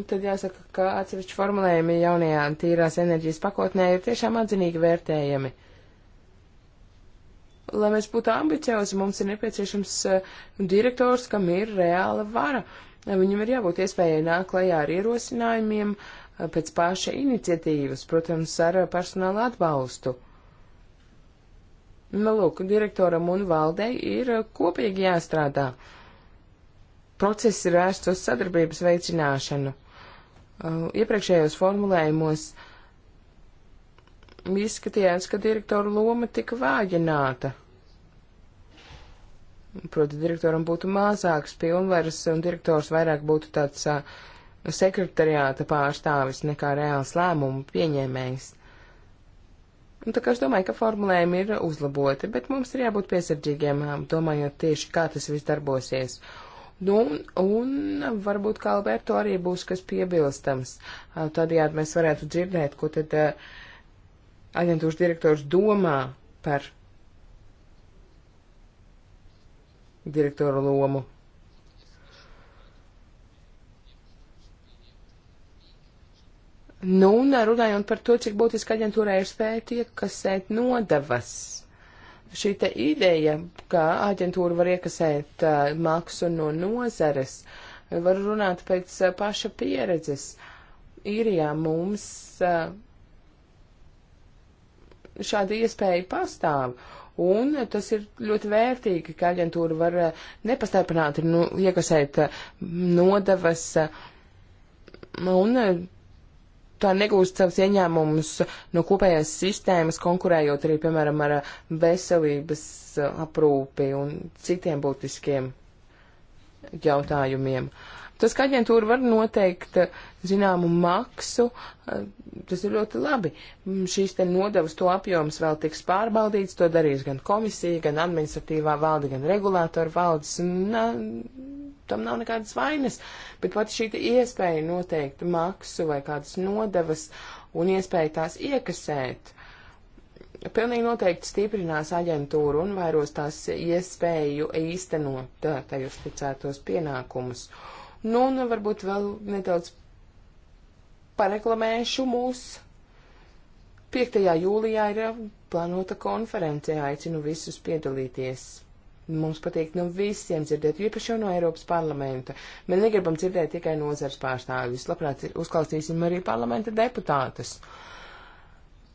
tad jāsaka, ka atsevišķi formulējumi jaunajā tīrās enerģijas pakotnē ir tiešām atzinīgi vērtējami. Lai mēs būtu ambiciozi, mums ir nepieciešams eh, direktors, kam ir reāla vara. Viņam ir jābūt iespējai nākt klajā ar ierosinājumiem eh, pēc paša iniciatīvas, protams, ar eh, personāla atbalstu. Nu, lūk, direktoram un valdei ir kopīgi jāstrādā. Uh, process ir vērsts uz sadarbības veicināšanu. Uh, iepriekšējos formulējumos izskatījās, ka direktoru loma tika vājināta. Proti, direktoram būtu mazāks pilnvaras un direktors vairāk būtu tāds uh, sekretariāta pārstāvis nekā reāls lēmumu pieņēmējs. Un tā kā es domāju, ka formulējumi ir uzlaboti, bet mums ir jābūt piesardzīgiem, um, domājot tieši, kā tas viss darbosies. Nu, un varbūt kā Alberto arī būs kas piebilstams. Tādējādi mēs varētu dzirdēt, ko tad aģentūras direktors domā par direktoru lomu. Nu, un runājot par to, cik būtiski aģentūrai ir spēja iekasēt nodevas šī te ideja, ka aģentūra var iekasēt uh, maksu no nozares, var runāt pēc uh, paša pieredzes. Īrijā mums uh, šāda iespēja pastāv. Un tas ir ļoti vērtīgi, ka aģentūra var uh, nepastāpināti nu, iekasēt uh, nodavas uh, un tā negūst savus ieņēmumus no kopējās sistēmas, konkurējot arī, piemēram, ar veselības eh, aprūpi un citiem būtiskiem jautājumiem. Tas, ka aģentūra var noteikt eh, zināmu maksu, eh, tas ir ļoti labi. Mm, šīs te nodevas to apjoms vēl tiks pārbaudīts, to darīs gan komisija, gan administratīvā valde, gan regulātora valdes. Un, tam nav nekādas vainas, bet pat šī iespēja noteikt maksu vai kādas nodevas un iespēja tās iekasēt. Pilnīgi noteikti stiprinās aģentūru un vairos tās iespēju īstenot tajos ticētos pienākumus. Nu, un nu, varbūt vēl nedaudz pareklamēšu mūs. 5. jūlijā ir plānota konference, aicinu visus piedalīties. Mums patīk no visiem dzirdēt, īpaši jau no Eiropas parlamenta. Mēs negribam dzirdēt tikai nozars pārstāvjus. Labprāt, uzklausīsim arī parlamenta deputātus.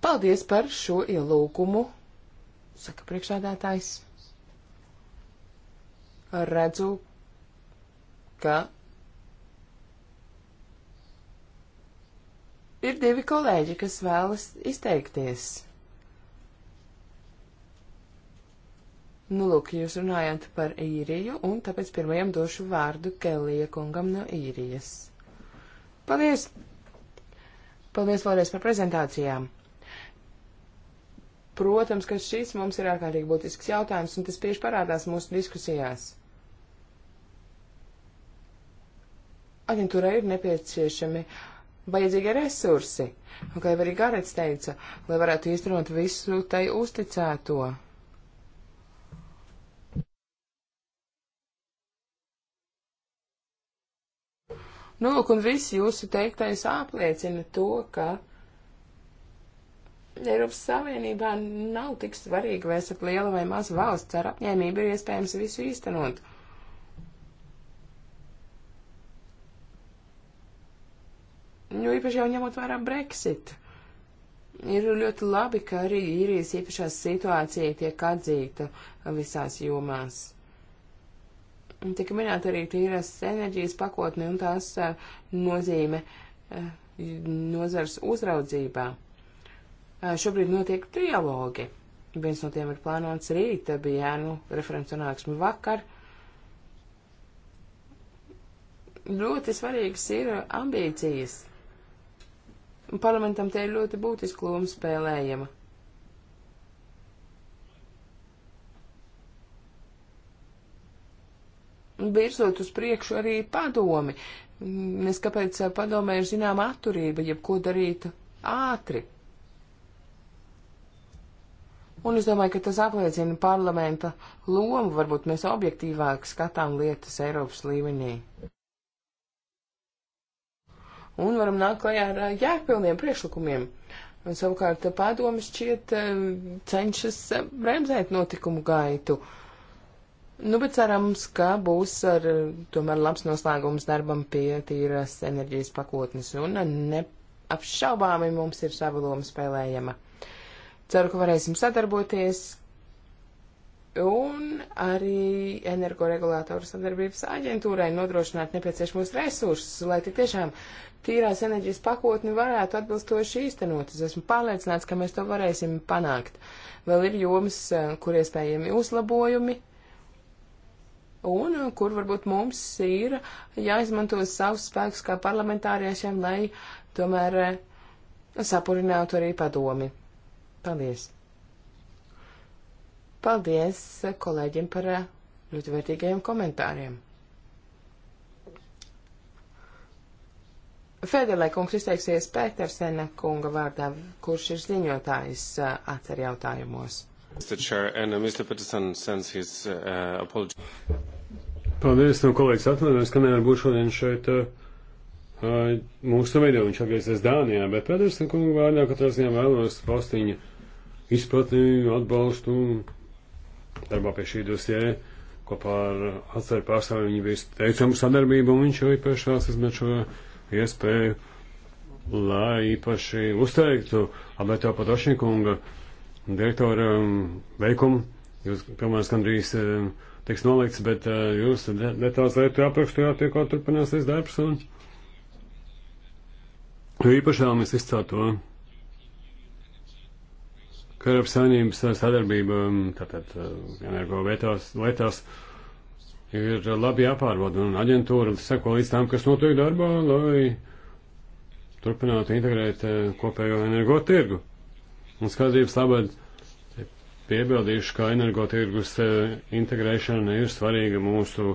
Paldies par šo ielūgumu, saka priekšādātājs. Redzu, ka ir divi kolēģi, kas vēlas izteikties. Nu, lūk, jūs runājāt par īriju, un tāpēc pirmajam došu vārdu Kelija kungam no īrijas. Paldies! Paldies vēlreiz par prezentācijām! Protams, ka šis mums ir ārkārtīgi būtisks jautājums, un tas tieši parādās mūsu diskusijās. Aģentūrai ir nepieciešami vajadzīgie resursi, un, kā jau arī Garets teica, lai varētu īstenot visu tai uzticēto. Nu, lūk, un viss jūsu teiktais apliecina to, ka Eiropas Savienībā nav tik svarīgi, vai esat liela vai maza valsts, ar apņēmību ir iespējams visu īstenot. Jo nu, īpaši jau ņemot vērā Brexit. Ir ļoti labi, ka arī īrijas īpašās situācija tiek atzīta visās jomās. Tika minēta arī tīras enerģijas pakotne un tās nozīme nozars uzraudzībā. Šobrīd notiek trialogi. Viens no tiem ir plānots rīt, bija jānu referents sanāksmi vakar. Ļoti svarīgas ir ambīcijas. Parlamentam te ir ļoti būtiska loma spēlējama. virzot uz priekšu arī padomi. Mēs kāpēc padomē ir zināma atturība, jeb ko darīt ātri. Un es domāju, ka tas apliecina parlamenta lomu, varbūt mēs objektīvāk skatām lietas Eiropas līmenī. Un varam nākt klajā ar uh, jēgpilniem priekšlikumiem. Un savukārt uh, padomas šķiet uh, cenšas bremzēt notikumu gaitu. Uh, Nu, bet cerams, ka būs ar, tomēr labs noslēgums darbam pie tīras enerģijas pakotnes un neapšaubāmi mums ir sava loma spēlējama. Ceru, ka varēsim sadarboties un arī energoregulātoru sadarbības aģentūrai nodrošināt nepieciešamos resursus, lai tik tiešām tīrās enerģijas pakotni varētu atbilstoši īstenot. Es esmu pārliecināts, ka mēs to varēsim panākt. Vēl ir jomas, eh, kur iespējami uzlabojumi, un uh, kur varbūt mums ir jāizmanto savus spēkus kā parlamentāriešiem, lai tomēr uh, sapurinātu arī padomi. Paldies! Paldies uh, kolēģiem par ļoti vērtīgajiem komentāriem. Federlai kungs izteiksies Pētersena kunga vārdā, kurš ir ziņotājs atcer jautājumos. Mr. Chair, and uh, Mr. Peterson sends his uh, apology. Paldies, nu, kolēģis atvainojos, ka nevar būt šodien šeit uh, mūsu video, viņš atgriezies Dānijā, bet Pedersen kungu vārdā katrā ziņā vēlos paustiņa izpratni, atbalstu darbā pie šī dosie, kopā ar atceru pārstāvju viņi bija teicamu sadarbību, un viņš jau īpaši tās izmet šo iespēju, lai īpaši uzteiktu Alberto Patošņikunga direktora veikumu, jūs, piemēram, gandrīz uh, tiks nolikts, bet uh, jūs detalizētu aprakstījāt, pie kā turpināsies darbs. Un... Jo īpaši vēlamies izcelt to, ka Eiropas Savienības eh, sadarbība mm, tātad eh, energo vietās, lietās ir labi jāpārvalda un aģentūra seko līdz tam, kas notiek darbā, lai turpinātu integrēt kopējo energo tirgu. Un skatības labad piebildīšu, ka energotirgus e, integrēšana ir svarīga mūsu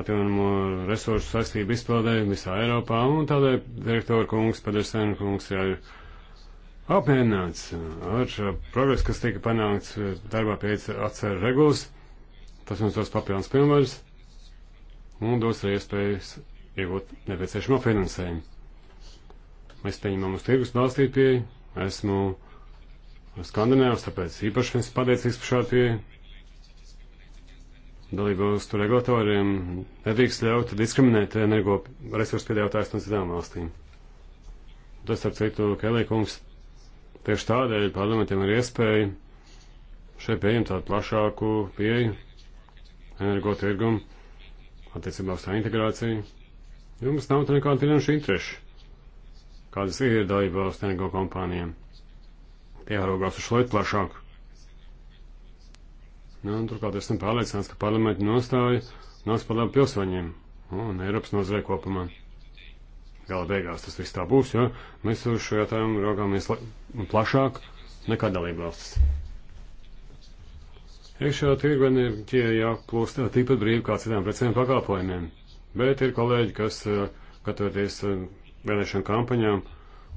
atjaunamo resursu saistību izpildē visā Eiropā, un tādēļ direktora kungs, Pedersena kungs, jā, ir apmierināts ar progresu, kas tika panākts darbā pēc atceru regulas. Tas mums dos papildus pilnvaras un dos arī iespējas iegūt nepieciešamo finansējumu. Mēs pieņemam uz tirgus balstīt pieeju. Esmu Skandināvs, tāpēc īpaši esmu pateicīgs par šādu pieeju. Dalībvalstu regulatoriem nedrīkst ļaut diskriminēt energo resursu piedāvātājus no citām valstīm. Tas, starp citu, Kelija kungs, tieši tādēļ parlamentiem ir iespēja šeit pieņemt tādu plašāku pieeju energo tirgumu attiecībā uz tā integrāciju. Jums nav nekāda finanšu interešu, kādas ir dalībvalstu energo kompānijām jāraugās uz lietu plašāk. Nu, turklāt esmu pārliecināts, ka parlamenta nostāja nāks par labu pilsoņiem un Eiropas nozarē kopumā. Gala beigās tas viss tā būs, jo mēs uz šo jautājumu raugāmies plašāk nekā dalībvalstis. Iekšējā tirgonie jāplūst tikpat brīvi kā citām precēm pakalpojumiem, bet ir kolēģi, kas eh, gatavoties eh, vēlēšanu kampaņām,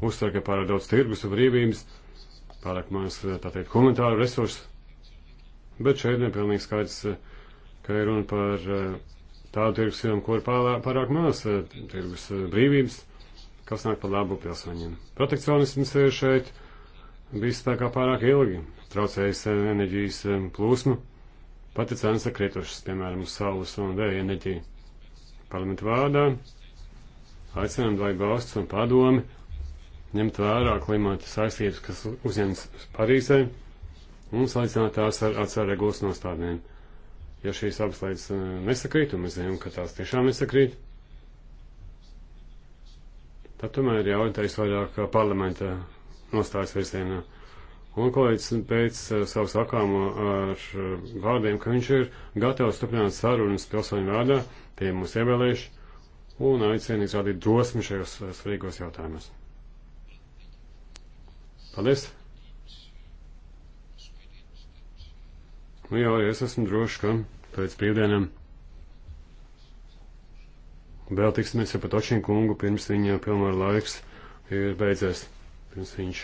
uzsver, ka pārāk daudz tirgus un brīvības pārāk maz, eh, tā teikt, humanitāru resursu, bet šeit nepilnīgi skaidrs, eh, ka ir runa par eh, tādu tirgus jomu, kur pārāk maz tirgus brīvības, kas nāk par labu pilsoņiem. Protekcionisms ir šeit bijis spēkā pārāk ilgi, traucējis enerģijas plūsmu, pati cenas ir kritušas, piemēram, uz saules un vēja enerģiju. Parlamentu vārdā aicinām, lai valsts un padomi ņemt vērā klimata saistības, kas uzņemts Parīzē, un salīdzināt tās ar atsvēru regulas nostādnēm. Ja šīs abas lietas eh, nesakrīt, un mēs zinām, ka tās tiešām nesakrīt, tad tomēr jāorientējas vairāk eh, parlamenta nostājas virzienā. Un kolēģis pēc eh, savas sakāmo ar vārdiem, ka viņš ir gatavs turpināt sarunas pilsoņu vārdā, tie mūs ievēlējuši, un aicina izrādīt drosmi šajos svarīgos jautājumos. Paldies! Nu jā, es esmu drošs, ka pēc brīvdienām vēl tiksimies ar Patočinu kungu, pirms viņa pilnvaru laiks ir beidzies, pirms viņš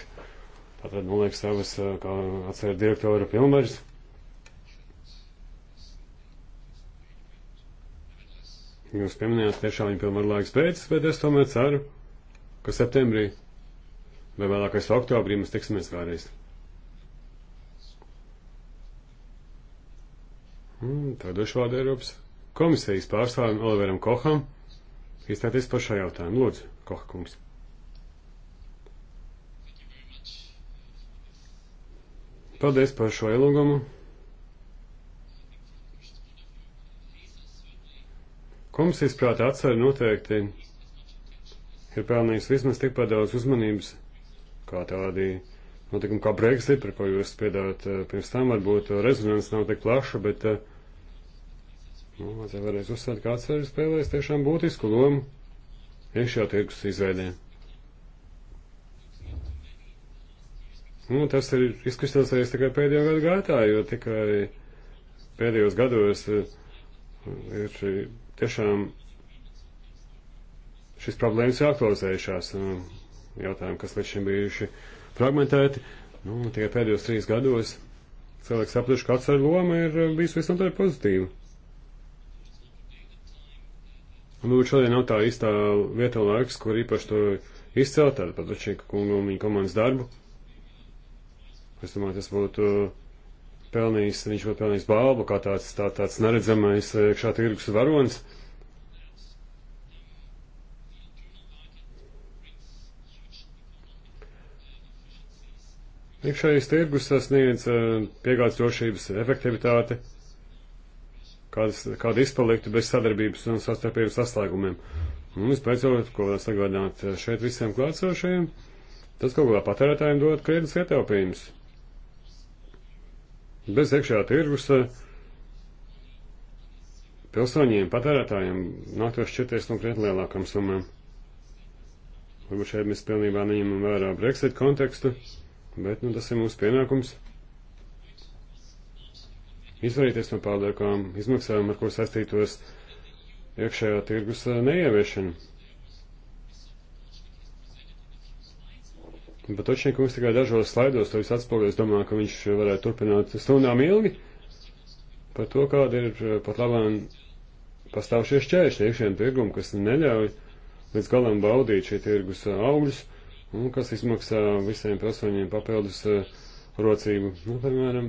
tātad noliek savas, kā atcer direktora pilnvaras. Jūs pieminējāt, tiešām viņa pilnvaru laiks beidzas, bet es tomēr ceru, ka septembrī vai vēlākais oktobrī mēs tiksimies vēlreiz. Mm, Tad došu vārdu Eiropas komisijas pārstāvim Oliveram Koham. Izstāties par šo jautājumu. Lūdzu, Koha kungs. Paldies par šo ielūgumu. Komisijas prāta atsver noteikti ir pelnījis vismaz tikpat daudz uzmanības kā tādi notikumi kā Brexit, par ko jūs spiedāt eh, pirms tam, varbūt eh, rezonance nav tik plaša, bet, eh, nu, vajadzēja vēlreiz uzsvērt, kāds ir spēlējis tiešām būtisku lomu iekšā tirgus izveidē. Nu, tas ir izkristalizējies tikai pēdējo gadu gaitā, jo tikai pēdējos gados ir tiešām šis problēmas jāaktualizējušās jautājumi, kas līdz šim bijuši fragmentēti. Nu, tikai pēdējos trīs gados cilvēks sapratuši, ka atceru loma ir eh, bijusi visnotaļ pozitīva. Un nu, šodien nav tā īstā vieta laiks, kur īpaši to izcelt, tāda pat Lučīka kunga un viņa komandas darbu. Es domāju, tas būtu eh, pelnījis, viņš būtu pelnījis balvu kā tāds, tā, tāds neredzamais eh, iekšā tirgus varonis. Tā Iekšējais tirgus sasniedz piegādes drošības efektivitāti, kādas, kāda izpaliktu bez sadarbības un sastarpības saslēgumiem. Un visbeidzot, ko vēl sagādāt šeit visiem klātsošajiem, tas kaut kādā patērētājiem dod krietnes ietaupījums. Bez iekšējā tirgus pilsoņiem, patērētājiem nāktos šķirties no krietni lielākam summām. Varbūt šeit mēs pilnībā neņemam vērā Brexit kontekstu bet nu, tas ir mūsu pienākums. Izvairīties no pārliekām izmaksām, ar ko saistītos iekšējā tirgus eh, neieviešana. Bet Točņikungs tikai dažos slaidos to visu atspoguļos, domāju, ka viņš varētu turpināt stundām ilgi par to, kāda ir eh, pat labāk pastāv šie šķēršļi iekšējiem tirgumam, kas neļauj līdz galam baudīt šī tirgus eh, augļus. Uh, un kas izmaksā visiem pilsoņiem papildus eh, rocību. Nu, piemēram,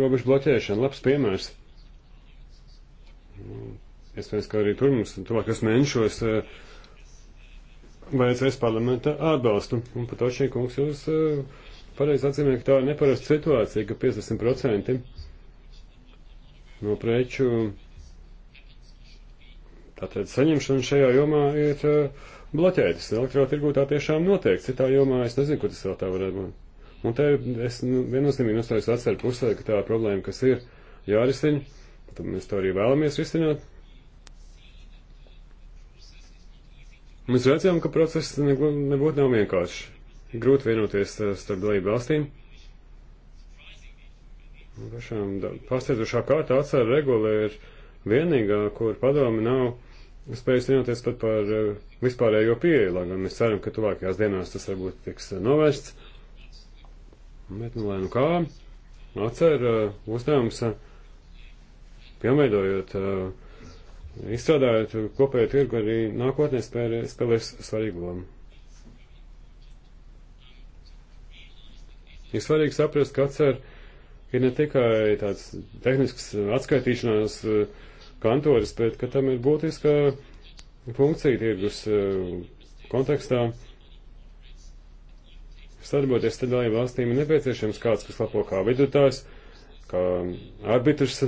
robežu bloķēšana, labs piemērs. Nu, iespējams, ka arī tur mums tuvākajos mēnešos eh, vajadzēs parlamenta atbalstu. Un pat ošī kungs jūs eh, pareizi atzīmē, ka tā ir neparasta situācija, ka 50% no preču tātad saņemšana šajā jomā ir uh, bloķētas. Elektrotirgū tā tiešām notiek. Citā jomā es nezinu, kur tas vēl tā varētu būt. Un te es nu, viennozīmīgi nostājos atceru pusē, ka tā problēma, kas ir jārisina, tad mēs to arī vēlamies risināt. Mēs redzam, ka process nebūtu nav vienkāršs. Grūti vienoties uh, starp dalību valstīm. Pašām pārsteidzošā kārtā atcēla regula ir vienīgā, kur padomi nav spējas vienoties pat par eh, vispārējo pieeju, lai gan mēs ceram, ka tuvākajās dienās tas varbūt tiks eh, novērsts. Bet, nu, lai nu kā, atcer eh, uzdevums, piemēdojot, izstrādājot kopēju tirgu arī nākotnē spēlē, spēlēs svarīgu lomu. Ir svarīgi saprast, ka atcer ir ne tikai tāds tehnisks atskaitīšanās uh, kantoras, bet ka tam ir būtiska funkcija tirgus eh, kontekstā. Sadarboties ar dalību valstīm ir nepieciešams kāds, kas lapo kā vidutājs, kā arbitrs.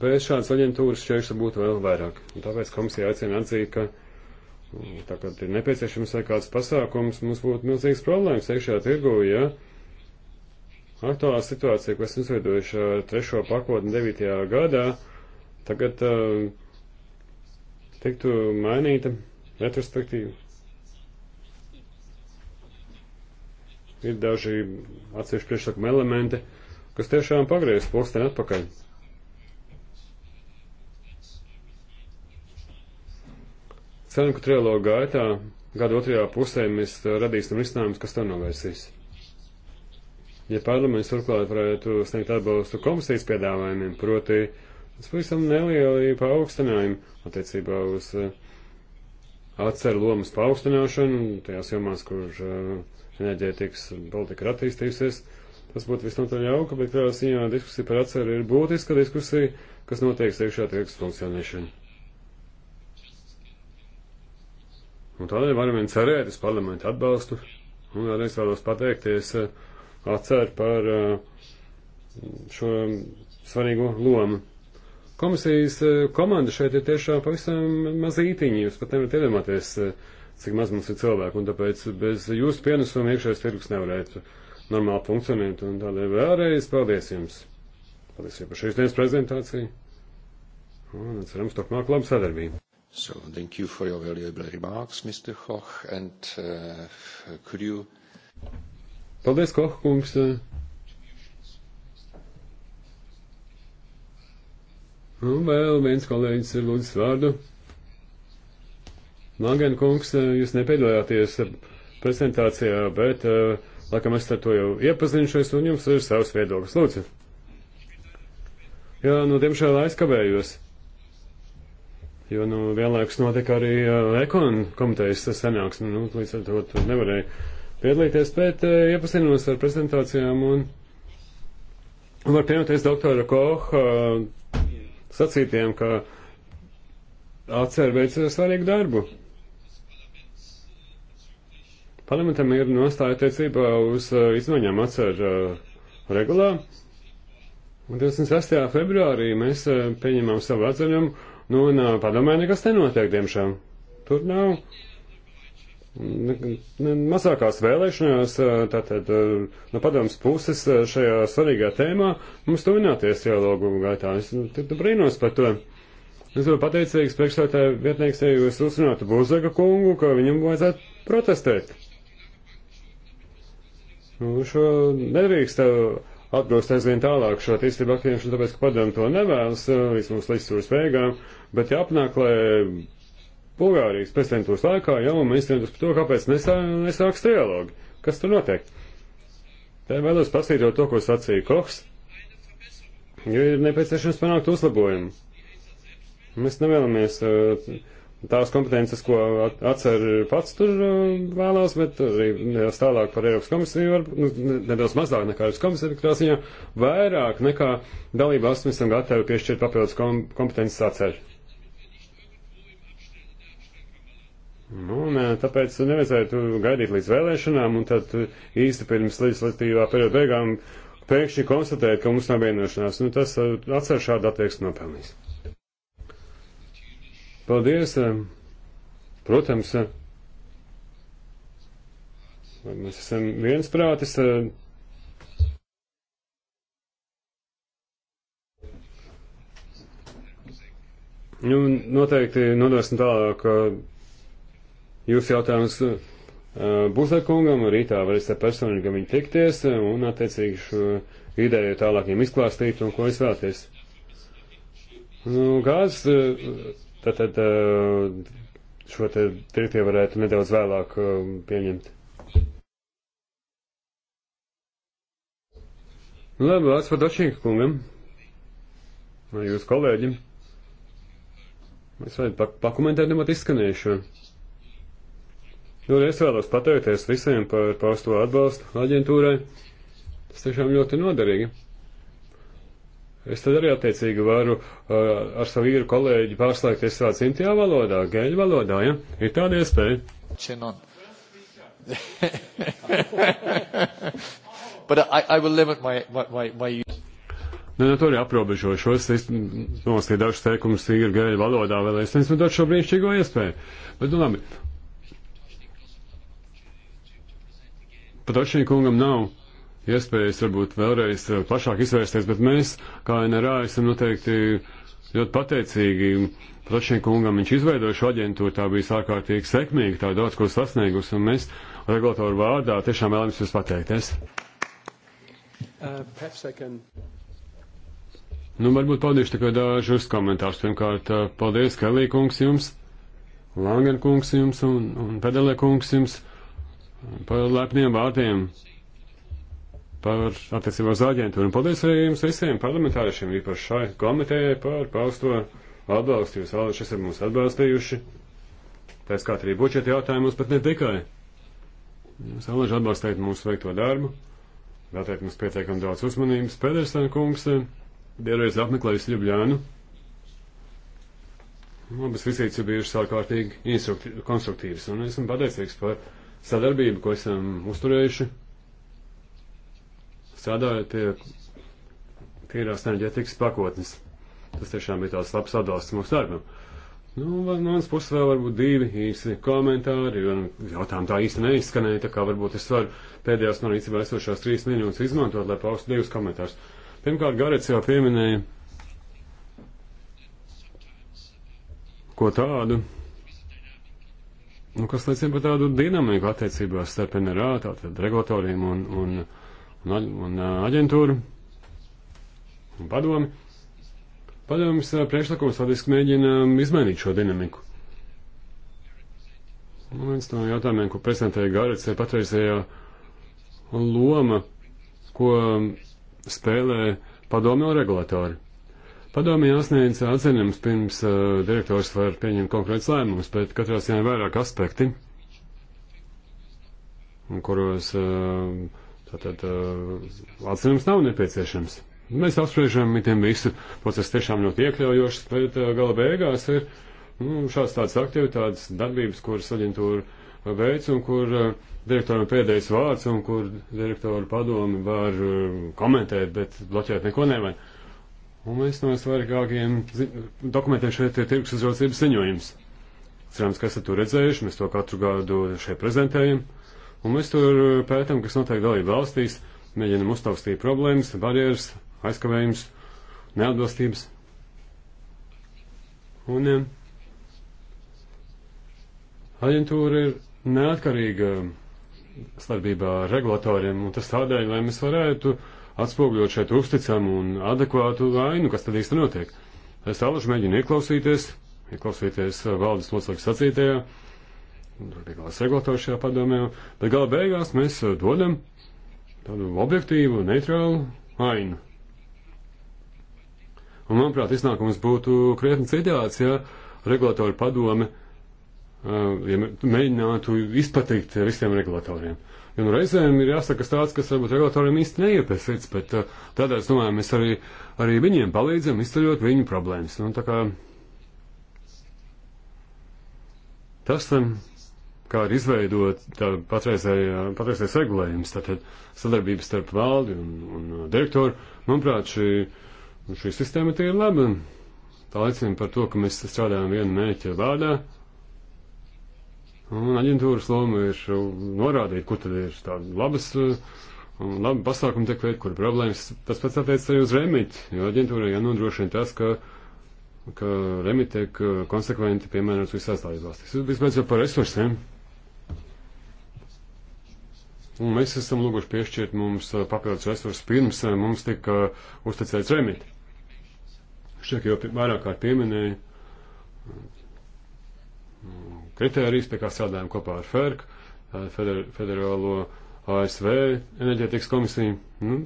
Bez šādas aģentūras šķēršļa būtu vēl vairāk. Un tāpēc komisija aicina atzīt, ka mm, tā kā ir nepieciešams vai kāds pasākums, mums būtu milzīgs problēmas iekšējā tirgu, ja Aktuālā situācija, ko esmu izveidojuši uh, trešo pakotni 9. gadā, tagad uh, tiktu mainīta retrospektīva. Ir daži atsevišķi priekšlikuma elementi, kas tiešām pagriez pulksteni atpakaļ. Ceru, ka trilogu gaitā gada otrajā pusē mēs uh, radīsim risinājumus, kas to novērsīs ja parlaments turklāt varētu sniegt atbalstu komisijas piedāvājumiem, proti, uz pavisam nelielu paaugstinājumu attiecībā uz eh, atceru lomas paaugstināšanu tajās jomās, kur eh, enerģētikas politika ir attīstījusies. Tas būtu visnotaļ jauka, bet kādā ziņā diskusija par atceru ir būtiska diskusija, kas notiek iekšā tirgus funkcionēšana. Un tādēļ varam vien cerēt uz parlamentu atbalstu. Un vēlreiz vēlos pateikties uh, atcer par eh, šo svarīgo lomu. Komisijas eh, komanda šeit ir tiešām pavisam mazītiņa, jūs pat nevarat iedomāties, eh, cik maz mums ir cilvēku, un tāpēc bez jūsu pienesuma iekšējais tirgus nevarētu normāli funkcionēt, un tādēļ vēlreiz paldies jums. Paldies jau par šīs dienas prezentāciju, un cerams, turpmāk labu sadarbību. So, thank you for your valuable remarks, Mr. Koch, and uh, could you... Paldies, Koha kungs. Un nu, vēl viens kolēģis ir lūdzis vārdu. Langēna kungs, jūs nepiedalījāties prezentācijā, bet, laikam, es ar to jau iepazinušos, un jums ir savs viedoklis. Lūdzu. Jā, nu, diemžēl aizkavējos. Jo, nu, vienlaikus notika arī eh, ekonu komitejas sanāksme, nu, līdz ar to tur nevarēja piedalīties, bet eh, iepazinos ar prezentācijām un var pienoties doktora Koha eh, sacītiem, ka atcer veic svarīgu darbu. Parlamentam ir nostāja tiecībā uz eh, izmaiņām atcer regulā. Un 26. februārī mēs pieņemam savu atziņumu, nu, un padomē nekas nenotiek, diemžēl. Tur nav mazākās vēlēšanās, eh, tātad eh, no padomas puses eh, šajā svarīgā tēmā mums tuvināties dialogu gaitā. Es nu, tad brīnos par to. Es vēl pateicīgs priekšstādātāju vietnieks, ja jūs uzrunātu Buzega kungu, ka viņam vajadzētu protestēt. Nu, šo nedrīkst atgrūst aizvien tālāk šo attīstību aktīviem, tāpēc, ka padomu to nevēlas, līdz mums līdz stūras beigām, bet jāpanāk, lai Bulgārijas prezidentūras laikā, jā, un mēs strādājam par to, kāpēc nesā, nesāks trialogi. Kas tur notiek? Te vēlos pasītot to, ko sacīja Koks, jo ir nepieciešams panākt uzlabojumu. Mēs nevēlamies eh, tās kompetences, ko atcer pats tur eh, vēlās, bet arī nedaudz tālāk par Eiropas komisiju, var, nu, nedaudz mazāk nekā Eiropas komisija, katrā ziņā vairāk nekā dalībās mēs esam gatavi piešķirt papildus kompetences atcer. Nu, un eh, tāpēc nevajadzētu gaidīt līdz vēlēšanām, un tad eh, īsti pirms legislatīvā perioda beigām pēkšņi konstatēt, ka mums nav vienošanās. Nu, tas eh, atcer šādu attieksmi nopelnīs. Paldies! Protams, mēs esam viensprātis. Nu, noteikti nodosim tālāk Jūsu jautājums Buzekungam, rītā varēsiet personīgi viņu tikties un attiecīgi šo ideju tālākiem izklāstīt un ko es vēlties. Nu, gāzes, tad, tad šo te direktīvu varētu nedaudz vēlāk pieņemt. Nu, labi, vārds par Dočīgu kungam. Vai jūs kolēģim? Es vajag pak pakomentēt nemat izskanējušo. Vēlreiz nu, vēlos pateikties visiem par pausto atbalstu aģentūrai. Tas tiešām ļoti noderīgi. Es tad arī attiecīgi varu uh, ar savu vīru kolēģi pārslēgties savā dzimtajā valodā, gēļu valodā, ja? Ir tāda iespēja. Čenon. But I, I will limit my, my, my, my use. Nē, nu, nu, tur ir aprobežošos. Es nolasīju dažus teikumus īri gēļu valodā, vēl es nesmu dot šo brīnišķīgo iespēju. Bet, nu, labi, Patočņī kungam nav iespējas varbūt vēlreiz eh, plašāk izvērsties, bet mēs, kā NRA, esam noteikti ļoti pateicīgi Patočņī kungam. Viņš izveidoja šo aģentūru, tā bija sārkārtīgi sekmīga, tā daudz ko sasniegus, un mēs regulatoru vārdā tiešām vēlamies jūs pateikties. Uh, Nu, varbūt paudīšu tikai dažus komentārus. Pirmkārt, uh, paldies, Kelī kungs jums, Langen kungs jums un, un Pedelē kungs jums par lepniem vārdiem, par attiecībā uz aģentūru. Un paldies arī jums visiem parlamentāriešiem, īpaši šai komitejai par pausto atbalstu. Jūs vēl šis ir mūs atbalstījuši. Tā skāt arī bučeta jautājumus, bet ne tikai. Jūs alaži atbalstīt mūsu veikto darbu, veltēt mums pietiekam daudz uzmanības. Pedersen kungs dievreiz eh, apmeklējis Ljubļānu. Abas vizītes ir bijušas ārkārtīgi konstruktīvas, un esmu pateicīgs par sadarbību, ko esam uzturējuši, strādājot pie tīrās enerģētikas pakotnes. Tas tiešām bija tāds labs atbalsts mūsu darbam. Nu, no manas puses vēl varbūt divi īsi komentāri, jo jautājumu tā īsti neizskanēja, tā kā varbūt es varu pēdējās man rīcībā esošās trīs minūtes izmantot, lai paustu divus komentārus. Pirmkārt, Garets jau pieminēja ko tādu, nu, kas liecina par tādu dinamiku attiecībās starp NRA, tātad regulatoriem un, un, un, un aģentūru un padomi. Padomis priekšlikums faktiski mēģina izmainīt šo dinamiku. Un nu, viens no jautājumiem, ko prezentēja Gārits, ir patreizējā loma, ko spēlē padomi un regulatori. Padomē jāsniedz atzinums pirms uh, direktors var pieņemt konkrēts lēmums, bet katrā ziņā vairāk aspekti, kuros uh, tātad uh, atzinums nav nepieciešams. Mēs apspriežam mitiem visu, process tiešām ļoti iekļaujošs, bet uh, gala beigās ir nu, šāds tāds aktivitātes, darbības, kuras aģentūra veic un kur uh, direktoram pēdējais vārds un kur direktoru padomi var uh, komentēt, bet bloķēt neko nevajag. Un viens no svarīgākajiem dokumentiem šeit ir tirgus uzraudzības ziņojums. Cerams, ka esat to redzējuši, mēs to katru gadu šeit prezentējam. Un mēs tur uh, pētām, kas notiek dalību valstīs, mēģinam uztaustīt problēmas, barjeras, aizkavējumus, neatbilstības. Un um, aģentūra ir neatkarīga um, starpībā ar regulatoriem, un tas tādēļ, lai mēs varētu uh, atspoguļot šeit uzticamu un adekvātu vainu, kas tad īsti notiek. Es tāluši mēģinu ieklausīties, ieklausīties eh, valdes locekļu sacītajā, regulās regulatošajā padomē, bet gala beigās mēs eh, dodam tādu objektīvu, neitrālu ainu. Un, manuprāt, iznākums būtu krietni citāds, ja regulātori padome uh, ja mēģinātu izpatikt visiem regulatoriem. Jo nu reizēm ir jāsaka tāds, kas varbūt regulatoriem īsti neiepēsīts, bet uh, tādā es domāju, mēs arī, arī viņiem palīdzam izceļot viņu problēmas. Nu, tā kā tas, um, kā ir izveidot patreizējais regulējums, tātad sadarbības starp valdi un, un uh, direktoru, manuprāt, šī, šī sistēma tie ir laba. Tā liecina par to, ka mēs strādājam vienu mēķu vārdā. Un aģentūras loma ir uh, norādīt, kur tad ir tādas labas uh, un labi pasākumi tiek veikti, kur problēmas. Tas pats attiecas arī uz remitu, jo aģentūrai jānodrošina tas, ka, ka remit tiek uh, konsekventi piemērots visās tādās valstīs. Vismaz jau par resursiem. Un mēs esam lūguši piešķirt mums papildus resursus pirms mums tika uzticēts remit. Šķiet, jau vairāk kārt pieminēja kritērijas, pie kā strādājam kopā ar FERC, feder, Federālo ASV enerģētikas komisiju. Nu,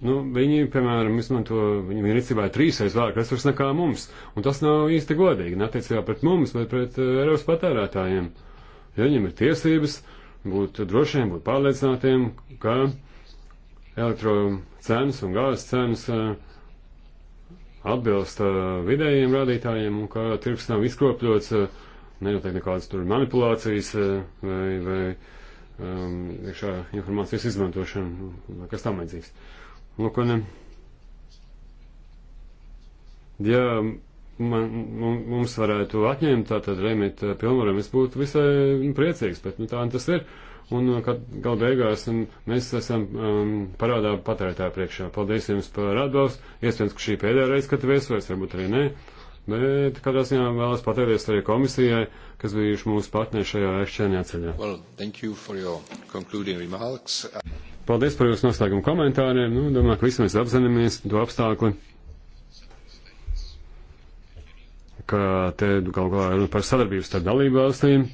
Nu, viņi, piemēram, izmanto, viņi, viņi rīcībā ir trīsreiz vairāk resursu nekā mums, un tas nav īsti godīgi, ne attiecībā pret mums, bet pret uh, Eiropas patērētājiem. Ja viņiem ir tiesības būt drošiem, būt pārliecinātiem, ka elektro cenas un gāzes cenas uh, atbilst uh, vidējiem rādītājiem un ka tirgus nav izkropļots, uh, nenotiek nekādas tur manipulācijas uh, vai, vai um, iekšā informācijas izmantošana, kas tam vajadzīgs. Lūk, un, um, ja man, mums varētu atņemt tātad remit pilnvaram, es būtu visai priecīgs, bet nu, tā tas ir. Uh, un uh, gal beigās un mēs esam um, parādā patērētāju priekšā. Paldies jums par atbalstu. Iespējams, ka šī pēdējā reize, kad viesojas, varbūt arī nē. Bet katrā ziņā vēlas pateikties arī komisijai, kas bijuši mūsu partneri šajā ekšķēnijā ceļā. Well, thank you for your concluding remarks. Paldies par jūsu noslēgumu komentāriem. Nu, domāju, ka visi mēs apzināmies to apstākli. ka te galu galā ir par sadarbību starp dalību valstīm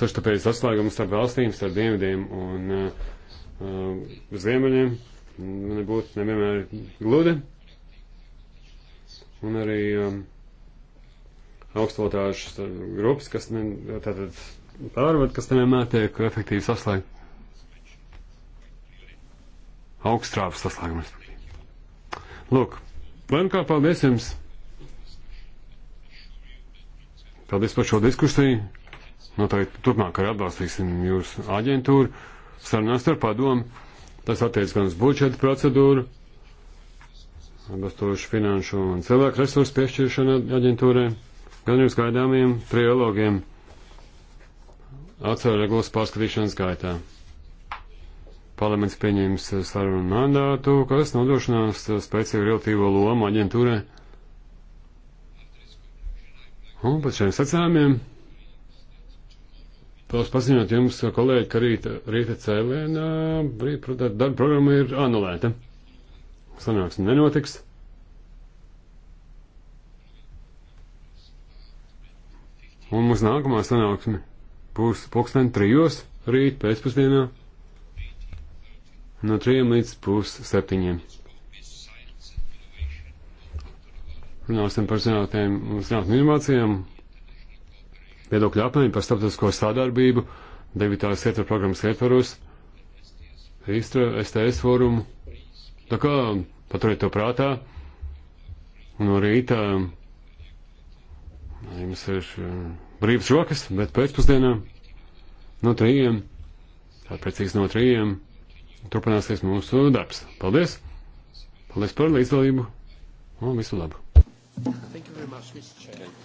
sastarpējas atslēgumu starp valstīm, starp dienvidiem un uh, ziemeļiem. Nu, Nebūtu nevienmēr gludi. Un arī um, eh, augstvotāšu grupas, kas ne, tātad pārvad, kas nevienmēr tiek efektīvi saslēgt. Augstrāvas saslēgums. Lūk, lai nu kā paldies jums! Paldies par šo diskusiju. Noteikti turpmāk arī atbalstīsim jūsu aģentūru sarunās ar padomu. Tas attiec gan uz budžeta procedūru, atbalstošu finanšu un cilvēku resursu piešķiršanu aģentūrai, gan arī uz gaidāmiem trilogiem atceru regulas pārskatīšanas gaitā. Parlaments pieņems sarunu mandātu, kas nodrošinās spēcīgu relatīvo lomu aģentūrai. Un pēc šiem secinājumiem Vēlos paziņot jums, kolēģi, ka rīta, rīta cēlienā brīd, darba programma ir anulēta. Sanāksme nenotiks. Un mūsu nākamā sanāksme būs pulksten trijos rīt pēcpusdienā no trijiem līdz pus septiņiem. Runāsim par zinātnēm un zinātnēm inovācijām, viedokļu apmaiņu par starptautisko sadarbību, digitālās ietvaru programmas ietvaros, Istra, STS forumu. Tā kā paturiet to prātā, no rīta jums ir eh, brīvas rokas, bet pēcpusdienā no trījiem, tā precīzi no trījiem, turpināsies mūsu darbs. Paldies! Paldies par līdzdalību un visu labu! Thank you very much, Mr. Chairman.